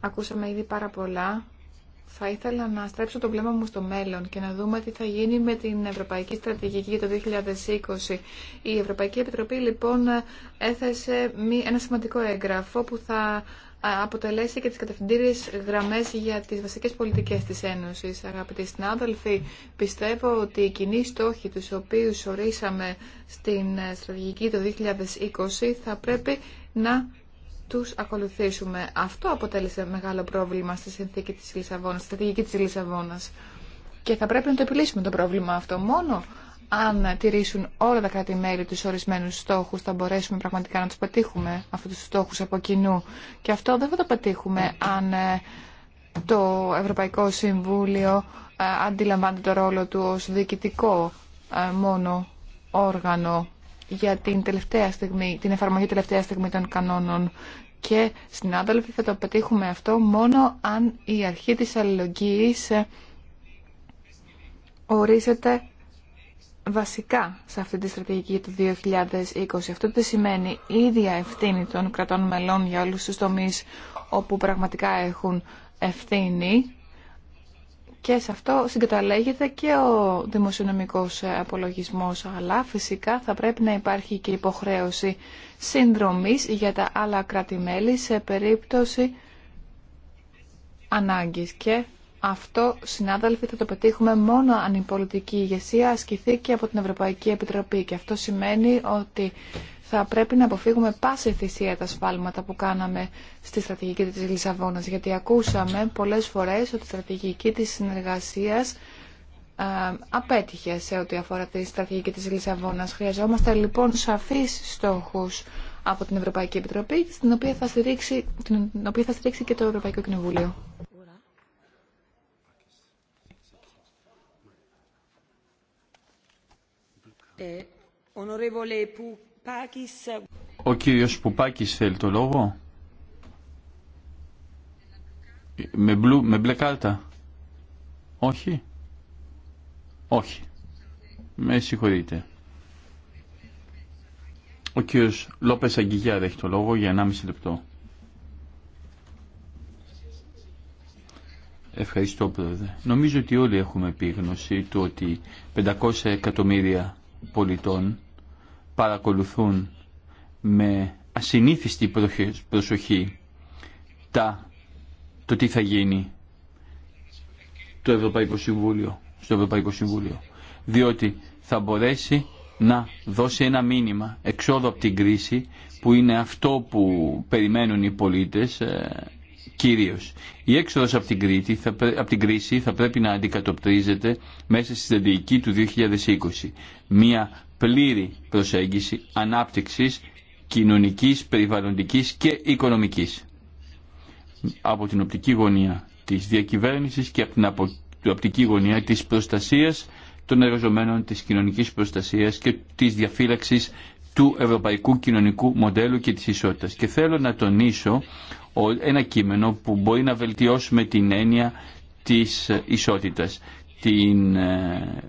ακούσαμε ήδη πάρα πολλά. Θα ήθελα να στρέψω το βλέμμα μου στο μέλλον και να δούμε τι θα γίνει με την Ευρωπαϊκή Στρατηγική για το 2020. Η Ευρωπαϊκή Επιτροπή λοιπόν έθεσε ένα σημαντικό έγγραφο που θα αποτελέσει και τις κατευθυντήριες γραμμές για τις βασικές πολιτικές της Ένωσης. Αγαπητοί συνάδελφοι, πιστεύω ότι οι κοινοί στόχοι τους οποίους ορίσαμε στην ε, στρατηγική το 2020 θα πρέπει να τους ακολουθήσουμε. Αυτό αποτέλεσε μεγάλο πρόβλημα στη συνθήκη της Λισαβόνας, στη στρατηγική της Λισαβόνας. Και θα πρέπει να το επιλύσουμε το πρόβλημα αυτό. Μόνο αν τηρήσουν όλα τα κράτη-μέλη τους ορισμένους στόχους, θα μπορέσουμε πραγματικά να τους πετύχουμε αυτούς τους στόχους από κοινού. Και αυτό δεν θα το πετύχουμε αν ε, το Ευρωπαϊκό Συμβούλιο ε, αντιλαμβάνεται το ρόλο του ως διοικητικό ε, μόνο όργανο για την, τελευταία στιγμή, την εφαρμογή τελευταία στιγμή των κανόνων. Και συνάδελφοι θα το πετύχουμε αυτό μόνο αν η αρχή της αλληλογγύης ορίζεται βασικά σε αυτή τη στρατηγική του 2020. Αυτό τι σημαίνει η ίδια ευθύνη των κρατών μελών για όλους τους τομείς όπου πραγματικά έχουν ευθύνη και σε αυτό συγκαταλέγεται και ο δημοσιονομικός απολογισμός, αλλά φυσικά θα πρέπει να υπάρχει και υποχρέωση συνδρομής για τα άλλα κράτη-μέλη σε περίπτωση ανάγκης και αυτό, συνάδελφοι, θα το πετύχουμε μόνο αν η πολιτική ηγεσία ασκηθεί και από την Ευρωπαϊκή Επιτροπή. Και αυτό σημαίνει ότι θα πρέπει να αποφύγουμε πάση θυσία τα σφάλματα που κάναμε στη στρατηγική της Λισαβόνας. Γιατί ακούσαμε πολλές φορές ότι η στρατηγική της συνεργασίας απέτυχε σε ό,τι αφορά τη στρατηγική της Λισαβόνας. Χρειαζόμαστε λοιπόν σαφείς στόχους από την Ευρωπαϊκή Επιτροπή, στην οποία θα στηρίξει, την οποία θα στηρίξει και το Ευρωπαϊκό Κοινοβούλιο. Ε, ε, Ο κύριος Πουπάκης θέλει το λόγο. Με, μπλου, με μπλε κάρτα. Όχι. Όχι. Με συγχωρείτε. Ο κύριος Λόπες Αγγιγιάρ έχει το λόγο για 1,5 λεπτό. Ευχαριστώ πρόεδρε. Νομίζω ότι όλοι έχουμε επίγνωση του ότι 500 εκατομμύρια πολιτών παρακολουθούν με ασυνήθιστη προσοχή τα, το τι θα γίνει το Ευρωπαϊκό Συμβούλιο, στο Ευρωπαϊκό Συμβούλιο. Διότι θα μπορέσει να δώσει ένα μήνυμα εξόδου από την κρίση που είναι αυτό που περιμένουν οι πολίτες ε, Κυρίω, η έξοδος από την, θα, την κρίση θα πρέπει να αντικατοπτρίζεται μέσα στη στρατηγική του 2020. Μια πλήρη προσέγγιση ανάπτυξης κοινωνικής, περιβαλλοντικής και οικονομικής. Από την οπτική γωνία της διακυβέρνησης και από την οπτική γωνία της προστασίας των εργαζομένων, της κοινωνικής προστασίας και της διαφύλαξης του ευρωπαϊκού κοινωνικού μοντέλου και της ισότητας. Και θέλω να τονίσω ένα κείμενο που μπορεί να βελτιώσουμε την έννοια της ε, ισότητας. Την, ε,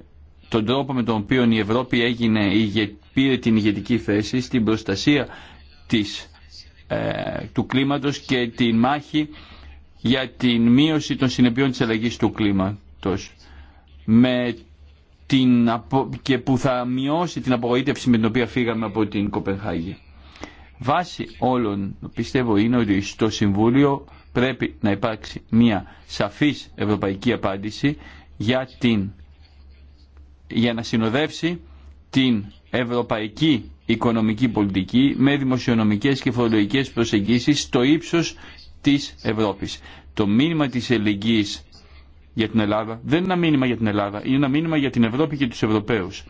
τον τρόπο με τον οποίο η Ευρώπη έγινε, πήρε την ηγετική θέση στην προστασία της, ε, του κλίματος και την μάχη για την μείωση των συνεπειών της αλλαγής του κλίματος με την, και που θα μειώσει την απογοήτευση με την οποία φύγαμε από την Κοπενχάγη. Βάση όλων πιστεύω είναι ότι στο Συμβούλιο πρέπει να υπάρξει μια σαφής ευρωπαϊκή απάντηση για, την, για να συνοδεύσει την ευρωπαϊκή οικονομική πολιτική με δημοσιονομικές και φορολογικές προσεγγίσεις στο ύψος της Ευρώπης. Το μήνυμα της ελληνικής για την Ελλάδα δεν είναι ένα μήνυμα για την Ελλάδα, είναι ένα μήνυμα για την Ευρώπη και τους Ευρωπαίους.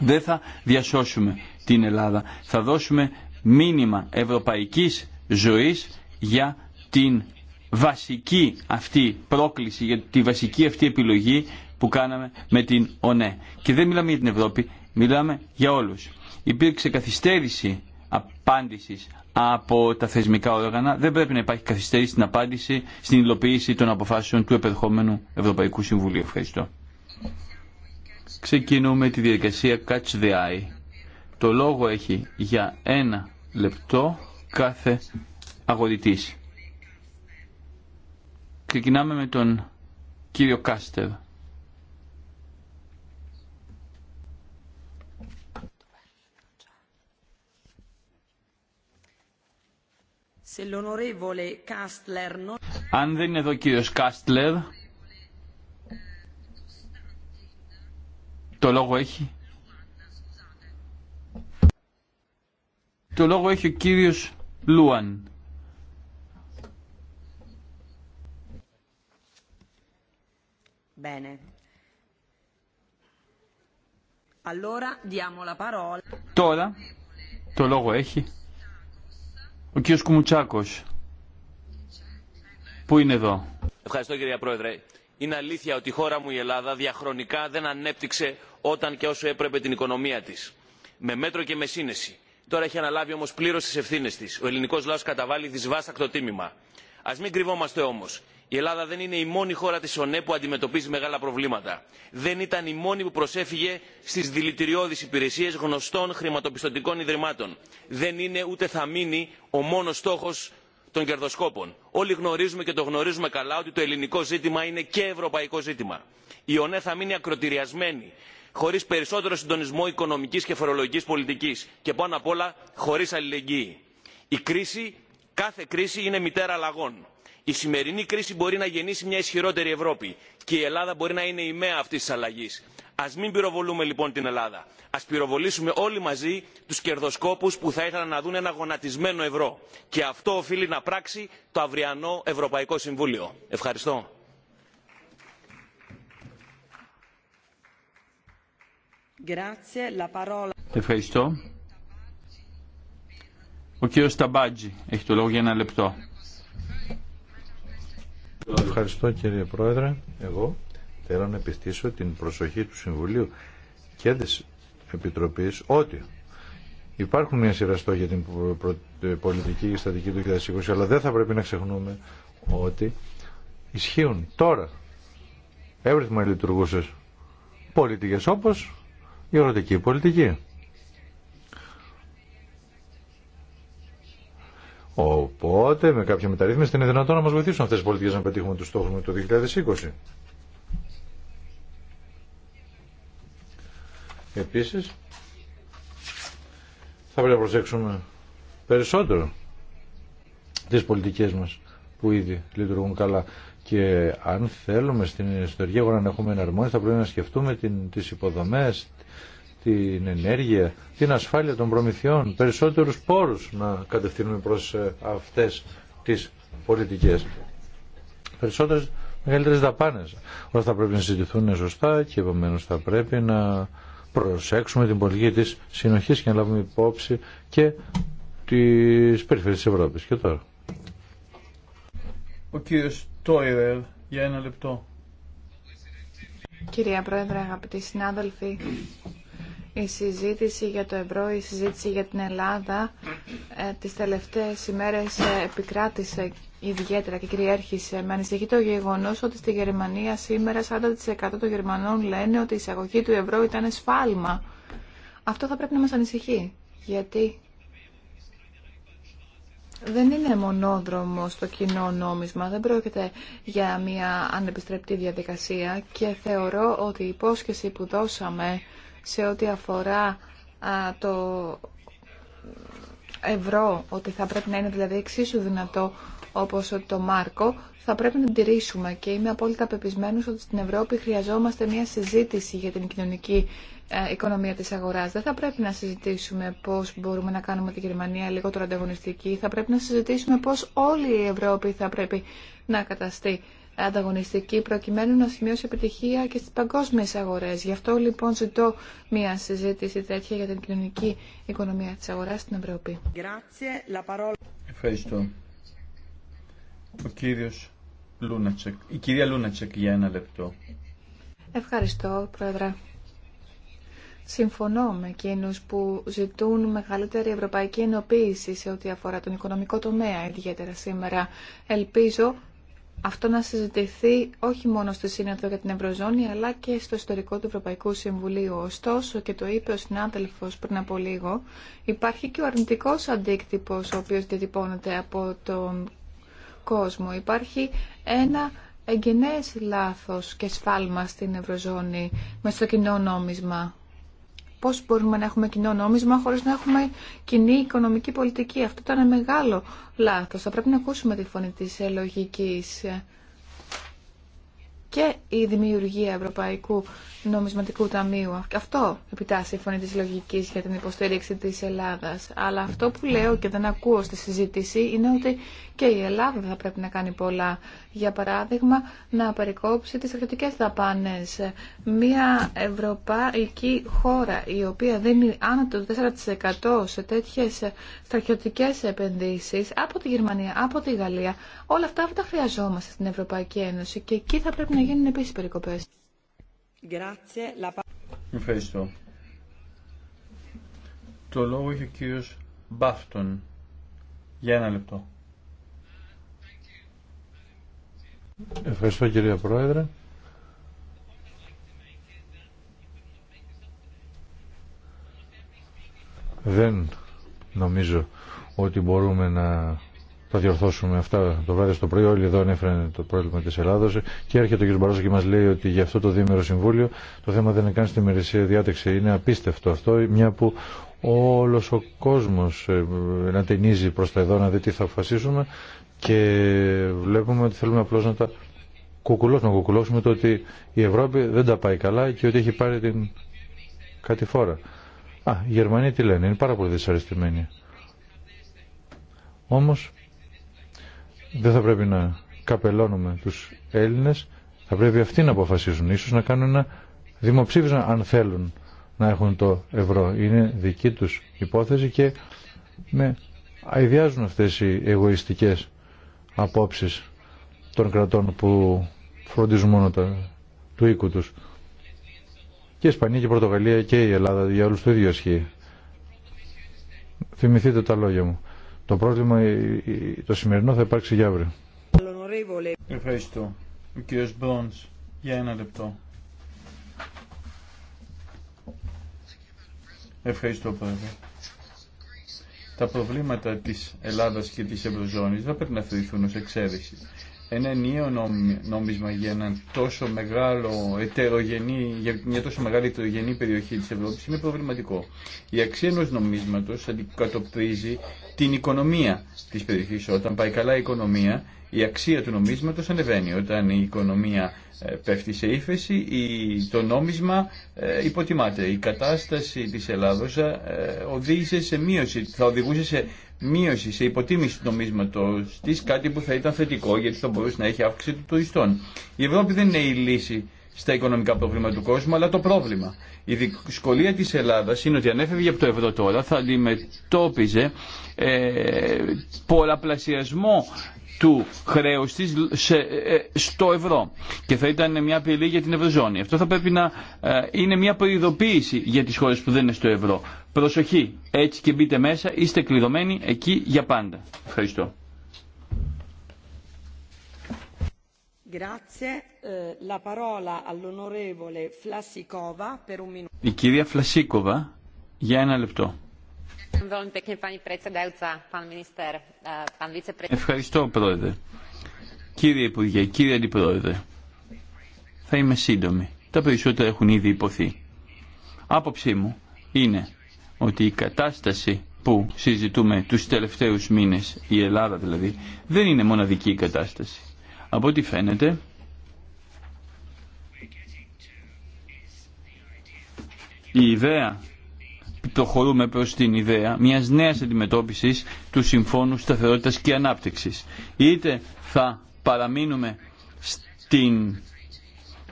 Δεν θα διασώσουμε την Ελλάδα. Θα δώσουμε μήνυμα ευρωπαϊκής ζωής για την βασική αυτή πρόκληση, για τη βασική αυτή επιλογή που κάναμε με την ΟΝΕ. Και δεν μιλάμε για την Ευρώπη, μιλάμε για όλους. Υπήρξε καθυστέρηση απάντησης από τα θεσμικά όργανα. Δεν πρέπει να υπάρχει καθυστέρηση στην απάντηση, στην υλοποίηση των αποφάσεων του επερχόμενου Ευρωπαϊκού Συμβουλίου. Ευχαριστώ. Ξεκινούμε τη διαδικασία Catch the Eye. Το λόγο έχει για ένα λεπτό κάθε αγωδητής. Ξεκινάμε με τον κύριο Κάστερ. Αν δεν είναι εδώ ο κύριος Κάστλερ, το λόγο έχει Το λόγο έχει ο κύριος Λούαν. Τώρα το λόγο έχει ο κύριος Κουμουτσάκος. Πού είναι εδώ. Ευχαριστώ κυρία Πρόεδρε. Είναι αλήθεια ότι η χώρα μου η Ελλάδα διαχρονικά δεν ανέπτυξε όταν και όσο έπρεπε την οικονομία της. Με μέτρο και με σύνεση Τώρα έχει αναλάβει όμω πλήρω τι ευθύνε τη. Ο ελληνικό λαό καταβάλει δυσβάστακτο τίμημα. Α μην κρυβόμαστε όμω. Η Ελλάδα δεν είναι η μόνη χώρα τη ΩΝΕ που αντιμετωπίζει μεγάλα προβλήματα. Δεν ήταν η μόνη που προσέφυγε στι δηλητηριώδει υπηρεσίε γνωστών χρηματοπιστωτικών ιδρυμάτων. Δεν είναι ούτε θα μείνει ο μόνο στόχο των κερδοσκόπων. Όλοι γνωρίζουμε και το γνωρίζουμε καλά ότι το ελληνικό ζήτημα είναι και ευρωπαϊκό ζήτημα. Η ΟΝΕ θα μείνει ακροτηριασμένη χωρί περισσότερο συντονισμό οικονομική και φορολογική πολιτική και πάνω απ' όλα χωρί αλληλεγγύη. Η κρίση, κάθε κρίση είναι μητέρα αλλαγών. Η σημερινή κρίση μπορεί να γεννήσει μια ισχυρότερη Ευρώπη και η Ελλάδα μπορεί να είναι η μέα αυτή τη αλλαγή. Α μην πυροβολούμε λοιπόν την Ελλάδα. Α πυροβολήσουμε όλοι μαζί του κερδοσκόπου που θα ήθελαν να δουν ένα γονατισμένο ευρώ. Και αυτό οφείλει να πράξει το αυριανό Ευρωπαϊκό Συμβούλιο. Ευχαριστώ. Ευχαριστώ. Ο κύριο Σταμπάτζη έχει το λόγο για ένα λεπτό. Ευχαριστώ κύριε Πρόεδρε. Εγώ θέλω να επιστήσω την προσοχή του Συμβουλίου και τη Επιτροπή ότι υπάρχουν μια σειρά για την πολιτική και στατική του 2020 αλλά δεν θα πρέπει να ξεχνούμε ότι ισχύουν τώρα εύρυθμα λειτουργούσε πολιτικέ όπω η ερωτική πολιτική. Οπότε με κάποια μεταρρύθμιση είναι δυνατόν να μας βοηθήσουν αυτές οι πολιτικές να πετύχουμε τους στόχους με το 2020. Επίσης θα πρέπει να προσέξουμε περισσότερο τις πολιτικές μας που ήδη λειτουργούν καλά. Και αν θέλουμε στην ιστορία να έχουμε εναρμόνιση, θα πρέπει να σκεφτούμε την, τις υποδομές, την ενέργεια, την ασφάλεια των προμηθειών, περισσότερους πόρους να κατευθύνουμε προς ε, αυτές τις πολιτικές. Περισσότερες μεγαλύτερες δαπάνες. Όλα θα πρέπει να συζητηθούν σωστά και επομένω θα πρέπει να προσέξουμε την πολιτική της συνοχής και να λάβουμε υπόψη και τις περιφέρειες της Ευρώπης. Και τώρα. Ο κύριος το Τόιρερ, για ένα λεπτό. Κυρία Πρόεδρε, αγαπητοί συνάδελφοι, η συζήτηση για το ευρώ, η συζήτηση για την Ελλάδα ε, τις τελευταίες ημέρες ε, επικράτησε ιδιαίτερα και κυριέρχησε. Με ανησυχεί το γεγονός ότι στη Γερμανία σήμερα 40% των Γερμανών λένε ότι η εισαγωγή του ευρώ ήταν σφάλμα. Αυτό θα πρέπει να μας ανησυχεί, γιατί δεν είναι μονόδρομο στο κοινό νόμισμα, δεν πρόκειται για μια ανεπιστρεπτή διαδικασία και θεωρώ ότι η υπόσχεση που δώσαμε σε ό,τι αφορά το ευρώ, ότι θα πρέπει να είναι δηλαδή εξίσου δυνατό όπως το Μάρκο, θα πρέπει να την τηρήσουμε και είμαι απόλυτα πεπισμένος ότι στην Ευρώπη χρειαζόμαστε μια συζήτηση για την κοινωνική ε, οικονομία της αγοράς. Δεν θα πρέπει να συζητήσουμε πώς μπορούμε να κάνουμε τη Γερμανία λιγότερο ανταγωνιστική. Θα πρέπει να συζητήσουμε πώς όλη η Ευρώπη θα πρέπει να καταστεί ανταγωνιστική προκειμένου να σημειώσει επιτυχία και στις παγκόσμιες αγορές. Γι' αυτό λοιπόν ζητώ μια συζήτηση τέτοια για την κοινωνική οικονομία της αγοράς στην Ευρώπη. Ευχαριστώ. Ο κύριος Λούνατσεκ, η κυρία Λούνατσεκ για ένα λεπτό. Ευχαριστώ, Πρόεδρε. Συμφωνώ με εκείνους που ζητούν μεγαλύτερη ευρωπαϊκή ενοποίηση σε ό,τι αφορά τον οικονομικό τομέα, ιδιαίτερα σήμερα. Ελπίζω αυτό να συζητηθεί όχι μόνο στη Σύνοδο για την Ευρωζώνη, αλλά και στο ιστορικό του Ευρωπαϊκού Συμβουλίου. Ωστόσο, και το είπε ο συνάδελφο πριν από λίγο, υπάρχει και ο αρνητικό αντίκτυπο, ο οποίο διατυπώνεται από τον κόσμο. Υπάρχει ένα εγγενέ λάθο και σφάλμα στην Ευρωζώνη με στο κοινό νόμισμα. Πώς μπορούμε να έχουμε κοινό νόμισμα χωρίς να έχουμε κοινή οικονομική πολιτική. Αυτό ήταν ένα μεγάλο λάθος. Θα πρέπει να ακούσουμε τη φωνή τη λογική και η δημιουργία Ευρωπαϊκού Νομισματικού Ταμείου. Αυτό επιτάσσει η φωνή της λογικής για την υποστήριξη της Ελλάδας. Αλλά αυτό που λέω και δεν ακούω στη συζήτηση είναι ότι και η Ελλάδα θα πρέπει να κάνει πολλά για παράδειγμα, να περικόψει τις στρατιωτικές δαπάνες. Μία ευρωπαϊκή χώρα η οποία δίνει άνω το 4% σε τέτοιες στρατιωτικές επενδύσεις από τη Γερμανία, από τη Γαλλία, όλα αυτά τα χρειαζόμαστε στην Ευρωπαϊκή Ένωση και εκεί θα πρέπει να γίνουν επίσης περικοπές. Ευχαριστώ. Το λόγο έχει ο κύριος Μπάφτον. Για ένα λεπτό. Ευχαριστώ κυρία Πρόεδρε. Δεν νομίζω ότι μπορούμε να τα διορθώσουμε αυτά το βράδυ στο πρωί. Όλοι εδώ ανέφεραν το πρόβλημα τη Ελλάδο και έρχεται ο κ. Μπαρόσο και μα λέει ότι για αυτό το διήμερο συμβούλιο το θέμα δεν είναι καν στη μερισσία διάταξη. Είναι απίστευτο αυτό, μια που όλο ο κόσμο ε, να ταινίζει προ τα εδώ να δει τι θα αποφασίσουμε και βλέπουμε ότι θέλουμε απλώς να τα κουκουλώσουμε, να κουκουλώσουμε το ότι η Ευρώπη δεν τα πάει καλά και ότι έχει πάρει την κατηφόρα. Α, οι Γερμανοί τι λένε, είναι πάρα πολύ δυσαρεστημένοι. Όμως δεν θα πρέπει να καπελώνουμε τους Έλληνες, θα πρέπει αυτοί να αποφασίζουν, ίσως να κάνουν ένα δημοψήφισμα αν θέλουν να έχουν το ευρώ. Είναι δική τους υπόθεση και με αειδιάζουν αυτές οι εγωιστικές απόψεις των κρατών που φροντίζουν μόνο του οίκου τους. Και η Ισπανία και η Πορτογαλία και η Ελλάδα για όλους το ίδιο ισχύει. Θυμηθείτε τα λόγια μου. Το πρόβλημα το σημερινό θα υπάρξει για αύριο. Ευχαριστώ. Ο κύριος Μπρόνς, για ένα λεπτό. Ευχαριστώ, Πρόεδρε. Τα προβλήματα της Ελλάδας και της Ευρωζώνης δεν πρέπει να θεωρηθούν ω εξαίρεση. Ένα ενιαίο νόμισμα για, ένα τόσο μεγάλο ετερογενή, για μια τόσο μεγάλη ετερογενή περιοχή της Ευρώπης είναι προβληματικό. Η αξία ενός νομίσματος αντικατοπτρίζει την οικονομία της περιοχής. Όταν πάει καλά η οικονομία, η αξία του νομίσματος ανεβαίνει. Όταν η οικονομία ε, πέφτει σε ύφεση, το νόμισμα ε, υποτιμάται. Η κατάσταση της Ελλάδος ε, οδήγησε σε μείωση, θα οδηγούσε σε μείωση, σε υποτίμηση του νομίσματος της, κάτι που θα ήταν θετικό γιατί θα μπορούσε να έχει αύξηση του τουριστών. Η Ευρώπη δεν είναι η λύση στα οικονομικά προβλήματα του κόσμου, αλλά το πρόβλημα. Η δυσκολία της Ελλάδας είναι ότι αν έφευγε από το ευρώ τώρα θα αντιμετώπιζε ε, πολλαπλασιασμό του χρέους της ε, ε, στο ευρώ και θα ήταν μια απειλή για την ευρωζώνη. Αυτό θα πρέπει να ε, είναι μια προειδοποίηση για τι χώρε που δεν είναι στο ευρώ. Προσοχή, έτσι και μπείτε μέσα, είστε κλειδωμένοι εκεί για πάντα. Ευχαριστώ. Η κυρία Φλασίκοβα για ένα λεπτό. Eh, Ευχαριστώ, Πρόεδρε. Κύριε Υπουργέ, κύριε Αντιπρόεδρε, θα είμαι σύντομη. Τα περισσότερα έχουν ήδη υποθεί. Άποψή μου είναι ότι η κατάσταση που συζητούμε τους τελευταίους μήνες, η Ελλάδα δηλαδή, δεν είναι μοναδική η κατάσταση. Από ό,τι φαίνεται, η ιδέα προχωρούμε προ την ιδέα μια νέα αντιμετώπιση του Συμφώνου σταθερότητα και ανάπτυξη. Είτε θα παραμείνουμε στην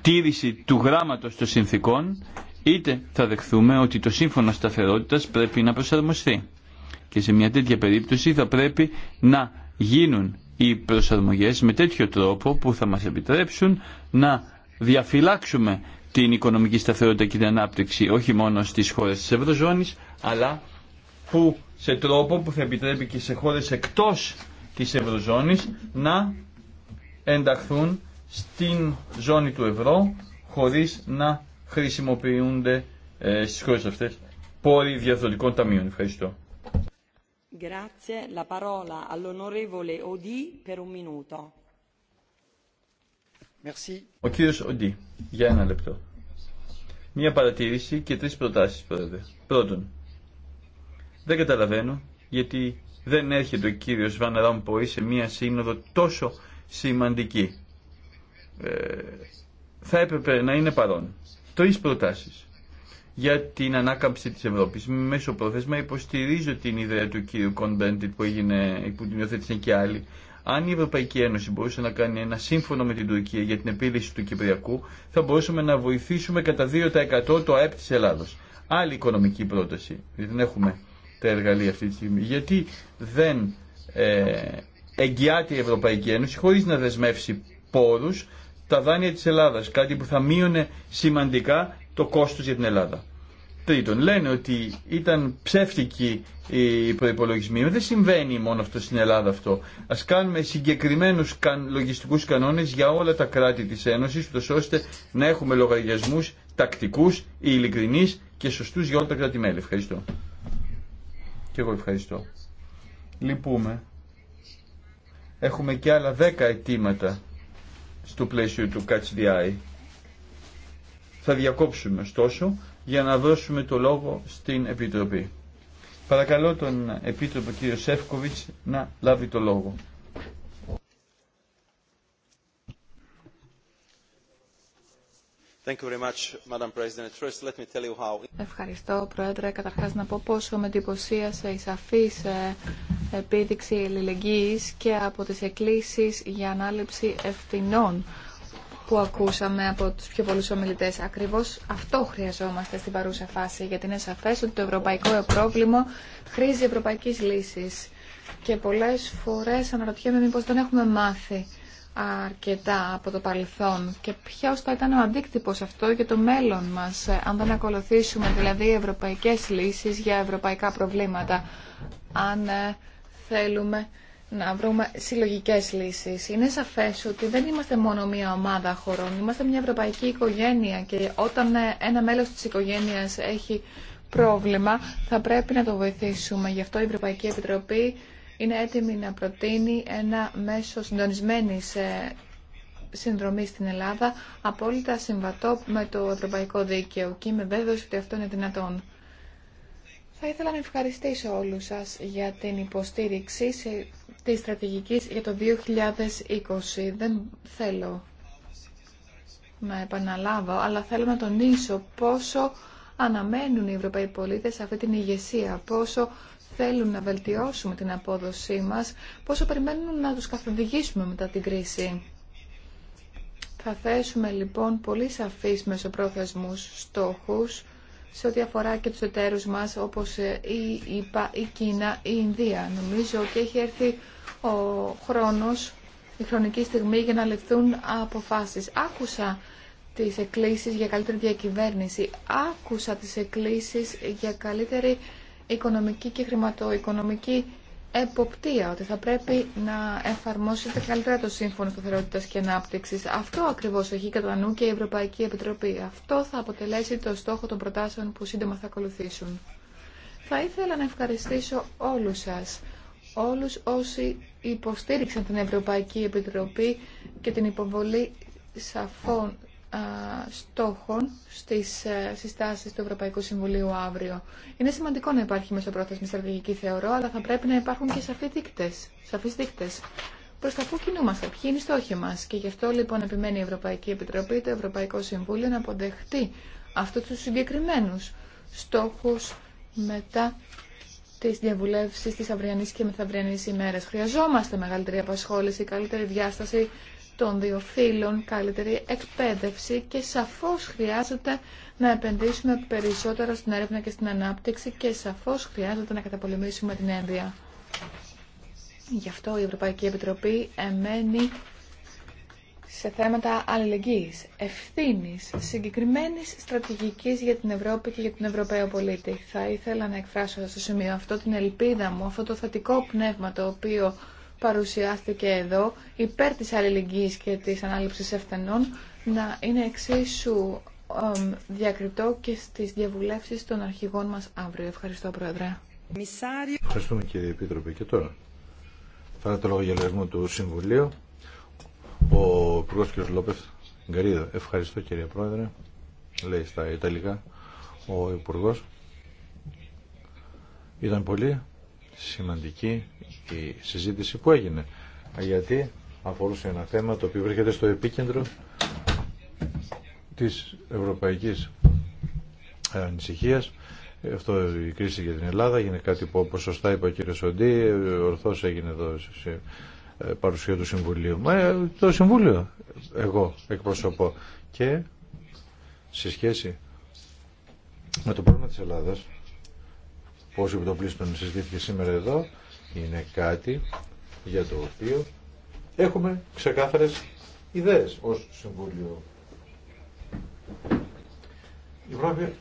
τήρηση του γράμματο των συνθήκων, είτε θα δεχθούμε ότι το Σύμφωνο σταθερότητα πρέπει να προσαρμοστεί. Και σε μια τέτοια περίπτωση θα πρέπει να γίνουν οι προσαρμογές με τέτοιο τρόπο που θα μας επιτρέψουν να διαφυλάξουμε την οικονομική σταθερότητα και την ανάπτυξη όχι μόνο στις χώρες της Ευρωζώνης αλλά που σε τρόπο που θα επιτρέπει και σε χώρες εκτός της Ευρωζώνης να ενταχθούν στην ζώνη του ευρώ χωρίς να χρησιμοποιούνται ε, στις χώρες αυτές πόροι διαδοτικών ταμείων. Ευχαριστώ. Grazie. La parola all'onorevole per un minuto. Ο κύριο Οντί, για ένα λεπτό. Μία παρατήρηση και τρεις προτάσεις, πρόεδρε. Πρώτον, δεν καταλαβαίνω γιατί δεν έρχεται ο κύριος Βαν σε μία σύνοδο τόσο σημαντική. Ε, θα έπρεπε να είναι παρόν. Τρει προτάσει για την ανάκαμψη της Ευρώπης. Μέσω πρόθεσμα υποστηρίζω την ιδέα του κύριου Κονμπέντιτ που, έγινε, που την υιοθέτησαν και άλλοι αν η Ευρωπαϊκή Ένωση μπορούσε να κάνει ένα σύμφωνο με την Τουρκία για την επίλυση του Κυπριακού, θα μπορούσαμε να βοηθήσουμε κατά 2% το ΑΕΠ της Ελλάδος. Άλλη οικονομική πρόταση, δεν έχουμε τα εργαλεία αυτή τη στιγμή. Γιατί δεν ε, εγγυάται η Ευρωπαϊκή Ένωση χωρίς να δεσμεύσει πόρους τα δάνεια τη Ελλάδα, κάτι που θα μείωνε σημαντικά το κόστο για την Ελλάδα. Τρίτον, λένε ότι ήταν ψεύτικοι οι προπολογισμοί. Δεν συμβαίνει μόνο αυτό στην Ελλάδα αυτό. Α κάνουμε συγκεκριμένου λογιστικού κανόνε για όλα τα κράτη τη Ένωση, ώστε να έχουμε λογαριασμού τακτικού, ειλικρινεί και σωστού για όλα τα κράτη-μέλη. Ευχαριστώ. Και εγώ ευχαριστώ. Λυπούμε. Έχουμε και άλλα δέκα αιτήματα στο πλαίσιο του Catch the Eye. Θα διακόψουμε ωστόσο για να δώσουμε το λόγο στην Επιτροπή. Παρακαλώ τον Επίτροπο κ. Σεύκοβιτς να λάβει το λόγο. Ευχαριστώ, Πρόεδρε. Καταρχάς να πω πόσο με εντυπωσίασε η σαφή ε, επίδειξη ελληνική και από τις εκκλήσεις για ανάληψη ευθυνών που ακούσαμε από τους πιο πολλούς ομιλητές. Ακριβώς αυτό χρειαζόμαστε στην παρούσα φάση, γιατί είναι σαφές ότι το ευρωπαϊκό πρόβλημα χρήζει ευρωπαϊκής λύσης. Και πολλές φορές αναρωτιέμαι μήπως δεν έχουμε μάθει αρκετά από το παρελθόν και ποιο θα ήταν ο αντίκτυπος αυτό για το μέλλον μας αν δεν ακολουθήσουμε δηλαδή ευρωπαϊκές λύσεις για ευρωπαϊκά προβλήματα αν ε, θέλουμε να βρούμε συλλογικέ λύσει. Είναι σαφέ ότι δεν είμαστε μόνο μία ομάδα χωρών, είμαστε μια ευρωπαϊκή οικογένεια και όταν ε, ένα μέλο τη οικογένεια έχει πρόβλημα θα πρέπει να το βοηθήσουμε. Γι' αυτό η Ευρωπαϊκή Επιτροπή είναι έτοιμη να προτείνει ένα μέσο συντονισμένη ε, συνδρομή στην Ελλάδα απόλυτα συμβατό με το ευρωπαϊκό δίκαιο και είμαι βέβαιο ότι αυτό είναι δυνατόν. Θα ήθελα να ευχαριστήσω όλους σας για την υποστήριξη σε της στρατηγικής για το 2020. Δεν θέλω να επαναλάβω, αλλά θέλω να τονίσω πόσο αναμένουν οι Ευρωπαίοι πολίτες αυτή την ηγεσία, πόσο θέλουν να βελτιώσουμε την απόδοσή μας, πόσο περιμένουν να τους καθοδηγήσουμε μετά την κρίση. Θα θέσουμε λοιπόν πολύ σαφείς μεσοπρόθεσμους στόχους σε ό,τι αφορά και τους εταίρους μας όπως ε, η η, η Κίνα, η Ινδία. Νομίζω ότι έχει έρθει ο χρόνος, η χρονική στιγμή για να λεφθούν αποφάσεις. Άκουσα τις εκκλήσεις για καλύτερη διακυβέρνηση, άκουσα τις εκκλήσεις για καλύτερη οικονομική και χρηματοοικονομική εποπτεία, ότι θα πρέπει να εφαρμόσετε καλύτερα το Σύμφωνο Σταθερότητας και Ανάπτυξης. Αυτό ακριβώς έχει κατά νου και η Ευρωπαϊκή Επιτροπή. Αυτό θα αποτελέσει το στόχο των προτάσεων που σύντομα θα ακολουθήσουν. Θα ήθελα να ευχαριστήσω όλους σας, όλους όσοι υποστήριξαν την Ευρωπαϊκή Επιτροπή και την υποβολή σαφών στόχων στις ε, συστάσεις του Ευρωπαϊκού Συμβουλίου αύριο. Είναι σημαντικό να υπάρχει μεσοπρόθεσμη στρατηγική θεωρώ, αλλά θα πρέπει να υπάρχουν και σαφείς δείκτες. Σαφείς δείκτες. Προς τα πού κινούμαστε, ποιοι είναι οι στόχοι μας. Και γι' αυτό λοιπόν επιμένει η Ευρωπαϊκή Επιτροπή, το Ευρωπαϊκό Συμβούλιο να αποδεχτεί αυτούς τους συγκεκριμένους στόχους μετά τι διαβουλεύσεις της αυριανής και μεθαυριανής ημέρα. Χρειαζόμαστε μεγαλύτερη απασχόληση, καλύτερη διάσταση των δύο φύλων, καλύτερη εκπαίδευση και σαφώς χρειάζεται να επενδύσουμε περισσότερο στην έρευνα και στην ανάπτυξη και σαφώς χρειάζεται να καταπολεμήσουμε την ένδυα. Γι' αυτό η Ευρωπαϊκή Επιτροπή εμένει σε θέματα αλληλεγγύης, ευθύνης, συγκεκριμένης στρατηγικής για την Ευρώπη και για τον Ευρωπαίο πολίτη. Θα ήθελα να εκφράσω στο σημείο αυτό την ελπίδα μου, αυτό το θετικό πνεύμα το οποίο παρουσιάστηκε εδώ υπέρ της αλληλεγγύης και της ανάληψης ευθενών να είναι εξίσου διακριτό και στις διαβουλεύσεις των αρχηγών μας αύριο. Ευχαριστώ Πρόεδρε. Ευχαριστούμε κύριε Επίτροπε και τώρα. Θα το λόγο για του Συμβουλίου. Ο Υπουργό κ. Λόπεθ Γκαρίδο. Ευχαριστώ κύριε Πρόεδρε. Λέει στα Ιταλικά ο Υπουργό. Ήταν πολύ σημαντική η συζήτηση που έγινε γιατί αφορούσε ένα θέμα το οποίο βρίσκεται στο επίκεντρο της ευρωπαϊκής ανησυχίας αυτό η κρίση για την Ελλάδα Γίνεται κάτι που όπως σωστά είπε ο κύριος Σοντή ορθώς έγινε εδώ σε ε, παρουσία του Συμβουλίου μα ε, το Συμβούλιο εγώ εκπροσωπώ και σε σχέση με το πρόβλημα της Ελλάδας το πλήστον συζητήθηκε σήμερα εδώ είναι κάτι για το οποίο έχουμε ξεκάθαρες ιδέες ως Συμβούλιο. Η Ευρώπη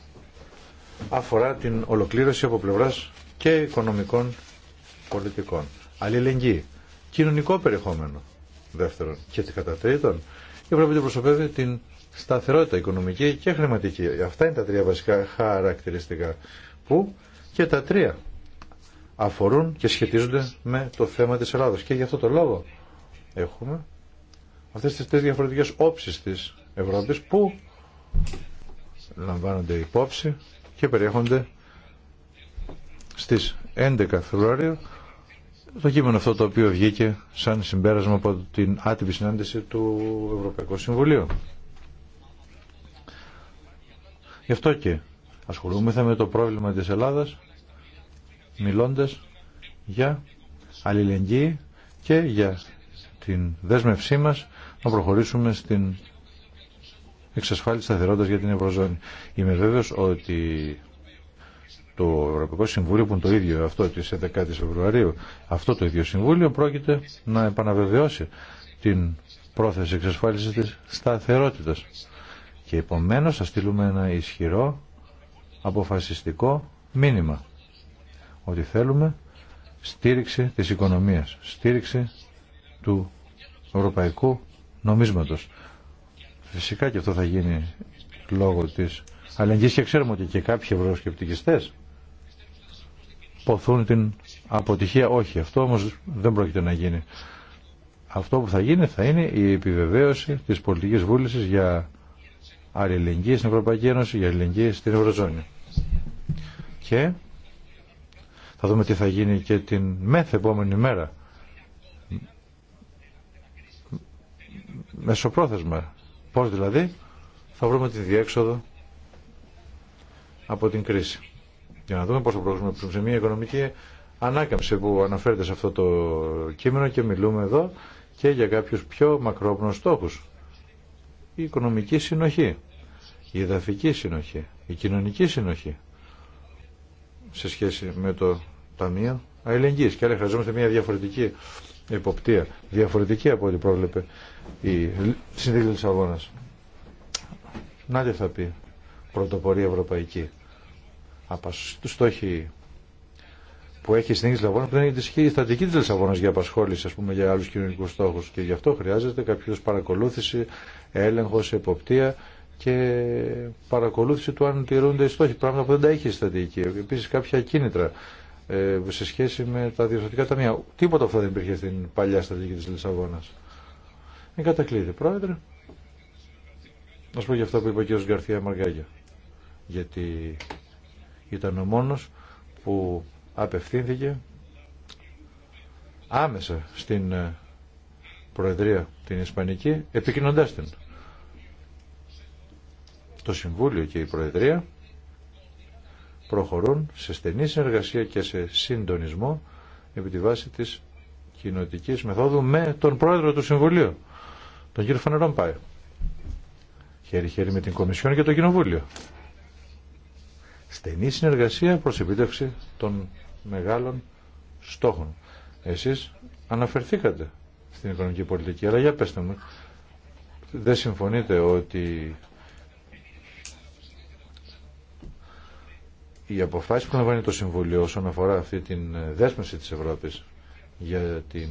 αφορά την ολοκλήρωση από πλευράς και οικονομικών πολιτικών. Αλληλεγγύη. Κοινωνικό περιεχόμενο. Δεύτερον. Και κατά τρίτον, η Ευρώπη την την σταθερότητα οικονομική και χρηματική. Αυτά είναι τα τρία βασικά χαρακτηριστικά που και τα τρία αφορούν και σχετίζονται με το θέμα της Ελλάδος. Και γι' αυτό το λόγο έχουμε αυτές τις τρεις διαφορετικές όψεις της Ευρώπης που λαμβάνονται υπόψη και περιέχονται στις 11 Φεβρουαρίου το κείμενο αυτό το οποίο βγήκε σαν συμπέρασμα από την άτυπη συνάντηση του Ευρωπαϊκού Συμβουλίου. Γι' αυτό και ασχολούμεθα με το πρόβλημα της Ελλάδας μιλώντας για αλληλεγγύη και για την δέσμευσή μας να προχωρήσουμε στην εξασφάλιση σταθερότητας για την Ευρωζώνη. Είμαι βέβαιος ότι το Ευρωπαϊκό Συμβούλιο που είναι το ίδιο αυτό τη 11 η Φεβρουαρίου, αυτό το ίδιο Συμβούλιο πρόκειται να επαναβεβαιώσει την πρόθεση εξασφάλισης της σταθερότητας. Και επομένως θα στείλουμε ένα ισχυρό, αποφασιστικό μήνυμα ότι θέλουμε στήριξη της οικονομίας, στήριξη του ευρωπαϊκού νομίσματος. Φυσικά και αυτό θα γίνει λόγω της αλληλεγγύης και ξέρουμε ότι και κάποιοι ευρωσκεπτικιστές ποθούν την αποτυχία. Όχι, αυτό όμως δεν πρόκειται να γίνει. Αυτό που θα γίνει θα είναι η επιβεβαίωση της πολιτικής βούλησης για αλληλεγγύη στην Ευρωπαϊκή Ένωση, για αλληλεγγύη στην Ευρωζώνη. Και θα δούμε τι θα γίνει και την επόμενη μέρα. Μεσοπρόθεσμα. Πώς δηλαδή θα βρούμε τη διέξοδο από την κρίση. Για να δούμε πώς θα προχωρήσουμε σε μια οικονομική ανάκαμψη που αναφέρεται σε αυτό το κείμενο και μιλούμε εδώ και για κάποιους πιο μακρόπνους στόχους. Η οικονομική συνοχή, η εδαφική συνοχή, η κοινωνική συνοχή σε σχέση με το Ταμείο Αλληλεγγύης και άρα χρειαζόμαστε μια διαφορετική υποπτία, διαφορετική από ό,τι πρόβλεπε η Συνδίκη Λισαβόνα. Να τι θα πει πρωτοπορία ευρωπαϊκή. Από του στόχοι που έχει η Συνδίκη Λισαβόνα που δεν είναι η στατική τη Λισαβόνα για απασχόληση, α πούμε, για άλλου κοινωνικού στόχου. Και γι' αυτό χρειάζεται κάποιο παρακολούθηση, έλεγχο, εποπτεία και παρακολούθηση του αν τηρούνται οι στόχοι, πράγματα που δεν τα έχει η στατική. Επίση κάποια κίνητρα ε, σε σχέση με τα διορθωτικά ταμεία. Τίποτα αυτό δεν υπήρχε στην παλιά στρατηγική της Λισαβόνας. Είναι κατακλείδη. Πρόεδρε, να σου πω για αυτό που είπε ο κ. Γκαρθία Μαργάγια. Γιατί ήταν ο μόνος που απευθύνθηκε άμεσα στην ε, Προεδρία την Ισπανική, επικοινωνώντας την. Το Συμβούλιο και η Προεδρία προχωρούν σε στενή συνεργασία και σε συντονισμό επί τη βάση της κοινοτικής μεθόδου με τον πρόεδρο του Συμβουλίου, τον κύριο Φανερόμπαη. Χέρι-χέρι με την Κομισιόν και το Κοινοβούλιο. Στενή συνεργασία προς επίτευξη των μεγάλων στόχων. Εσείς αναφερθήκατε στην οικονομική πολιτική, αλλά για πέστε μου, δεν συμφωνείτε ότι Η αποφάσει που λαμβάνει το Συμβουλίο όσον αφορά αυτή τη ε, δέσμευση τη Ευρώπη για την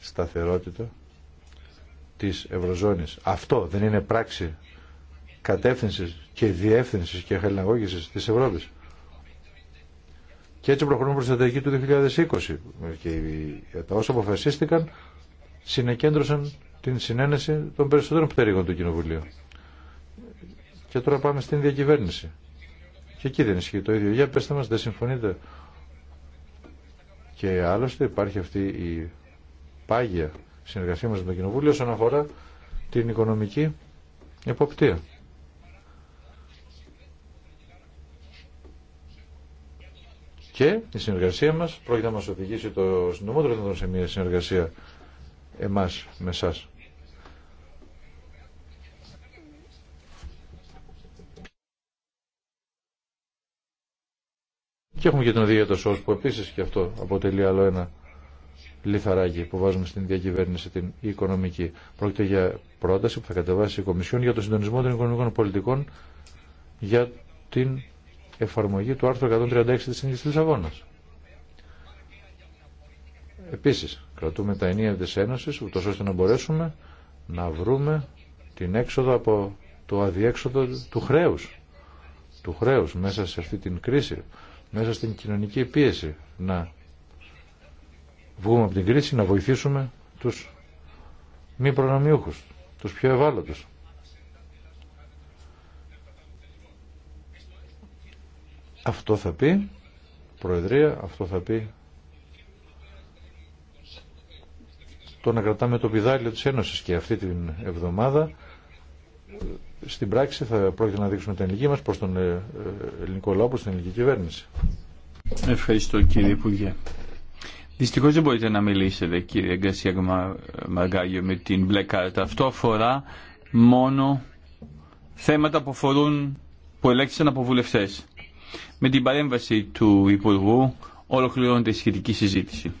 σταθερότητα τη Ευρωζώνης. Αυτό δεν είναι πράξη κατεύθυνση και διεύθυνση και χαλιναγώγηση τη Ευρώπη. Και έτσι προχωρούμε προ τη στρατηγική του 2020. Και ε, τα όσα αποφασίστηκαν συνεκέντρωσαν την συνένεση των περισσότερων πτέρυγων του Κοινοβουλίου. Και τώρα πάμε στην διακυβέρνηση. Και εκεί δεν ισχύει το ίδιο. Για πέστε μας, δεν συμφωνείτε. Και άλλωστε υπάρχει αυτή η πάγια συνεργασία μας με το Κοινοβούλιο όσον αφορά την οικονομική εποπτεία. Και η συνεργασία μας πρόκειται να μας οδηγήσει το συντομότερο σε μια συνεργασία εμάς με εσάς. Και έχουμε και τον οδηγία το ΣΟΣ που επίση και αυτό αποτελεί άλλο ένα λιθαράκι που βάζουμε στην διακυβέρνηση την οικονομική. Πρόκειται για πρόταση που θα κατεβάσει η Κομισιόν για το συντονισμό των οικονομικών πολιτικών για την εφαρμογή του άρθρου 136 της Συνήθισης Λισαβόνα. Επίσης, κρατούμε τα ενία της Ένωσης, ούτως ώστε να μπορέσουμε να βρούμε την έξοδο από το αδιέξοδο του χρέους. Του χρέου μέσα σε αυτή την κρίση μέσα στην κοινωνική πίεση να βγούμε από την κρίση, να βοηθήσουμε τους μη προνομιούχους, τους πιο ευάλωτους. Αυτό θα πει Προεδρία, αυτό θα πει το να κρατάμε το πιδάλιο της Ένωσης και αυτή την εβδομάδα στην πράξη θα πρόκειται να δείξουμε την ελληνική μας προς τον ε, ε, ελληνικό λόγο, προς την ελληνική κυβέρνηση. Ευχαριστώ κύριε Υπουργέ. Δυστυχώ δεν μπορείτε να μιλήσετε κύριε Γκασία Μαργάγιο με την μπλε κάρτα. Αυτό αφορά μόνο θέματα που αφορούν, που ελέγξαν από βουλευτές. Με την παρέμβαση του Υπουργού ολοκληρώνεται η σχετική συζήτηση.